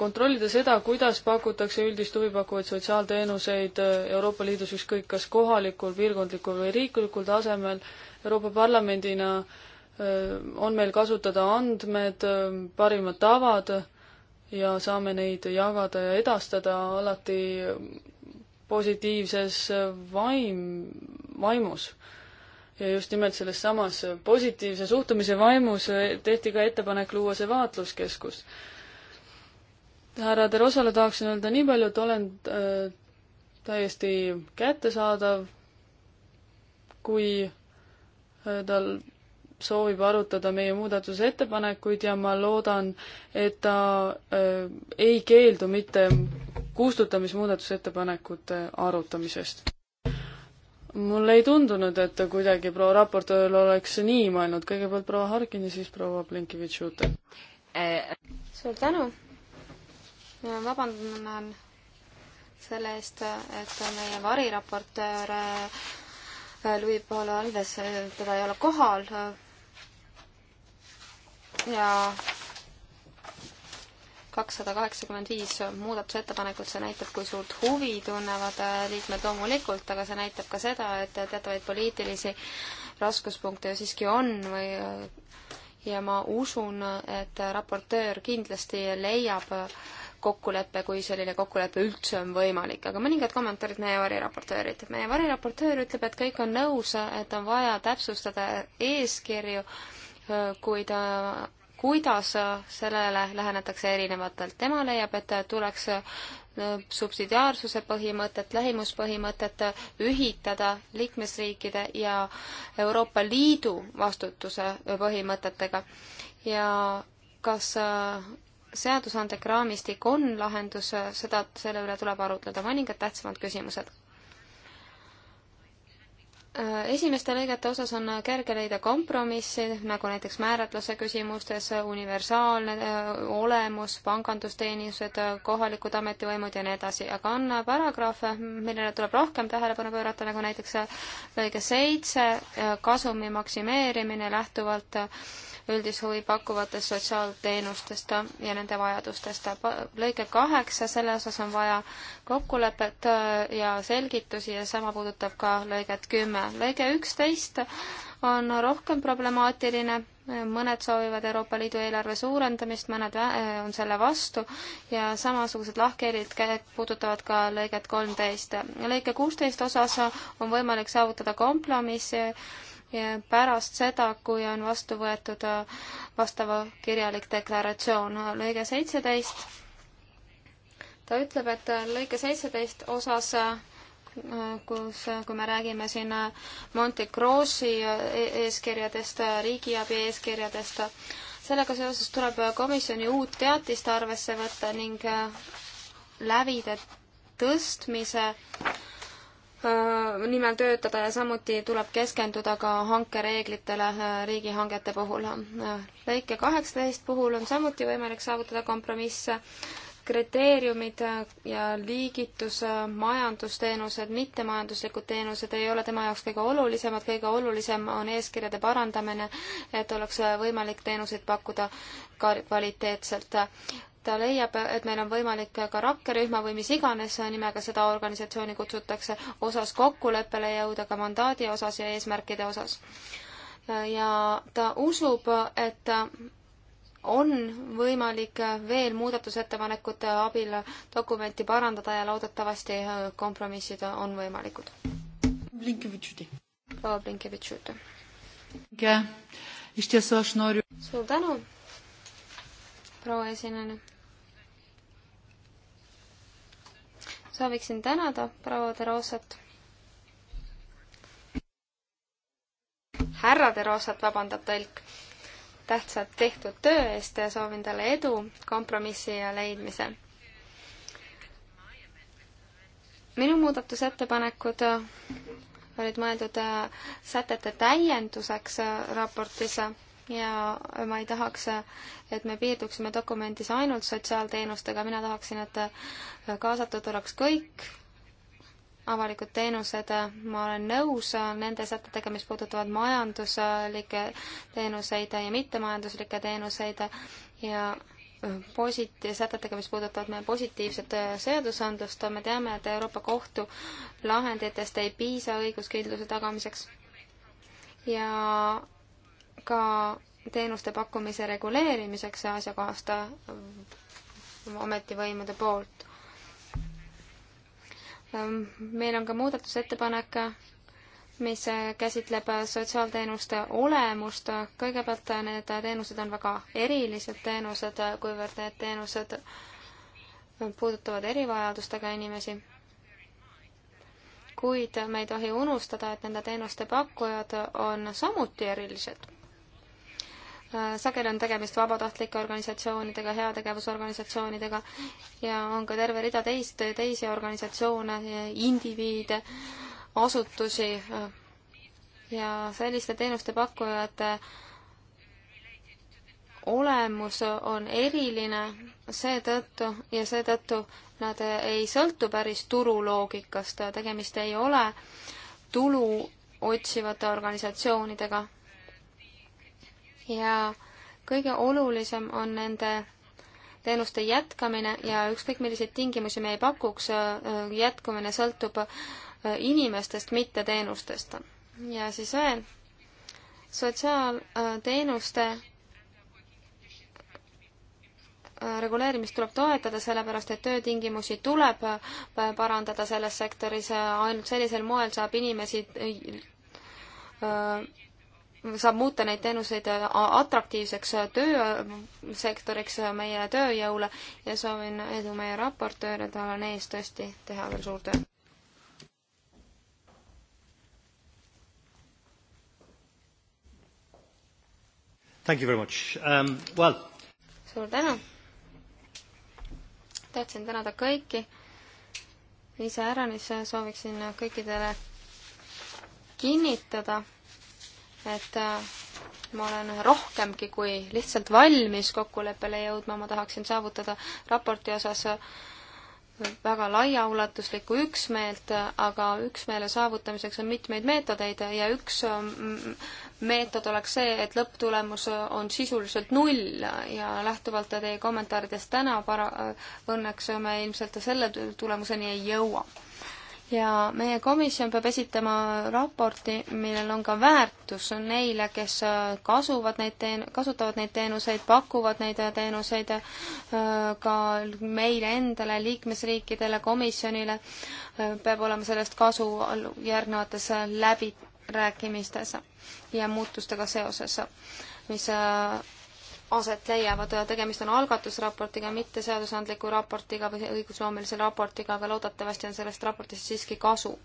kontrollida seda, kuidas pakutakse üldist huvi pakkuvaid sotsiaalteenuseid Euroopa Liidus, ükskõik kas kohalikul, piirkondlikul või riiklikul tasemel. Euroopa Parlamendina on meil kasutada andmed, parimad tavad ja saame neid jagada ja edastada alati positiivses vaim, vaimus ja just nimelt selles samas positiivse suhtumise vaimus eh, tehti ka ettepanek luua see vaatluskeskus. härra Terosale tahaksin öelda nii palju, et olen äh, täiesti kättesaadav, kui äh, tal soovib arutada meie muudatusettepanekuid ja ma loodan, et ta äh, ei keeldu mitte kustutamismuudatusettepanekute arutamisest mulle ei tundunud, et kuidagi proua raportöör oleks nii mõelnud, kõigepealt proua Harkin ja siis proua Blinkevitš-Jute. Äh, suur tänu. vabandan selle eest, et meie variraportöör äh, Louis Paul Alves, äh, teda ei ole kohal. ja kakssada kaheksakümmend viis muudatusettepanekut, see näitab, kui suurt huvi tunnevad äh, liikmed loomulikult, aga see näitab ka seda, et teatavaid poliitilisi raskuspunkte ju siiski on või äh, ja ma usun, et raportöör kindlasti leiab kokkuleppe, kui selline kokkulepe üldse on võimalik, aga mõningad kommentaarid meie variraportöörid. meie variraportöör ütleb, et kõik on nõus, et on vaja täpsustada eeskirju, äh, kuid ta kuidas äh, sellele lähenetakse erinevatelt. tema leiab, et äh, tuleks äh, subsidiaarsuse põhimõtet, lähimuspõhimõtet ühitada liikmesriikide ja Euroopa Liidu vastutuse põhimõtetega. ja kas seadusandlik raamistik on lahendus, seda, selle üle tuleb arutleda, mõningad tähtsamad küsimused. Äh, esimeste lõigete osas on äh, kerge leida kompromissi, nagu näiteks määratluse küsimustes äh, universaalne olemus, pangandusteenused, kohalikud ametivõimud ja nii edasi, aga on paragrahve, millele tuleb rohkem tähelepanu pöörata, nagu näiteks lõige seitse, kasumi maksimeerimine lähtuvalt äh, üldist huvi pakkuvatest sotsiaalteenustest ja nende vajadustest. lõige kaheksa, selle osas on vaja kokkulepet äh, ja selgitusi ja sama puudutab ka lõiget kümme. lõige üksteist on rohkem problemaatiline, mõned soovivad Euroopa Liidu eelarve suurendamist, mõned äh, on selle vastu ja samasugused lahkhelid puudutavad ka lõiget kolmteist. lõike kuusteist osas on võimalik saavutada kompromissi ja pärast seda, kui on vastu võetud äh, vastava kirjalik deklaratsioon. Äh, lõige seitseteist, ta ütleb, et äh, lõike seitseteist osas kus, kui me räägime siin Monte Grossi e-, eeskirjadest, riigiabi eeskirjadest, sellega seoses tuleb komisjoni uut teatist arvesse võtta ning lävide tõstmise Äh, nimel töötada ja samuti tuleb keskenduda ka hankereeglitele äh, riigihangete puhul. Äh, lõike kaheksateist puhul on samuti võimalik saavutada kompromisse, kriteeriumid ja liigitus, majandusteenused, mittemajanduslikud teenused ei ole tema jaoks kõige olulisemad, kõige olulisem on eeskirjade parandamine, et oleks võimalik teenuseid pakkuda kvaliteetselt ta leiab, et meil on võimalik ka rakkerühma või mis iganes nimega seda organisatsiooni kutsutakse, osas kokkuleppele jõuda ka mandaadi osas ja eesmärkide osas. ja ta usub, et on võimalik veel muudatusettepanekute abil dokumenti parandada ja loodetavasti kompromissid on võimalikud. proua Blinkevitš-Jute. suur tänu, proua esineja sooviksin tänada proua Terosat. härra Terosat, vabandab tõlk, tähtsa tehtud töö eest ja soovin talle edu kompromissi ja leidmise. minu muudatusettepanekud olid mõeldud äh, sätete täienduseks äh, raportis ja ma ei tahaks, et me piirduksime dokumendis ainult sotsiaalteenustega, mina tahaksin, et kaasatud oleks kõik avalikud teenused, ma olen nõus nende sätetega, mis puudutavad majanduslikke teenuseid ja mittemajanduslikke teenuseid ja positi-, sätetega, mis puudutavad meie positiivset seadusandlust, me teame, et Euroopa Kohtu lahenditest ei piisa õiguskindluse tagamiseks. ja ka teenuste pakkumise reguleerimiseks asjakohaste ametivõimude poolt. Ehm, meil on ka muudatusettepanek, mis käsitleb sotsiaalteenuste olemust. kõigepealt need teenused on väga erilised teenused, kuivõrd need teenused puudutavad erivajadustega inimesi. kuid me ei tohi unustada, et nende teenuste pakkujad on samuti erilised Äh, sageli on tegemist vabatahtlike organisatsioonidega, heategevusorganisatsioonidega ja on ka terve rida teist, teisi organisatsioone, indiviide, asutusi äh, ja selliste teenuste pakkujate olemus on eriline seetõttu ja seetõttu nad ei sõltu päris turuloogikast, tegemist ei ole tulu otsivate organisatsioonidega ja kõige olulisem on nende teenuste jätkamine ja ükskõik milliseid tingimusi me ei pakuks, äh, äh, jätkumine sõltub äh, inimestest, mitte teenustest. ja siis veel, sotsiaalteenuste reguleerimist tuleb toetada, sellepärast et töötingimusi tuleb parandada selles sektoris, ainult sellisel moel saab inimesi saab muuta neid teenuseid äh, atraktiivseks äh, töösektoriks äh, meie tööjõule ja soovin edu meie raportööre, tal on ees tõesti teha veel suur töö. Thank you very much um,. Well. suur tänu. tahtsin tänada kõiki. iseäranis sooviksin kõikidele kinnitada et äh, ma olen rohkemgi kui lihtsalt valmis kokkuleppele jõudma, ma tahaksin saavutada raporti osas äh, väga laiaulatuslikku üksmeelt, aga üksmeele saavutamiseks on mitmeid meetodeid ja üks äh, meetod oleks see, et lõpptulemus on sisuliselt null ja lähtuvalt teie kommentaaridest täna para-, õnneks me ilmselt selle tulemuseni ei jõua ja meie komisjon peab esitama raporti, millel on ka väärtus neile, kes äh, kasuvad neid teen-, kasutavad neid teenuseid, pakuvad neid äh, teenuseid äh, ka meile endale, liikmesriikidele, komisjonile, peab olema sellest kasu järgnevates läbirääkimistes ja muutustega seoses, mis aset leiavad, tegemist on algatusraportiga, mitte seadusandliku raportiga või õigusloomelise raportiga, aga loodetavasti on sellest raportist siiski kasu.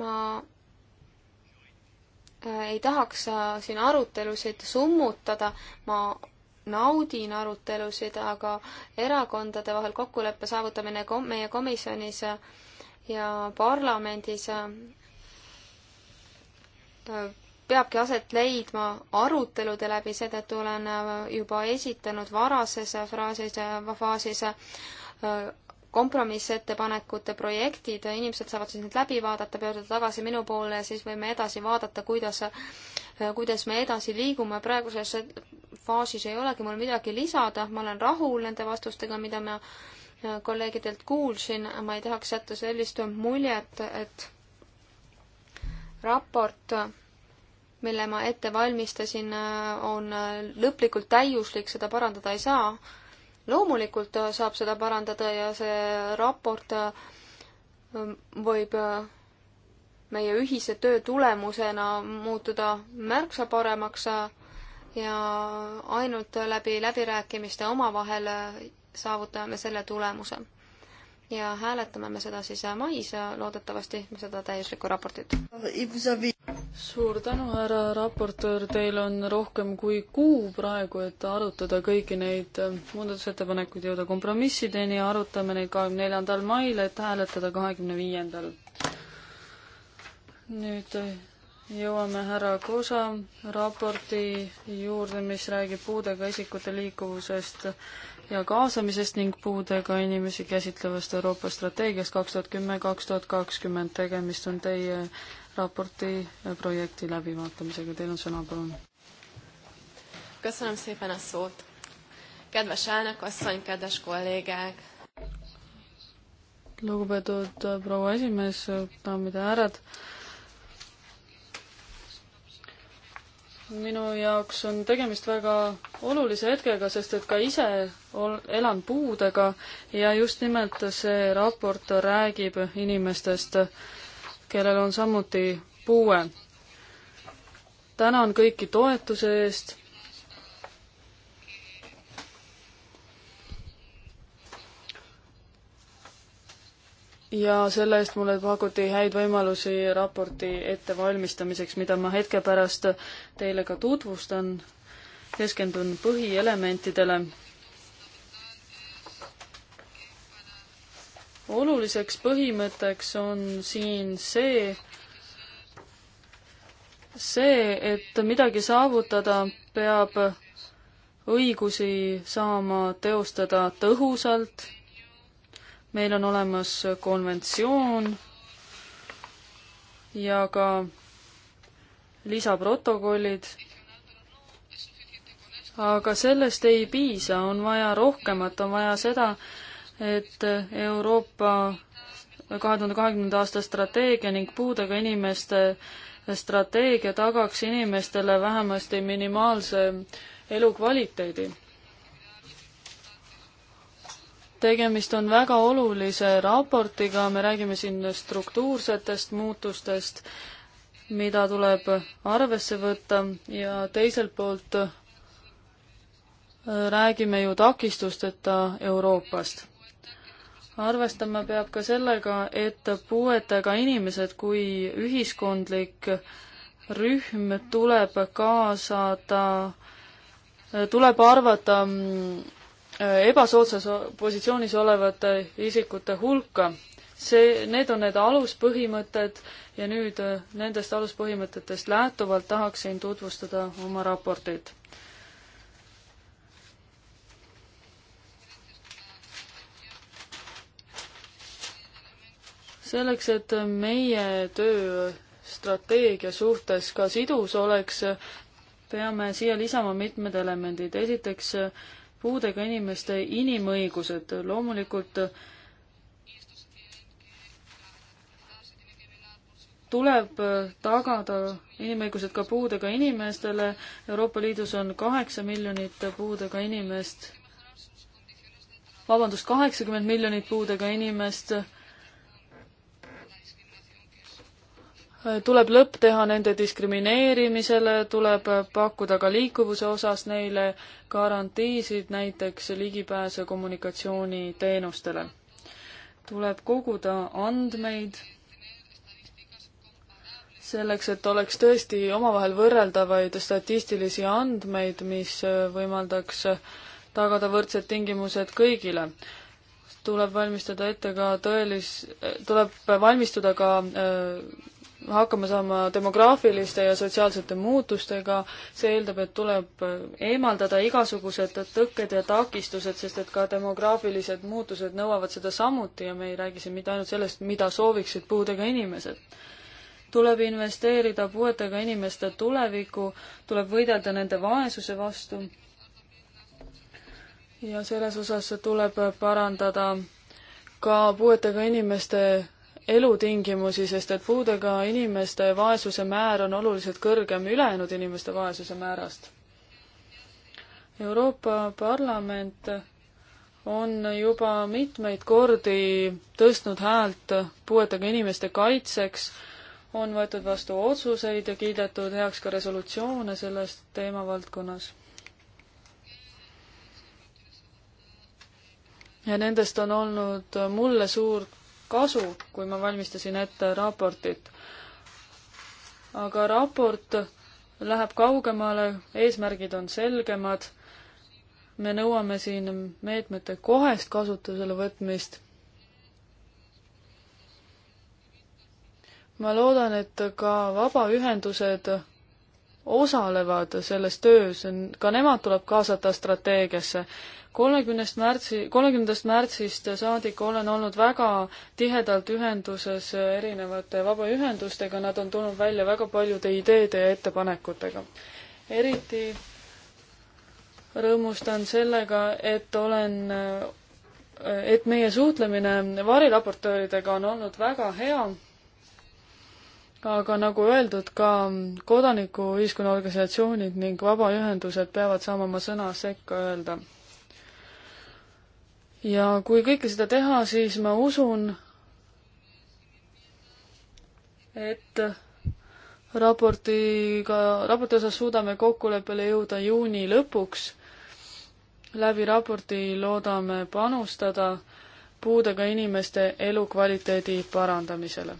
ma äh, ei tahaks äh, siin arutelusid summutada, ma naudin arutelusid, aga erakondade vahel kokkuleppe saavutamine kom-, meie komisjonis äh, ja parlamendis äh, peabki aset leidma arutelude läbi, seetõttu olen äh, juba esitanud varases äh, fraasis, faasis kompromissettepanekute projektid, inimesed saavad siis need läbi vaadata, pöörduda tagasi minu poole ja siis võime edasi vaadata, kuidas, kuidas me edasi liigume. praeguses faasis ei olegi mul midagi lisada, ma olen rahul nende vastustega, mida ma kolleegidelt kuulsin, ma ei tahaks jätta sellist muljet, et raport, mille ma ette valmistasin, on lõplikult täiuslik, seda parandada ei saa. loomulikult saab seda parandada ja see raport ähm, võib äh, meie ühise töö tulemusena muutuda märksa paremaks äh, ja ainult läbi läbirääkimiste omavahel äh, saavutame selle tulemuse. ja hääletame me seda siis mais ja loodetavasti seda täiuslikku raportit. suur tänu, härra raportöör, teil on rohkem kui kuu praegu, et arutada kõiki neid muudatusettepanekuid, jõuda kompromissideni ja arutame neid kahekümne neljandal mail, et hääletada kahekümne viiendal. nüüd jõuame härra Kosa raporti juurde, mis räägib puudega isikute liikuvusest ja kaasamisest ning puudega inimesi käsitlevast Euroopa strateegiast kaks tuhat kümme, kaks tuhat kakskümmend. tegemist on teie raporti projekti läbivaatamisega, teil on sõna, palun. köszönöm szépen a szót. Kedves elnökasszony, kedves kollégák! lugupeetud proua esimees, daamid ja härrad minu jaoks on tegemist väga olulise hetkega, sest et ka ise ol-, elan puudega ja just nimelt see raport räägib inimestest, kellel on samuti puue. tänan kõiki toetuse eest ja selle eest mulle pakuti häid võimalusi raporti ettevalmistamiseks, mida ma hetke pärast teile ka tutvustan. keskendun põhielementidele. oluliseks põhimõtteks on siin see, see, et midagi saavutada, peab õigusi saama teostada tõhusalt meil on olemas konventsioon ja ka lisaprotokollid, aga sellest ei piisa, on vaja rohkemat, on vaja seda, et Euroopa kahe tuhande kahekümnenda aasta strateegia ning puudega inimeste strateegia tagaks inimestele vähemasti minimaalse elukvaliteedi tegemist on väga olulise raportiga, me räägime siin struktuursetest muutustest, mida tuleb arvesse võtta ja teiselt poolt äh, räägime ju takistusteta Euroopast. arvestama peab ka sellega, et puuetega inimesed kui ühiskondlik rühm tuleb kaasada, äh, tuleb arvata mm, ebasoodsas positsioonis olevate isikute hulka. see, need on need aluspõhimõtted ja nüüd äh, nendest aluspõhimõtetest lähtuvalt tahaksin tutvustada oma raportit. selleks, et meie töö strateegia suhtes ka sidus oleks, peame siia lisama mitmed elemendid. esiteks puudega inimeste inimõigused, loomulikult tuleb tagada inimõigused ka puudega inimestele. Euroopa Liidus on kaheksa miljonit puudega inimest, vabandust, kaheksakümmend miljonit puudega inimest tuleb lõpp teha nende diskrimineerimisele, tuleb pakkuda ka liikuvuse osas neile garantiisid, näiteks ligipääse kommunikatsiooniteenustele. tuleb koguda andmeid selleks, et oleks tõesti omavahel võrreldavaid statistilisi andmeid, mis võimaldaks tagada võrdsed tingimused kõigile. tuleb valmistada ette ka tõelis-, tuleb valmistuda ka öö, äh, hakkama saama demograafiliste ja sotsiaalsete muutustega, see eeldab, et tuleb eemaldada igasugused tõkked ja takistused, sest et ka demograafilised muutused nõuavad seda samuti ja me ei räägi siin mitte ainult sellest, mida sooviksid puudega inimesed. tuleb investeerida puuetega inimeste tulevikku, tuleb võidelda nende vaesuse vastu ja selles osas tuleb parandada ka puuetega inimeste elutingimusi, sest et puudega inimeste vaesuse määr on oluliselt kõrgem ülejäänud inimeste vaesuse määrast. Euroopa Parlament on juba mitmeid kordi tõstnud häält puuetega inimeste kaitseks, on võetud vastu otsuseid ja kiidetud heaks ka resolutsioone selles teemavaldkonnas. ja nendest on olnud mulle suurt kasu, kui ma valmistasin ette raportit. aga raport läheb kaugemale, eesmärgid on selgemad, me nõuame siin meetmete kohest kasutusele võtmist. ma loodan, et ka vabaühendused osalevad selles töös, ka nemad tuleb kaasata strateegiasse kolmekümnest märtsi, kolmekümnendast märtsist saadik olen olnud väga tihedalt ühenduses erinevate vabaühendustega, nad on tulnud välja väga paljude ideede ja ettepanekutega. eriti rõõmustan sellega, et olen, et meie suhtlemine variraportööridega on olnud väga hea, aga nagu öeldud, ka kodanikuühiskonna organisatsioonid ning vabaühendused peavad saama oma sõna sekka öelda ja kui kõike seda teha, siis ma usun, et raportiga, raporti osas suudame kokkuleppele jõuda juuni lõpuks. läbi raporti loodame panustada puudega inimeste elukvaliteedi parandamisele.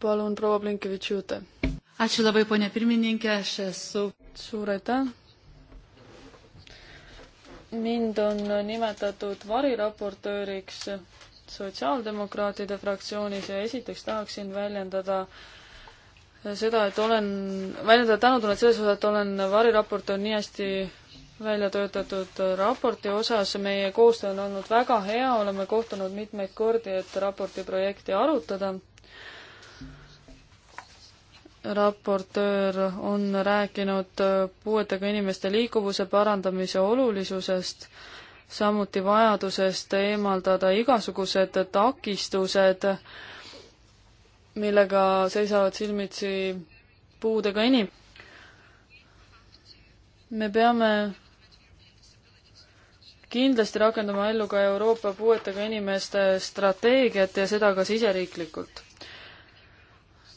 palun, proua Blinkevitš-Jute ačiū labai, ponė pirmininkė, aš esu. suur aitäh. mind on nimetatud variraportööriks sotsiaaldemokraatide fraktsioonis ja esiteks tahaksin väljendada seda, et olen, väljendada tänutunnet selles osas, et olen variraportöör nii hästi välja töötatud raporti osas. meie koostöö on olnud väga hea, oleme kohtunud mitmeid kordi, et raporti projekti arutada raportöör on rääkinud puuetega inimeste liikuvuse parandamise olulisusest, samuti vajadusest eemaldada igasugused takistused, millega seisavad silmitsi puudega inim-. me peame kindlasti rakendama ellu ka Euroopa puuetega inimeste strateegiat ja seda ka siseriiklikult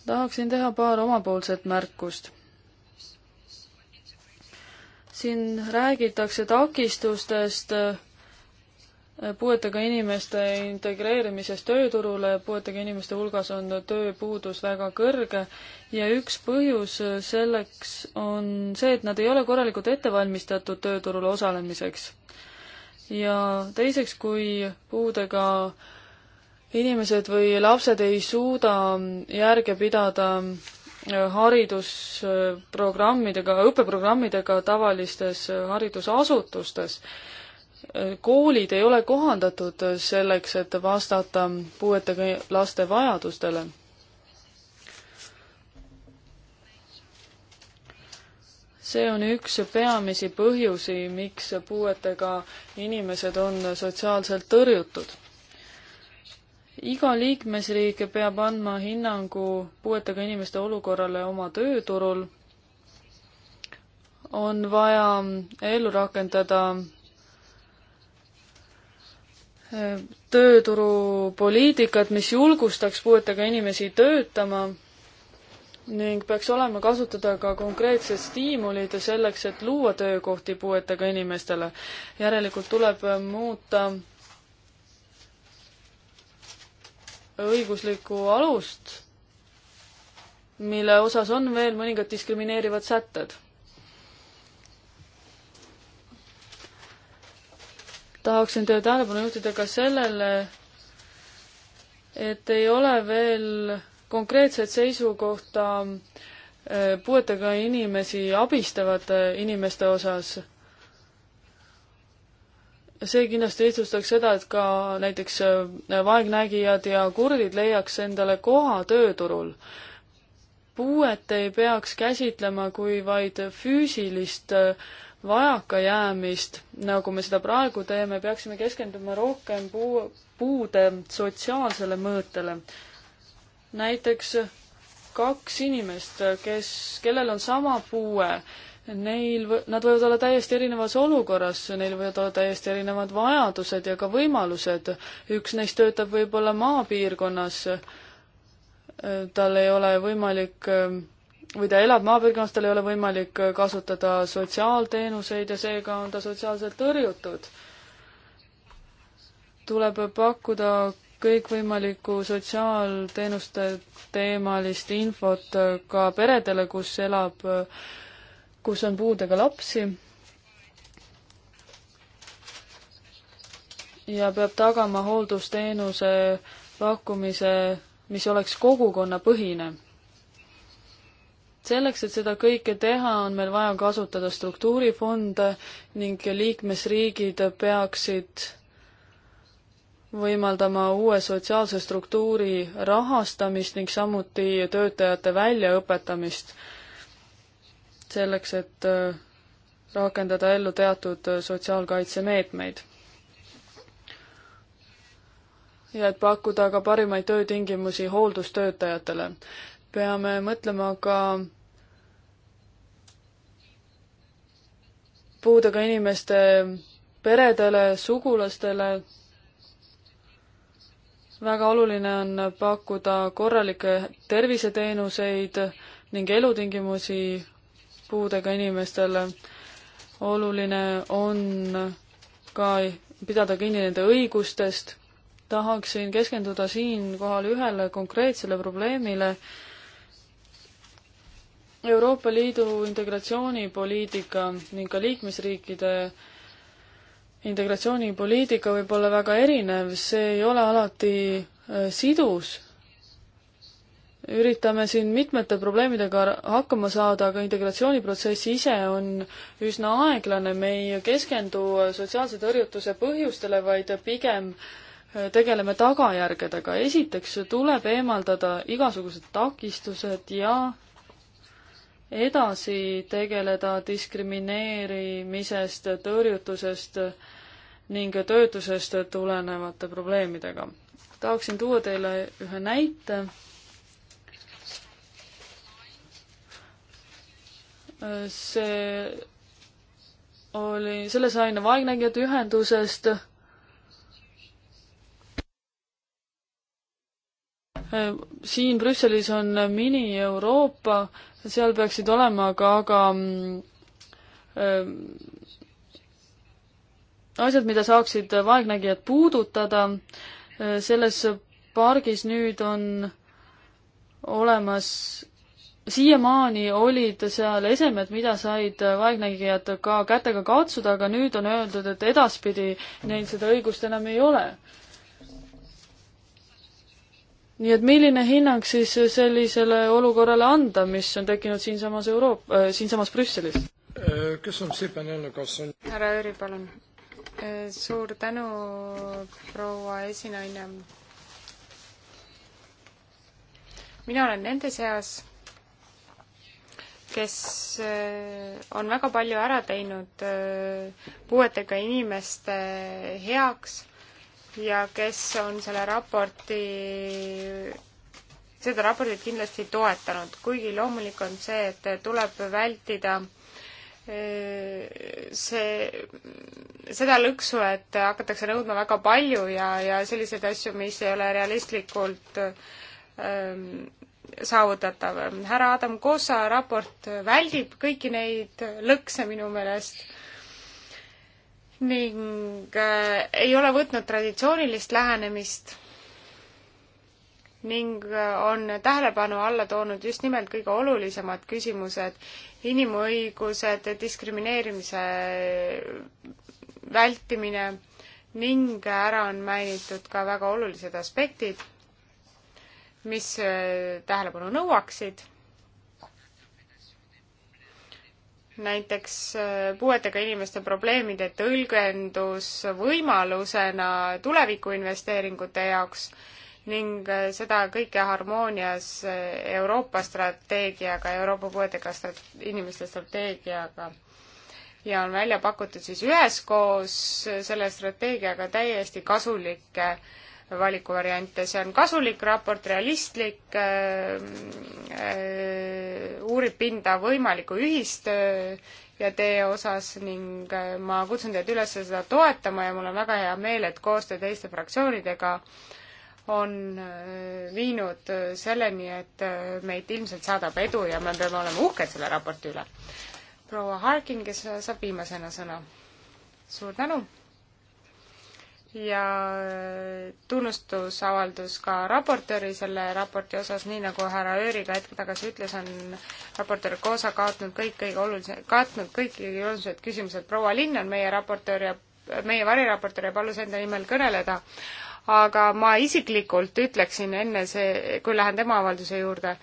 tahaksin teha paar omapoolset märkust. siin räägitakse takistustest, äh, puuetega inimeste integreerimisest tööturule, puuetega inimeste hulgas on tööpuudus väga kõrge ja üks põhjus selleks on see, et nad ei ole korralikult ette valmistatud tööturul osalemiseks. ja teiseks, kui puudega äh, inimesed või lapsed ei suuda järge pidada äh, haridusprogrammidega, õppeprogrammidega tavalistes äh, haridusasutustes. Äh, koolid ei ole kohandatud selleks, et vastata puuetega laste vajadustele. see on üks peamisi põhjusi, miks puuetega inimesed on sotsiaalselt tõrjutud iga liikmesriik peab andma hinnangu puuetega inimeste olukorrale oma tööturul. on vaja ellu rakendada eh, tööturupoliitikat, mis julgustaks puuetega inimesi töötama ning peaks olema kasutada ka konkreetsed stiimulid selleks, et luua töökohti puuetega inimestele. järelikult tuleb muuta õiguslikku alust, mille osas on veel mõningad diskrimineerivad sätted. tahaksin teie tähelepanu juhtida ka sellele, et ei ole veel konkreetset seisukohta äh, puuetega inimesi abistavate inimeste osas see kindlasti lihtsustaks seda, et ka näiteks äh, vaegnägijad ja kurdid leiaks endale koha tööturul. puuet ei peaks käsitlema kui vaid füüsilist äh, vajakajäämist, nagu me seda praegu teeme, peaksime keskenduma rohkem puu, puude sotsiaalsele mõõtele. näiteks kaks inimest, kes, kellel on sama puue neil, nad võivad olla täiesti erinevas olukorras, neil võivad olla täiesti erinevad vajadused ja ka võimalused. üks neist töötab võib-olla maapiirkonnas, äh, tal ei ole võimalik äh, või ta elab maapiirkonnas, tal ei ole võimalik äh, kasutada sotsiaalteenuseid ja seega on ta sotsiaalselt tõrjutud. tuleb pakkuda kõikvõimalikku sotsiaalteenuste teemalist infot ka peredele, kus elab äh, kus on puudega lapsi. ja peab tagama hooldusteenuse pakkumise, mis oleks kogukonnapõhine. selleks, et seda kõike teha, on meil vaja kasutada struktuurifonde ning liikmesriigid peaksid võimaldama uue sotsiaalse struktuuri rahastamist ning samuti töötajate väljaõpetamist selleks, et äh, rakendada ellu teatud äh, sotsiaalkaitsemeetmeid. ja et pakkuda ka parimaid töötingimusi hooldustöötajatele. peame mõtlema ka puudega inimeste peredele, sugulastele. väga oluline on pakkuda korralikke terviseteenuseid ning elutingimusi puudega inimestele. oluline on ka pidada kinni nende õigustest. tahaksin keskenduda siinkohal ühele konkreetsele probleemile. Euroopa Liidu integratsioonipoliitika ning ka liikmesriikide integratsioonipoliitika võib olla väga erinev, see ei ole alati eh, sidus üritame siin mitmete probleemidega hakkama saada, aga integratsiooniprotsess ise on üsna aeglane, me ei keskendu sotsiaalse tõrjutuse põhjustele, vaid pigem äh, tegeleme tagajärgedega. esiteks tuleb eemaldada igasugused takistused ja edasi tegeleda diskrimineerimisest, tõrjutusest ning töötusest tulenevate probleemidega. tahaksin tuua teile ühe näite see oli, selle sain Vaegnägijate Ühendusest. siin Brüsselis on mini-Euroopa, seal peaksid olema ka aga ähm, asjad, mida saaksid vaegnägijad puudutada. selles pargis nüüd on olemas siiamaani olid seal esemed, mida said vaegnägijad ka kätega katsuda, aga nüüd on öeldud, et edaspidi neil seda õigust enam ei ole. nii et milline hinnang siis sellisele olukorrale anda, mis on tekkinud siinsamas Euroop- äh,, siinsamas Brüsselis? härra Jüri, palun. Äh, suur tänu, proua esinaine. mina olen nende seas kes äh, on väga palju ära teinud äh, puuetega inimeste heaks ja kes on selle raporti, seda raportit kindlasti toetanud, kuigi loomulik on see, et tuleb vältida äh, see, seda lõksu, et hakatakse nõudma väga palju ja, ja selliseid asju, mis ei ole realistlikult ähm, saavutatav. härra Adam Kosa raport väldib kõiki neid lõkse minu meelest ning äh, ei ole võtnud traditsioonilist lähenemist ning äh, on tähelepanu alla toonud just nimelt kõige olulisemad küsimused, inimõigused, diskrimineerimise vältimine ning ära on mainitud ka väga olulised aspektid mis äh, tähelepanu nõuaksid. näiteks äh, puuetega inimeste probleemide tõlgendus võimalusena tulevikuinvesteeringute jaoks ning äh, seda kõike harmoonias Euroopa strateegiaga, Euroopa puuetega strate-, inimeste strateegiaga. ja on välja pakutud siis üheskoos selle strateegiaga täiesti kasulikke valikuvariante, see on kasulik raport, realistlik äh,, äh, uurib pinda võimaliku ühistöö äh, ja tee osas ning äh, ma kutsun teid üles seda toetama ja mul on väga hea meel, et koostöö teiste fraktsioonidega on äh, viinud äh, selleni, et meid ilmselt saadab edu ja me peame olema uhked selle raporti üle. proua Harkin, kes saab viimasena sõna. suur tänu! ja äh, tunnustusavaldus ka raportööri selle raporti osas, nii nagu härra Ööri ka hetk tagasi ütles, on raportöör Koosa kaotanud kõik kõige olulised, katnud kõik kõige olulised küsimused. proua Linn on meie raportöör ja meie variraportöör ja palus enda nimel kõneleda. aga ma isiklikult ütleksin enne see, kui lähen tema avalduse juurde,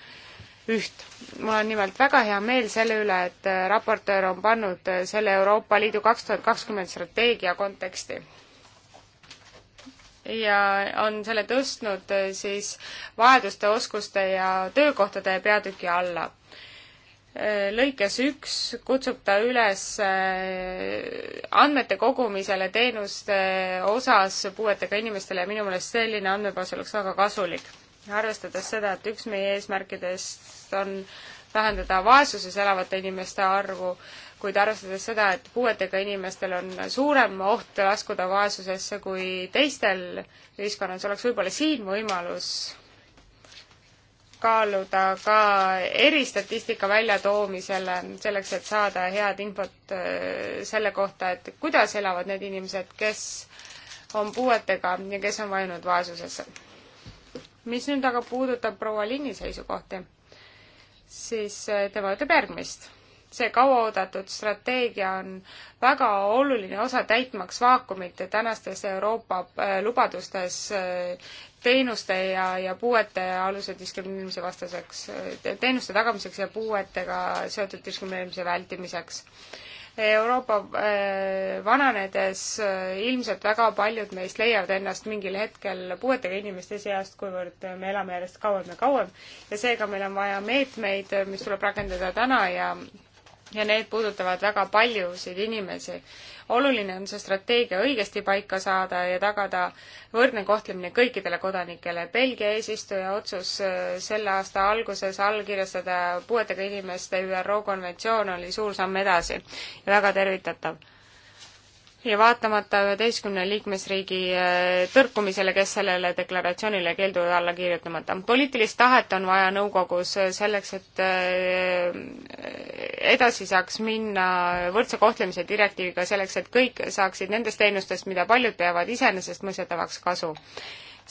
üht. mul on nimelt väga hea meel selle üle, et äh, raportöör on pannud äh, selle Euroopa Liidu kaks tuhat kakskümmend strateegia konteksti ja on selle tõstnud äh, siis vajaduste, oskuste ja töökohtade peatüki alla. Äh, lõikes üks kutsub ta üles äh, andmete kogumisele teenuste osas puuetega inimestele ja minu meelest selline andmebaas oleks väga kasulik. arvestades seda, et üks meie eesmärkidest on vähendada vaesuses elavate inimeste arvu, kuid arvestades seda, et puuetega inimestel on suurem oht laskuda vaesusesse kui teistel ühiskonnas, oleks võib-olla siin võimalus kaaluda ka eristatistika väljatoomisele, selleks et saada head infot äh, selle kohta, et kuidas elavad need inimesed, kes on puuetega ja kes on vajunud vaesusesse. mis nüüd aga puudutab proua Linni seisukohti, siis äh, tema ütleb järgmist see kauaoodatud strateegia on väga oluline osa täitmaks vaakumit tänastes Euroopa äh, lubadustes äh, teenuste ja, ja puuete aluse diskrimineerimise vastaseks, äh, teenuste tagamiseks ja puuetega seotud diskrimineerimise vältimiseks. Euroopa vananedes ilmselt väga paljud meist leiavad ennast mingil hetkel puuetega inimeste seast, kuivõrd me elame järjest kauem ja kauem ja seega meil on vaja meetmeid, mis tuleb rakendada täna ja ja need puudutavad väga paljusid inimesi. oluline on see strateegia õigesti paika saada ja tagada võrdne kohtlemine kõikidele kodanikele. Belgia eesistuja otsus äh, selle aasta alguses allkirjastada puuetega inimeste ÜRO konventsioon oli suur samm edasi ja väga tervitatav ja vaatamata üheteistkümne liikmesriigi äh, tõrkumisele, kes sellele deklaratsioonile keelduvad alla kirjutamata. poliitilist tahet on vaja nõukogus selleks, et äh, edasi saaks minna võrdse kohtlemise direktiiviga selleks, et kõik saaksid nendest teenustest, mida paljud peavad iseenesestmõistetavaks kasu.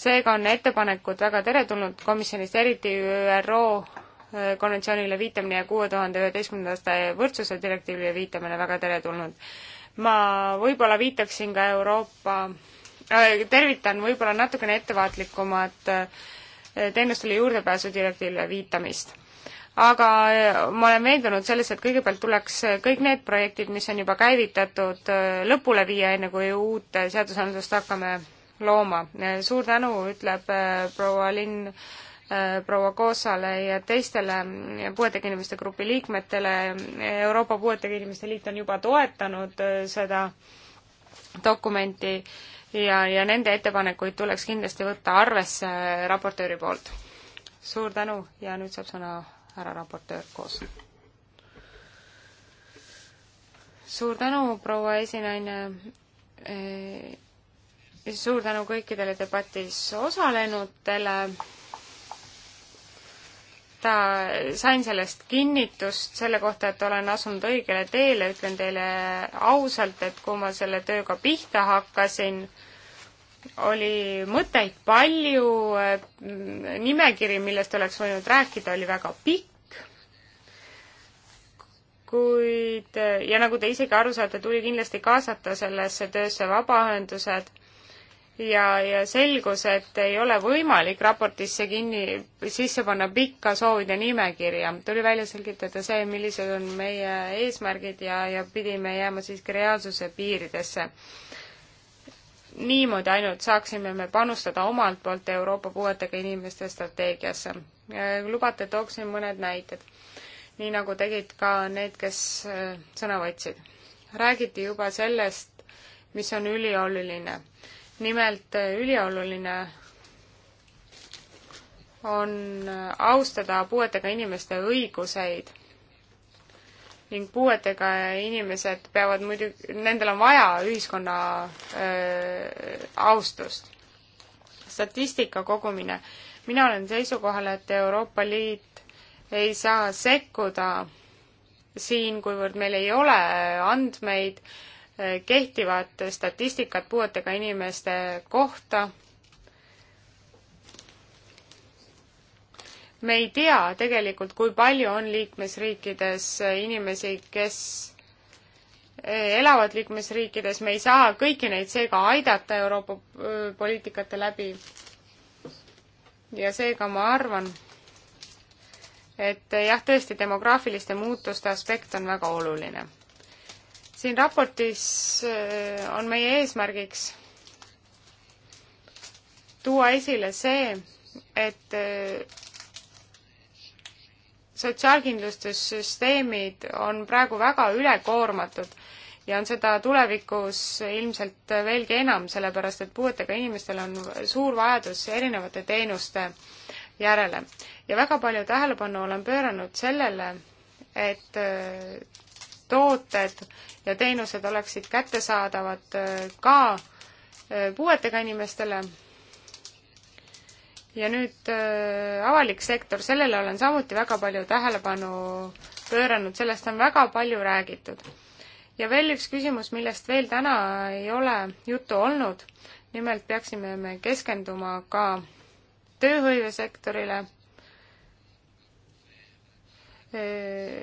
seega on ettepanekud väga teretulnud komisjonist, eriti ÜRO äh, konventsioonile viitamine ja kuue tuhande üheteistkümnenda aasta võrdsuse direktiivile viitamine väga teretulnud. ma võib-olla viitaksin ka Euroopa äh,, tervitan võib-olla natukene ettevaatlikumat äh, teenustele juurdepääsu direktiivile viitamist aga eh, ma olen veendunud selles, et kõigepealt tuleks eh, kõik need projektid, mis on juba käivitatud, eh, lõpule viia, enne kui uut seadusandlust hakkame looma. suur tänu, ütleb proua Linn proua Koosale ja teistele mm, puuetega inimeste grupi liikmetele. Euroopa Puuetega Inimeste Liit on juba toetanud seda dokumenti ja, ja nende ettepanekuid tuleks kindlasti võtta arvesse raportööri poolt. suur tänu ja nüüd saab sõna härra raportöör koos. suur tänu, proua esinaine. Eh, suur tänu kõikidele debatis osalenutele. ta, sain sellest kinnitust selle kohta, et olen asunud õigele teele, ütlen teile ausalt, et kui ma selle tööga pihta hakkasin, oli mõtteid palju, nimekiri, millest oleks võinud rääkida, oli väga pikk, kuid ja nagu te isegi aru saate, tuli kindlasti kaasata sellesse töösse vabaühendused ja, ja selgus, et ei ole võimalik raportisse kinni, sisse panna pikka soovide nimekirja. tuli välja selgitada see, millised on meie eesmärgid ja, ja pidime jääma siiski reaalsuse piiridesse niimoodi ainult saaksime me panustada omalt poolt Euroopa puuetega inimeste strateegiasse. lubate, tooksin mõned näited, nii nagu tegid ka need, kes äh, sõna võtsid. räägiti juba sellest, mis on ülioluline. nimelt äh, ülioluline on äh, austada puuetega inimeste õiguseid ning puuetega inimesed peavad muidugi, nendel on vaja ühiskonna äh, austust. statistika kogumine. mina olen seisukohal, et Euroopa Liit ei saa sekkuda siin, kuivõrd meil ei ole andmeid, kehtivat statistikat puuetega inimeste kohta me ei tea tegelikult, kui palju on liikmesriikides inimesi, kes eh, elavad liikmesriikides, me ei saa kõiki neid seega aidata Euroopa poliitikate läbi. ja seega ma arvan, et jah, tõesti, demograafiliste muutuste aspekt on väga oluline. siin raportis on meie eesmärgiks tuua esile see, et sotsiaalkindlustussüsteemid on praegu väga ülekoormatud ja on seda tulevikus ilmselt veelgi enam, sellepärast et puuetega inimestel on suur vajadus erinevate teenuste järele. ja väga palju tähelepanu olen pööranud sellele, et äh, tooted ja teenused oleksid kättesaadavad äh, ka äh, puuetega inimestele ja nüüd äh, avalik sektor, sellele olen samuti väga palju tähelepanu pööranud, sellest on väga palju räägitud. ja veel üks küsimus, millest veel täna ei ole juttu olnud, nimelt peaksime me keskenduma ka tööhõivesektorile, äh,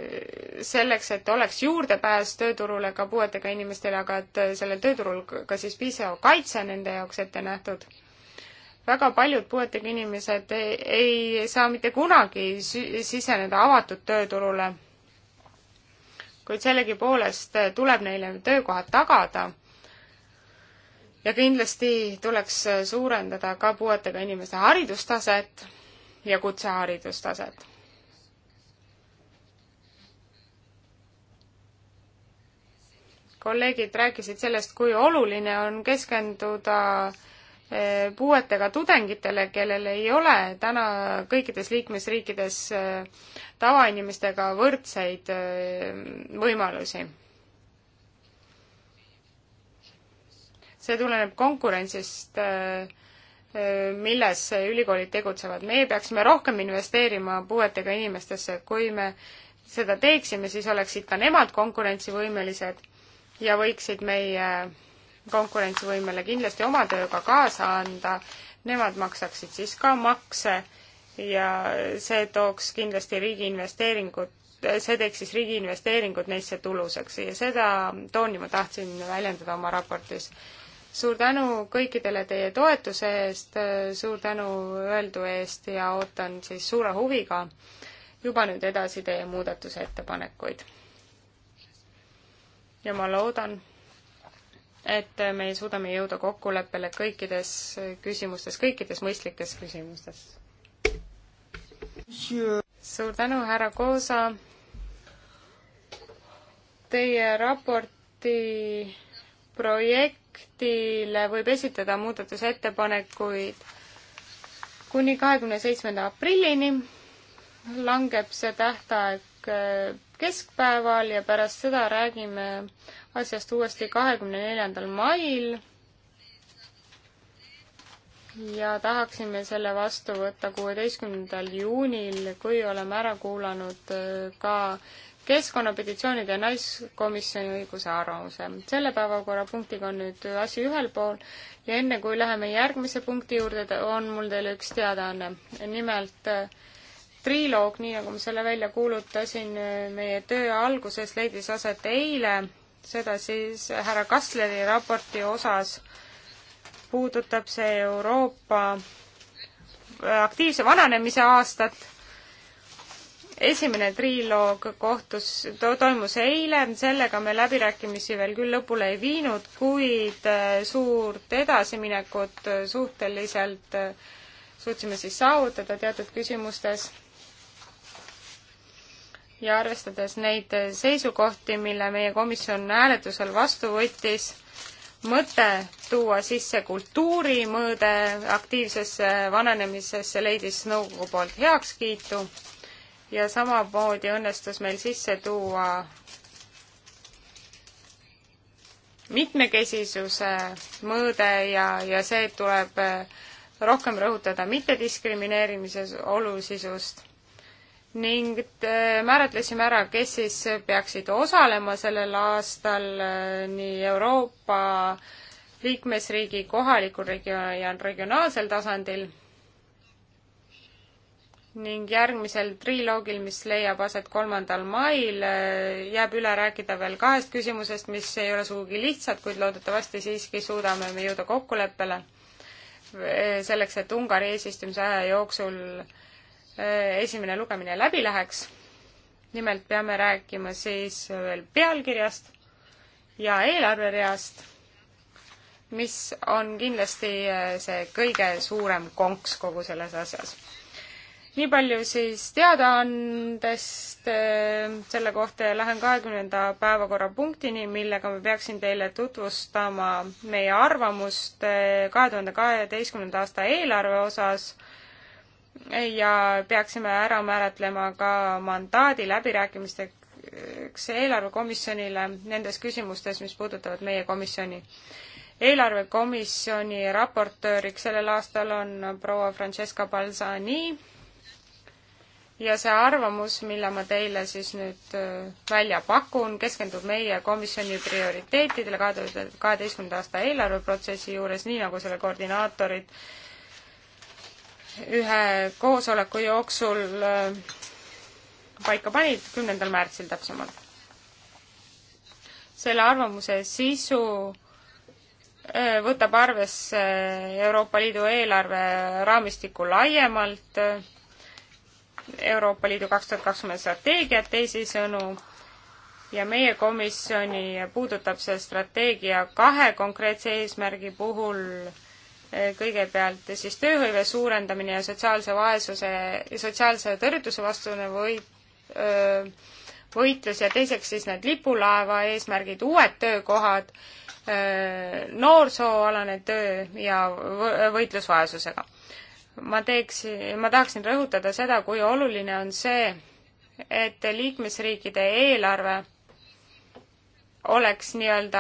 selleks, et oleks juurdepääs tööturule ka puuetega inimestele, aga et sellel tööturul ka siis piisav kaitse nende jaoks ette nähtud väga paljud puuetega inimesed ei, ei saa mitte kunagi siseneda avatud tööturule. kuid sellegipoolest tuleb neile töökohad tagada. ja kindlasti tuleks suurendada ka puuetega inimeste haridustaset ja kutseharidustaset. kolleegid rääkisid sellest, kui oluline on keskenduda Eh, puuetega tudengitele, kellel ei ole täna kõikides liikmesriikides eh, tavainimestega võrdseid eh, võimalusi. see tuleneb konkurentsist, milles ülikoolid tegutsevad. meie peaksime rohkem investeerima puuetega inimestesse, kui me seda teeksime, siis oleksid ka nemad konkurentsivõimelised ja võiksid meie konkurentsivõimele kindlasti oma tööga kaasa anda, nemad maksaksid siis ka makse ja see tooks kindlasti riigi investeeringut, see teeks siis riigi investeeringud neisse tuluseks ja seda tooni ma tahtsin väljendada oma raportis. suur tänu kõikidele teie toetuse eest, suur tänu öeldu eest ja ootan siis suure huviga juba nüüd edasi teie muudatusettepanekuid. ja ma loodan, et me suudame jõuda kokkuleppele kõikides küsimustes, kõikides mõistlikes küsimustes. suur tänu, härra Koosa. Teie raporti projektile võib esitada muudatusettepanekuid kuni kahekümne seitsmenda aprillini. langeb see tähtaeg keskpäeval ja pärast seda räägime asjast uuesti kahekümne neljandal mail. ja tahaksime selle vastu võtta kuueteistkümnendal juunil, kui oleme ära kuulanud äh, ka keskkonnapetitsioonide ja naiskomisjoni õiguse arvamuse. selle päevakorrapunktiga on nüüd asi ühel pool ja enne kui läheme järgmise punkti juurde, on mul teile üks teadaanne. nimelt äh, triloog, nii nagu ma selle välja kuulutasin, meie töö alguses leidis aset eile, seda siis härra Kassleri raporti osas puudutab see Euroopa äh, aktiivse vananemise aastat. esimene triloog kohtus to,, toimus eile, sellega me läbirääkimisi veel küll lõpule ei viinud, kuid äh, suurt edasiminekut äh, suhteliselt suutsime siis saavutada teatud küsimustes ja arvestades neid seisukohti, mille meie komisjon hääletusel vastu võttis, mõte tuua sisse kultuurimõõde aktiivsesse vananemisesse leidis nõukogu poolt heakskiitu ja samamoodi õnnestus meil sisse tuua mitmekesisuse mõõde ja, ja see tuleb rohkem rõhutada mittediskrimineerimise olulisust ning äh, määratlesime ära, kes siis peaksid osalema sellel aastal äh, nii Euroopa liikmesriigi kohalikul regioon- ja regionaalsel tasandil ning järgmisel triloogil, mis leiab aset kolmandal mail, äh, jääb üle rääkida veel kahest küsimusest, mis ei ole sugugi lihtsad, kuid loodetavasti siiski suudame me jõuda kokkuleppele selleks, et Ungari eesistumise aja jooksul Äh, esimene lugemine läbi läheks. nimelt peame rääkima siis veel pealkirjast ja eelarvereast, mis on kindlasti äh, see kõige suurem konks kogu selles asjas. nii palju siis teadaandest äh, selle kohta ja lähen kahekümnenda päevakorrapunktini, millega ma peaksin teile tutvustama meie arvamust kahe tuhande kaheteistkümnenda aasta eelarve osas ja peaksime ära määratlema ka mandaadi läbirääkimisteks eelarvekomisjonile nendes küsimustes, mis puudutavad meie komisjoni. eelarvekomisjoni raportööriks sellel aastal on proua Francesca Balzani ja see arvamus, mille ma teile siis nüüd äh, välja pakun, keskendub meie komisjoni prioriteetidele kahe tuhande kaheteistkümnenda aasta eelarveprotsessi juures, nii nagu selle koordinaatorid ühe koosoleku jooksul äh, paika panid, kümnendal märtsil täpsemalt. selle arvamuse sisu äh, võtab arvesse Euroopa Liidu eelarve raamistikku laiemalt, Euroopa Liidu kaks tuhat kakskümmend strateegiat teisisõnu ja meie komisjoni puudutab see strateegia kahe konkreetse eesmärgi puhul kõigepealt siis tööhõive suurendamine ja sotsiaalse vaesuse, sotsiaalse tõrjutuse vastune või öö, võitlus ja teiseks siis need lipulaeva eesmärgid, uued töökohad, noorsooalane töö ja võitlus vaesusega. ma teeks, ma tahaksin rõhutada seda, kui oluline on see, et liikmesriikide eelarve oleks nii-öelda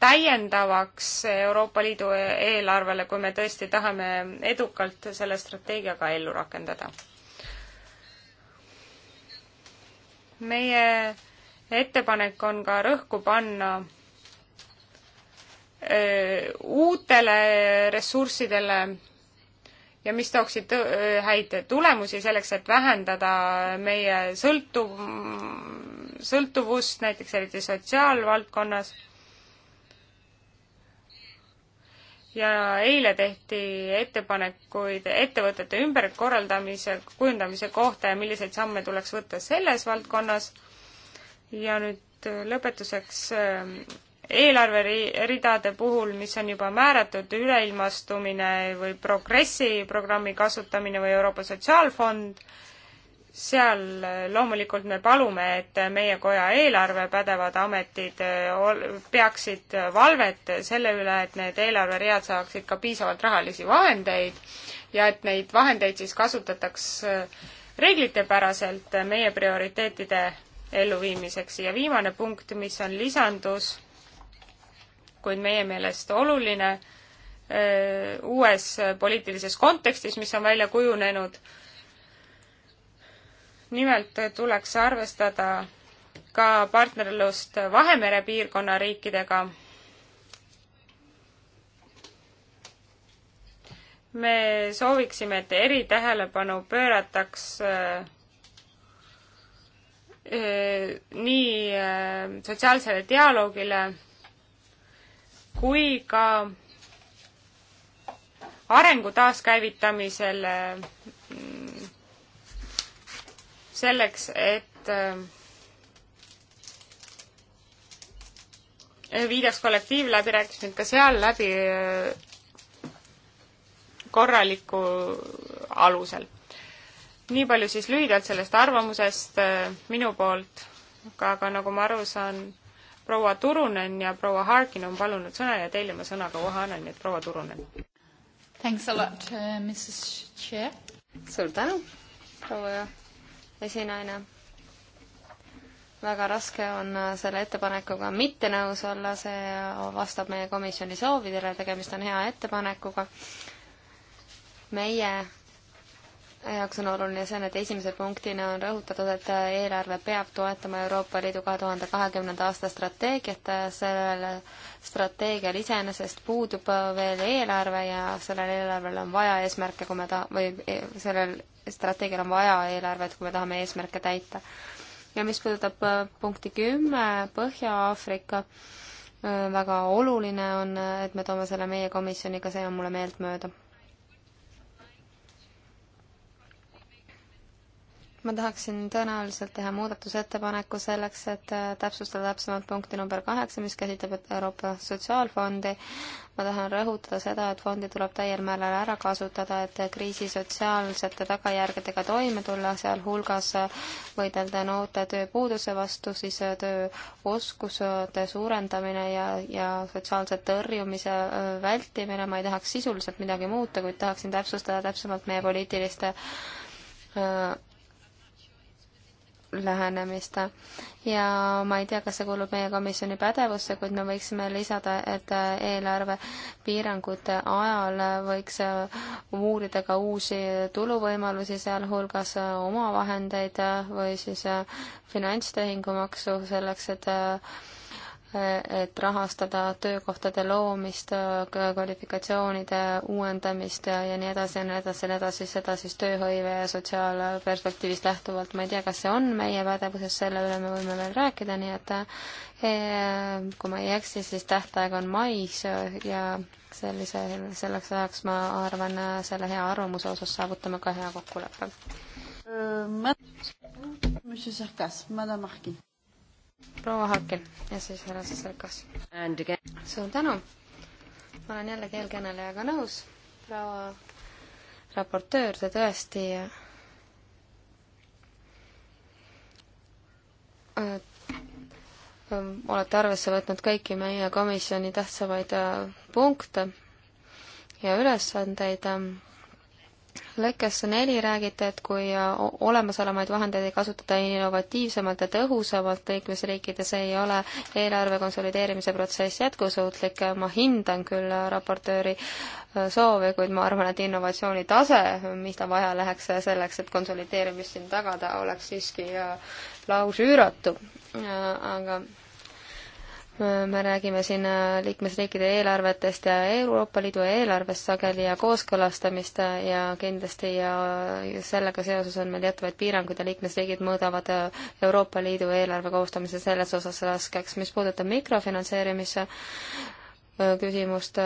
täiendavaks Euroopa Liidu eelarvele, kui me tõesti tahame edukalt selle strateegiaga ellu rakendada. meie ettepanek on ka rõhku panna öö, uutele ressurssidele ja mis tooksid äh, häid tulemusi selleks, et vähendada meie sõltuv, sõltuvust näiteks eriti sotsiaalvaldkonnas. ja eile tehti ettepanekuid ettevõtete ümberkorraldamise, kujundamise kohta ja milliseid samme tuleks võtta selles valdkonnas. ja nüüd lõpetuseks äh, eelarveridade puhul, mis on juba määratud, üleilmastumine või progressi programmi kasutamine või Euroopa Sotsiaalfond, seal loomulikult me palume, et meie koja eelarvepädevad ametid peaksid valvet selle üle, et need eelarveread saaksid ka piisavalt rahalisi vahendeid ja et neid vahendeid siis kasutataks reeglitepäraselt meie prioriteetide elluviimiseks ja viimane punkt, mis on lisandus kuid meie meelest oluline öö, uues poliitilises kontekstis, mis on välja kujunenud. nimelt tuleks arvestada ka partnerlust Vahemere piirkonna riikidega me sooviksime, et eritähelepanu pöörataks äh, äh, nii äh, sotsiaalsele dialoogile kui ka arengu taaskäivitamisel mm, selleks, et äh, viidaks kollektiivläbirääkimised ka seal läbi äh, korraliku alusel. nii palju siis lühidalt sellest arvamusest äh, minu poolt, aga, aga nagu ma aru saan, proua Turunen ja proua Harkin on palunud sõna ja teile ma sõna ka kohe annan, nii et proua Turunen. Thanks a lot uh,, Mrs Chair. suur tänu, proua esinaine. väga raske on uh, selle ettepanekuga mitte nõus olla, see vastab meie komisjoni soovidele, tegemist on hea ettepanekuga. meie jaoks on oluline see, et esimese punktina on rõhutatud, et eelarve peab toetama Euroopa Liidu kahe tuhande kahekümnenda aasta strateegiat, sellel strateegial iseenesest puudub veel eelarve ja sellel eelarvel on vaja eesmärke, kui me ta-, või e, sellel strateegial on vaja eelarvet, kui me tahame eesmärke täita. ja mis puudutab äh, punkti kümme, Põhja-Aafrika, äh, väga oluline on, äh, et me toome selle meie komisjoniga, see on mulle meeltmööda ma tahaksin tõenäoliselt teha muudatusettepaneku selleks, et äh, täpsustada täpsemalt punkti number kaheksa, mis käsitleb Euroopa Sotsiaalfondi. ma tahan rõhutada seda, et fondi tuleb täiel määral ära kasutada, et kriisi sotsiaalsete tagajärgedega toime tulla, sealhulgas äh, võidelda noorte tööpuuduse vastu, siis äh, tööoskuste suurendamine ja, ja sotsiaalse tõrjumise vältimine. ma ei tahaks sisuliselt midagi muuta, kuid tahaksin täpsustada täpsemalt meie poliitiliste lähenemist. ja ma ei tea, kas see kuulub meie komisjoni pädevusse, kuid me võiksime lisada, et eelarvepiirangute ajal võiks uurida ka uusi tuluvõimalusi, sealhulgas omavahendeid või siis finantstehingumaksu selleks, et et rahastada töökohtade loomist, kvalifikatsioonide uuendamist ja, ja nii edasi ja nii edasi ja nii edasi, seda siis tööhõive ja sotsiaalperspektiivist lähtuvalt. ma ei tea, kas see on meie pädevuses, selle üle me võime veel rääkida, nii et e, kui ma ei eksi, siis tähtaeg on mais ja sellise, selleks ajaks ma arvan, selle hea arvamuse osas saavutame ka hea kokkuleppe. Äh, Monsieur Sarkas, Madame Arkin proua Hakel ja siis härra Sõsarkas. suur tänu. ma olen jällegi eelkõnelejaga nõus. proua raportöör, te tõesti äh, olete arvesse võtnud kõiki meie komisjoni tähtsamaid äh, punkte ja ülesandeid lõikes neli räägite, et kui olemasolevaid vahendeid ei kasutata innovatiivsemalt ja tõhusamalt liikmesriikides, ei ole eelarve konsolideerimise protsess jätkusuutlik. ma hindan küll raportööri äh, soove, kuid ma arvan, et innovatsiooni tase, mida vaja läheks selleks, et konsolideerimist siin tagada, oleks siiski äh, lausüüratu. Äh, aga me räägime siin äh, liikmesriikide eelarvetest ja Euroopa Liidu eelarvest sageli ja kooskõlastamist äh, ja kindlasti ja sellega seoses on meil jätvaid piiranguid ja liikmesriigid mõõdavad äh, Euroopa Liidu eelarve koostamise selles osas raskeks. mis puudutab mikrofinantseerimise küsimust,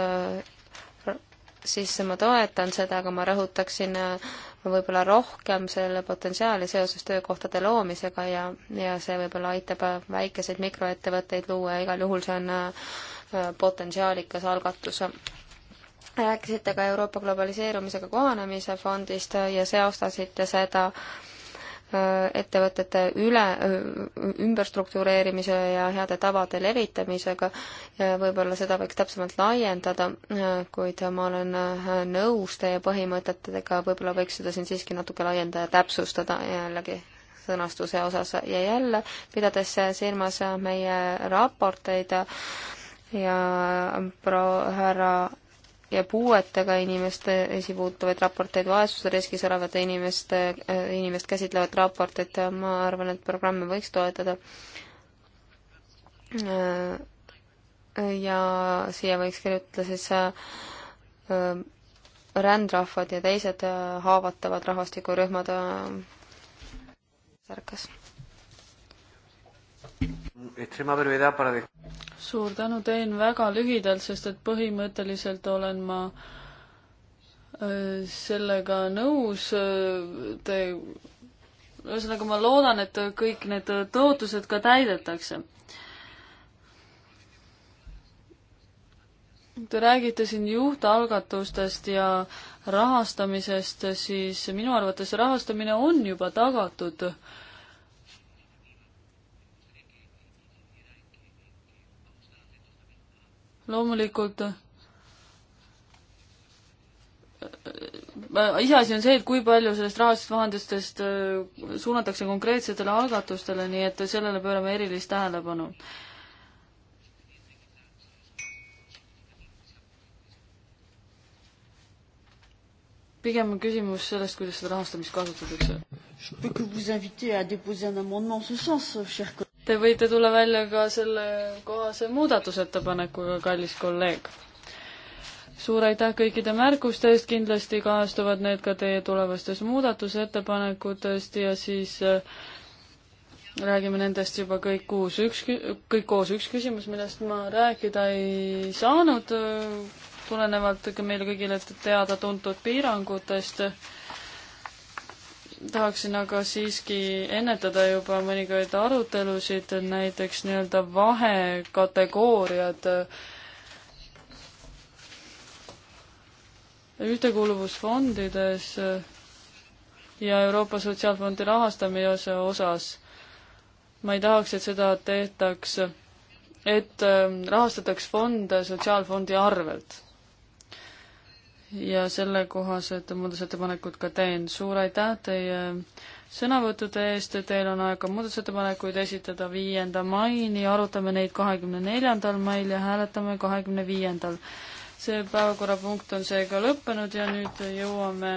siis ma toetan seda, aga ma rõhutaksin äh, võib-olla rohkem selle potentsiaali seoses töökohtade loomisega ja, ja see võib-olla aitab äh, väikeseid mikroettevõtteid luua ja igal juhul see on äh, potentsiaalikas algatus. rääkisite ka Euroopa globaliseerumisega kohanemise fondist ja seostasite seda äh, ettevõtete üle, ümberstruktureerimise ja heade tavade levitamisega. võib-olla seda võiks täpsemalt laiendada, kuid ma olen nõus teie põhimõtetega, võib-olla võiks seda siin siiski natuke laiendada ja täpsustada jällegi sõnastuse osas ja jälle pidades silmas meie raporteid ja pro-, härra ja puuetega inimeste esipuutuvaid raporteid, vaesusriskis olevate inimeste, äh, inimest käsitlevat raportit, ma arvan, et programme võiks toetada. Äh, ja siia võiks kirjutada siis äh, rändrahvad ja teised haavatavad rahvastikurühmad. Sarkas suur tänu, teen väga lühidalt, sest et põhimõtteliselt olen ma äh, sellega nõus. Äh, te, ühesõnaga ma loodan, et kõik need ootused ka täidetakse. Te räägite siin juhtalgatustest ja rahastamisest, siis minu arvates rahastamine on juba tagatud äh, loomulikult äh, äh, iseasi on see, et kui palju sellest rahast, vahendustest äh, suunatakse konkreetsetele algatustele, nii et sellele pöörame erilist tähelepanu. pigem on küsimus sellest, kuidas seda rahastamist kasutatakse. Te võite tulla välja ka selle kohase muudatusettepanekuga, kallis kolleeg. suur aitäh kõikide märkuste eest, kindlasti kajastuvad need ka teie tulevastes muudatusettepanekutest ja siis äh, räägime nendest juba kõik kuus, üks, kõik koos. üks küsimus, millest ma rääkida ei saanud, äh, tulenevalt meile kõigile teada-tuntud piirangutest tahaksin aga siiski ennetada juba mõningaid arutelusid, näiteks nii-öelda vahekategooriad. ühtekuuluvusfondides ja Euroopa Sotsiaalfondi rahastamise osas. ma ei tahaks, et seda tehtaks, et äh, rahastataks fonde sotsiaalfondi arvelt ja sellekohased muudatusettepanekud ka teen. suur aitäh teie sõnavõttude eest, teil on aega muudatusettepanekuid esitada viienda maini, arutame neid kahekümne neljandal mail ja hääletame kahekümne viiendal. see päevakorrapunkt on seega lõppenud ja nüüd jõuame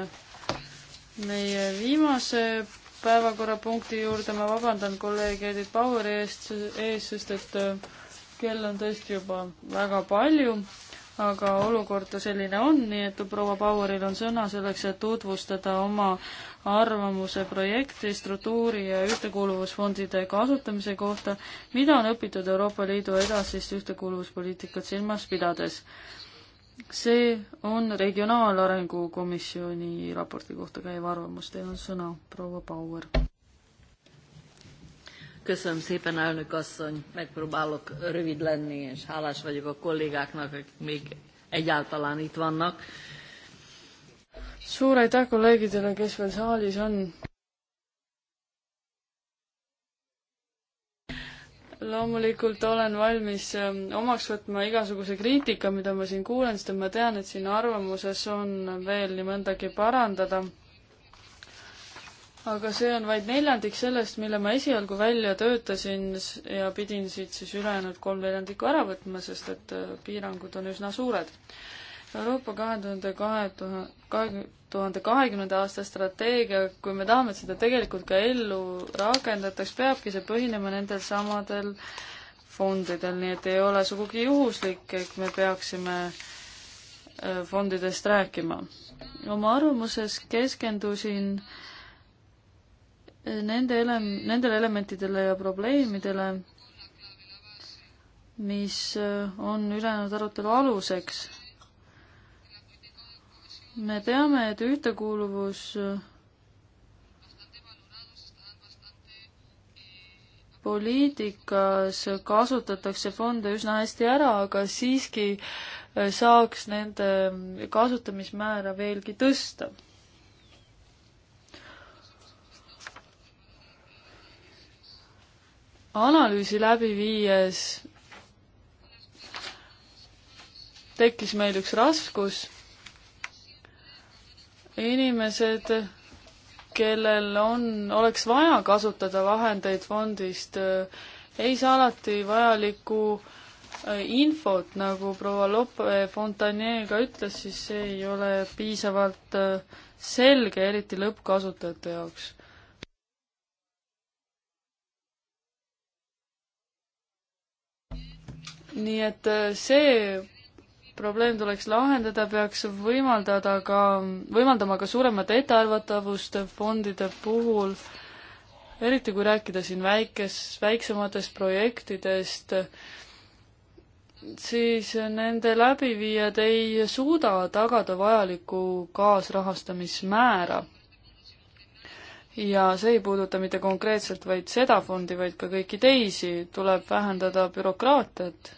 meie viimase päevakorrapunkti juurde, ma vabandan kolleeg Edith Baueri eest, ees, sest et äh, kell on tõesti juba väga palju aga olukord selline on, nii et proua Baueril on sõna selleks, et tutvustada oma arvamuse projekti struktuuri ja ühtekuuluvusfondide kasutamise kohta, mida on õpitud Euroopa Liidu edasist ühtekuuluvuspoliitikat silmas pidades. see on Regionaalarengu Komisjoni raporti kohta käiv arvamus, teil on sõna, proua Bauer. Köszönöm szépen, elnök asszony. Megpróbálok rövid lenni, és hálás vagyok a kollégáknak, akik még egyáltalán itt vannak. suur aitäh kolleegidele, kes veel saalis on. loomulikult olen valmis ähm, omaks võtma igasuguse kriitika, mida ma siin kuulen, sest ma tean, et siin arvamuses on veel nii mõndagi parandada aga see on vaid neljandik sellest, mille ma esialgu välja töötasin ja pidin siit siis ülejäänud kolm neljandikku ära võtma, sest et äh, piirangud on üsna suured. Euroopa kahe tuhande kahe tuhande, tuhande kahekümnenda aasta strateegia, kui me tahame, et seda tegelikult ka ellu rakendataks, peabki see põhinema nendel samadel fondidel, nii et ei ole sugugi juhuslik, et me peaksime äh, fondidest rääkima. oma arvamuses keskendusin äh, nende ele-, nendele elementidele ja probleemidele, mis äh, on ülejäänud arutelu aluseks. me teame, et ühtekuuluvus äh, poliitikas kasutatakse fonde üsna hästi ära, aga siiski äh, saaks nende kasutamismäära veelgi tõsta analüüsi läbi viies tekkis meil üks raskus. inimesed, kellel on, oleks vaja kasutada vahendeid fondist, eh, ei saa alati vajalikku eh, infot, nagu proua Lope Fontanier ka ütles, siis see ei ole piisavalt eh, selge, eriti lõppkasutajate jaoks nii et äh, see probleem tuleks lahendada, peaks võimaldada ka, võimaldama ka suuremat ettearvatavust fondide puhul, eriti kui rääkida siin väikes, väiksematest projektidest, siis nende läbiviijad ei suuda tagada vajalikku kaasrahastamismäära. ja see ei puuduta mitte konkreetselt vaid seda fondi, vaid ka kõiki teisi, tuleb vähendada bürokraatiat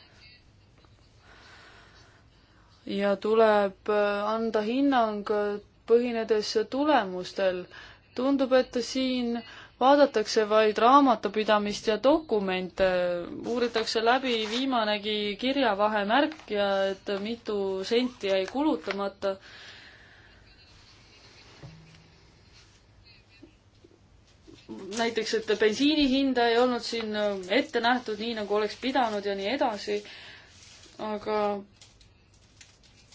ja tuleb äh, anda hinnang äh, põhinedes tulemustel. tundub, et siin vaadatakse vaid raamatupidamist ja dokumente, uuritakse läbi viimanegi kirjavahemärk ja et mitu senti jäi kulutamata. näiteks, et bensiini hinda ei olnud siin ette nähtud nii, nagu oleks pidanud ja nii edasi. aga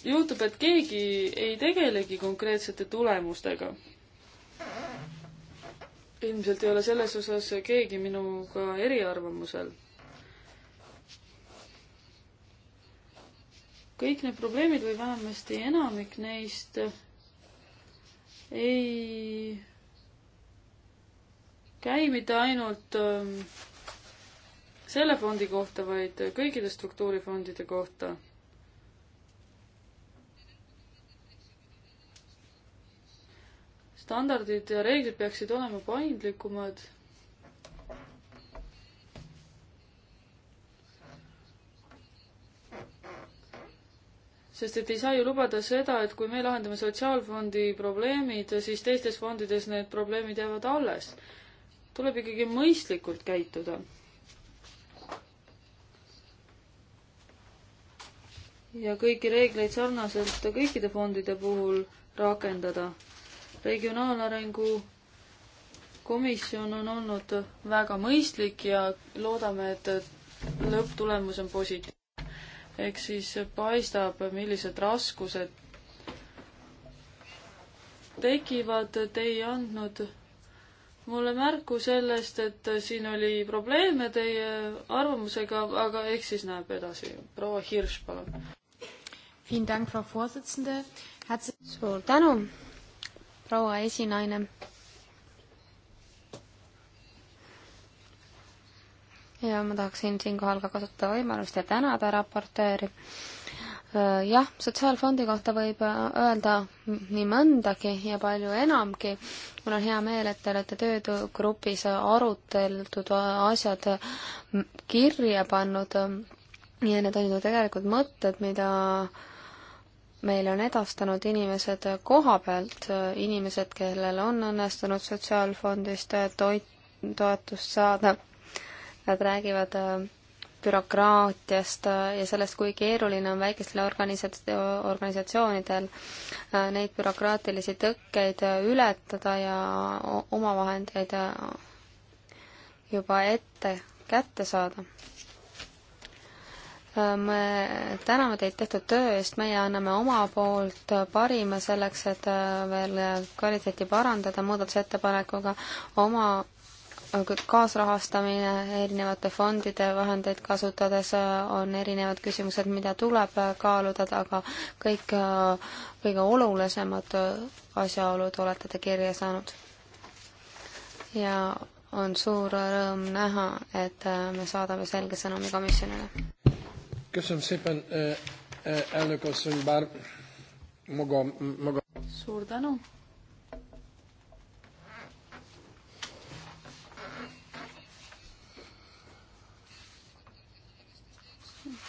juhtub, et keegi ei tegelegi konkreetsete tulemustega. ilmselt ei ole selles osas keegi minuga eriarvamusel. kõik need probleemid või vähemasti enamik neist ei käi mitte ainult ähm, selle fondi kohta, vaid kõikide struktuurifondide kohta standardid ja reeglid peaksid olema paindlikumad. sest et ei saa ju lubada seda, et kui me lahendame sotsiaalfondi probleemid, siis teistes fondides need probleemid jäävad alles. tuleb ikkagi mõistlikult käituda ja kõiki reegleid sarnaselt kõikide fondide puhul rakendada regionaalarengu komisjon on olnud väga mõistlik ja loodame, et lõpptulemus on positiivne. ehk siis paistab, millised raskused tekivad, te ei andnud mulle märku sellest, et siin oli probleeme teie arvamusega, aga eks siis näeb edasi. proua Hirš, palun. suur tänu proua esinaine. ja ma tahaksin siinkohal ka kasutada võimalust ja tänada raportööri. jah, Sotsiaalfondi kohta võib öelda nii mõndagi ja palju enamgi. mul on hea meel, et te olete töögrupis aruteldud asjad kirja pannud ja need on ju tegelikult mõtted, mida meile on edastanud inimesed koha pealt, inimesed, kellel on õnnestunud sotsiaalfondist toit, toetust saada. Nad räägivad äh, bürokraatiast äh, ja sellest, kui keeruline on väikestel organisat-, organisatsioonidel äh, neid bürokraatilisi tõkkeid ületada ja omavahendeid juba ette kätte saada me täname teid tehtud töö eest, meie anname oma poolt parima selleks, et äh, veel kvaliteeti parandada muudatusettepanekuga oma äh, kaasrahastamine erinevate fondide vahendeid kasutades äh, on erinevad küsimused, mida tuleb kaaluda, aga kõik kõige olulisemad asjaolud olete te kirja saanud. ja on suur rõõm näha, et me saadame selge sõnumi komisjonile. Köszönöm szépen, elnök asszony, bár maga, maga... Suur tänu.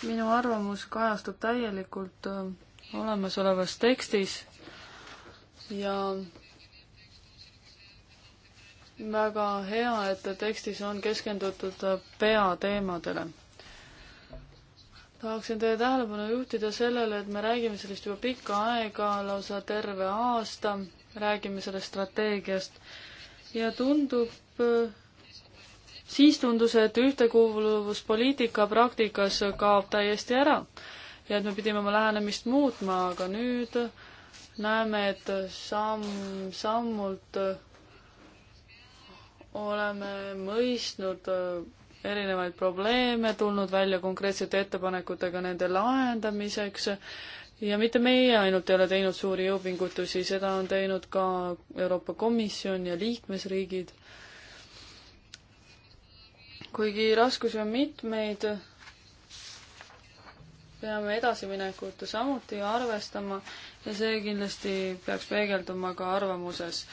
minu arvamus kajastub täielikult olemasolevas tekstis ja väga hea, et tekstis on keskendutud äh, peateemadele tahaksin teie tähelepanu juhtida sellele, et me räägime sellest juba pikka aega, lausa terve aasta, räägime sellest strateegiast ja tundub, siis tundus, et ühtekuuluvuspoliitika praktikas kaob täiesti ära ja et me pidime oma lähenemist muutma, aga nüüd näeme, et samm-sammult oleme mõistnud erinevaid probleeme, tulnud välja konkreetsete ettepanekutega nende lahendamiseks ja mitte meie ainult ei ole teinud suuri jõupingutusi, seda on teinud ka Euroopa Komisjon ja liikmesriigid. kuigi raskusi on mitmeid, peame edasiminekut samuti arvestama ja see kindlasti peaks peegelduma ka arvamuses.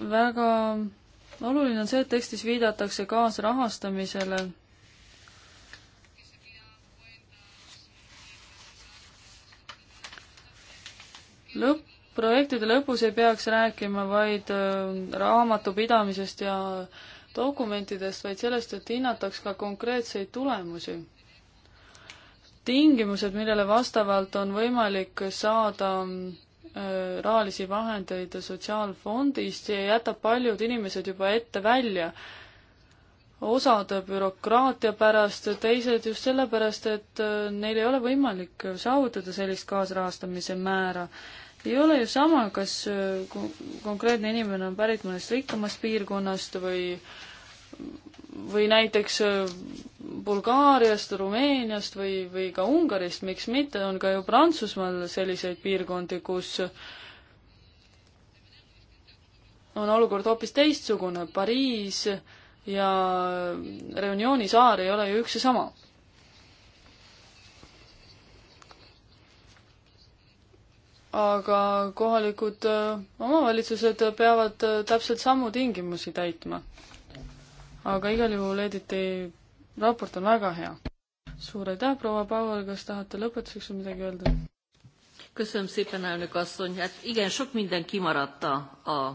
väga oluline on see, et tekstis viidatakse kaasrahastamisele. lõpp, projektide lõpus ei peaks rääkima vaid äh, raamatupidamisest ja dokumentidest, vaid sellest, et hinnataks ka konkreetseid tulemusi. tingimused, millele vastavalt on võimalik saada mm, Äh, rahalisi vahendeid sotsiaalfondist ja jätab paljud inimesed juba ette välja. osad bürokraatia pärast, teised just sellepärast, et äh, neil ei ole võimalik saavutada sellist kaasrahastamise määra. ei ole ju sama, kas äh, konkreetne inimene on pärit mõnest rikkamast piirkonnast või või näiteks Bulgaariast, Rumeeniast või, või ka Ungarist, miks mitte, on ka ju Prantsusmaal selliseid piirkondi, kus on olukord hoopis teistsugune, Pariis ja Reunioni saar ei ole ju üks ja sama aga kohalikud äh, omavalitsused peavad äh, täpselt samu tingimusi täitma. aga igal juhul leiditi raport on väga hea. suur aitäh, proua Paul, kas tahate lõpetuseks veel midagi öelda? Köszönöm szépen, elnök asszony. Hát igen, sok minden kimaradta a...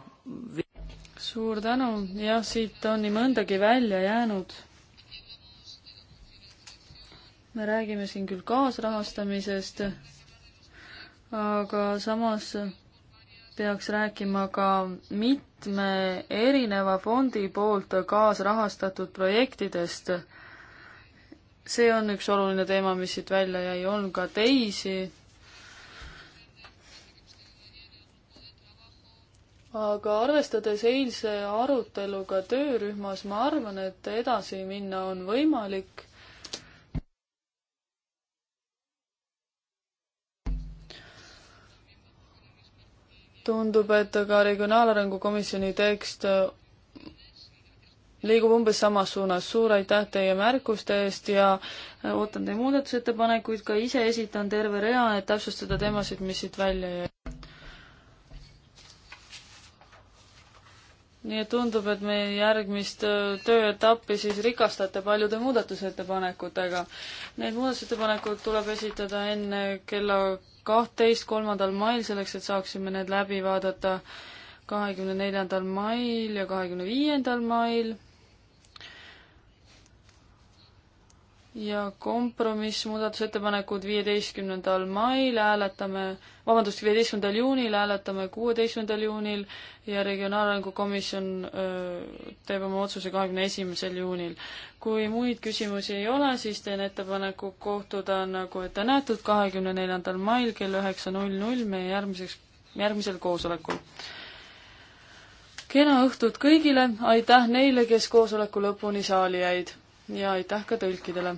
Suur tänu. Jah, siit on nii mõndagi välja jäänud. Me räägime siin küll kaasrahastamisest, aga samas peaks rääkima ka mitme erineva fondi poolt kaasrahastatud projektidest, see on üks oluline teema, mis siit välja jäi, on ka teisi. aga arvestades eilse aruteluga töörühmas, ma arvan, et edasi minna on võimalik tundub, et ka Regionaalarengu Komisjoni tekst liigub umbes samas suunas. suur aitäh teie märkuste eest ja äh, ootan teie muudatusettepanekuid, ka ise esitan terve rea, et täpsustada teemasid, mis siit välja jäi. nii et tundub, et meie järgmist äh, tööetappi siis rikastate paljude muudatusettepanekutega. Need muudatusettepanekud tuleb esitada enne kella kahtteist, kolmandal mail, selleks et saaksime need läbi vaadata kahekümne neljandal mail ja kahekümne viiendal mail ja kompromissmuudatusettepanekud viieteistkümnendal mail hääletame, vabandust, viieteistkümnendal juunil hääletame kuueteistkümnendal juunil ja Regionaalarengu Komisjon teeb oma otsuse kahekümne esimesel juunil. kui muid küsimusi ei ole, siis teen ettepaneku kohtuda, nagu ette nähtud, kahekümne neljandal mail kell üheksa null null meie järgmiseks, järgmisel koosolekul kena õhtut kõigile, aitäh neile, kes koosoleku lõpuni saali jäid! ja aitäh ka tõlkidele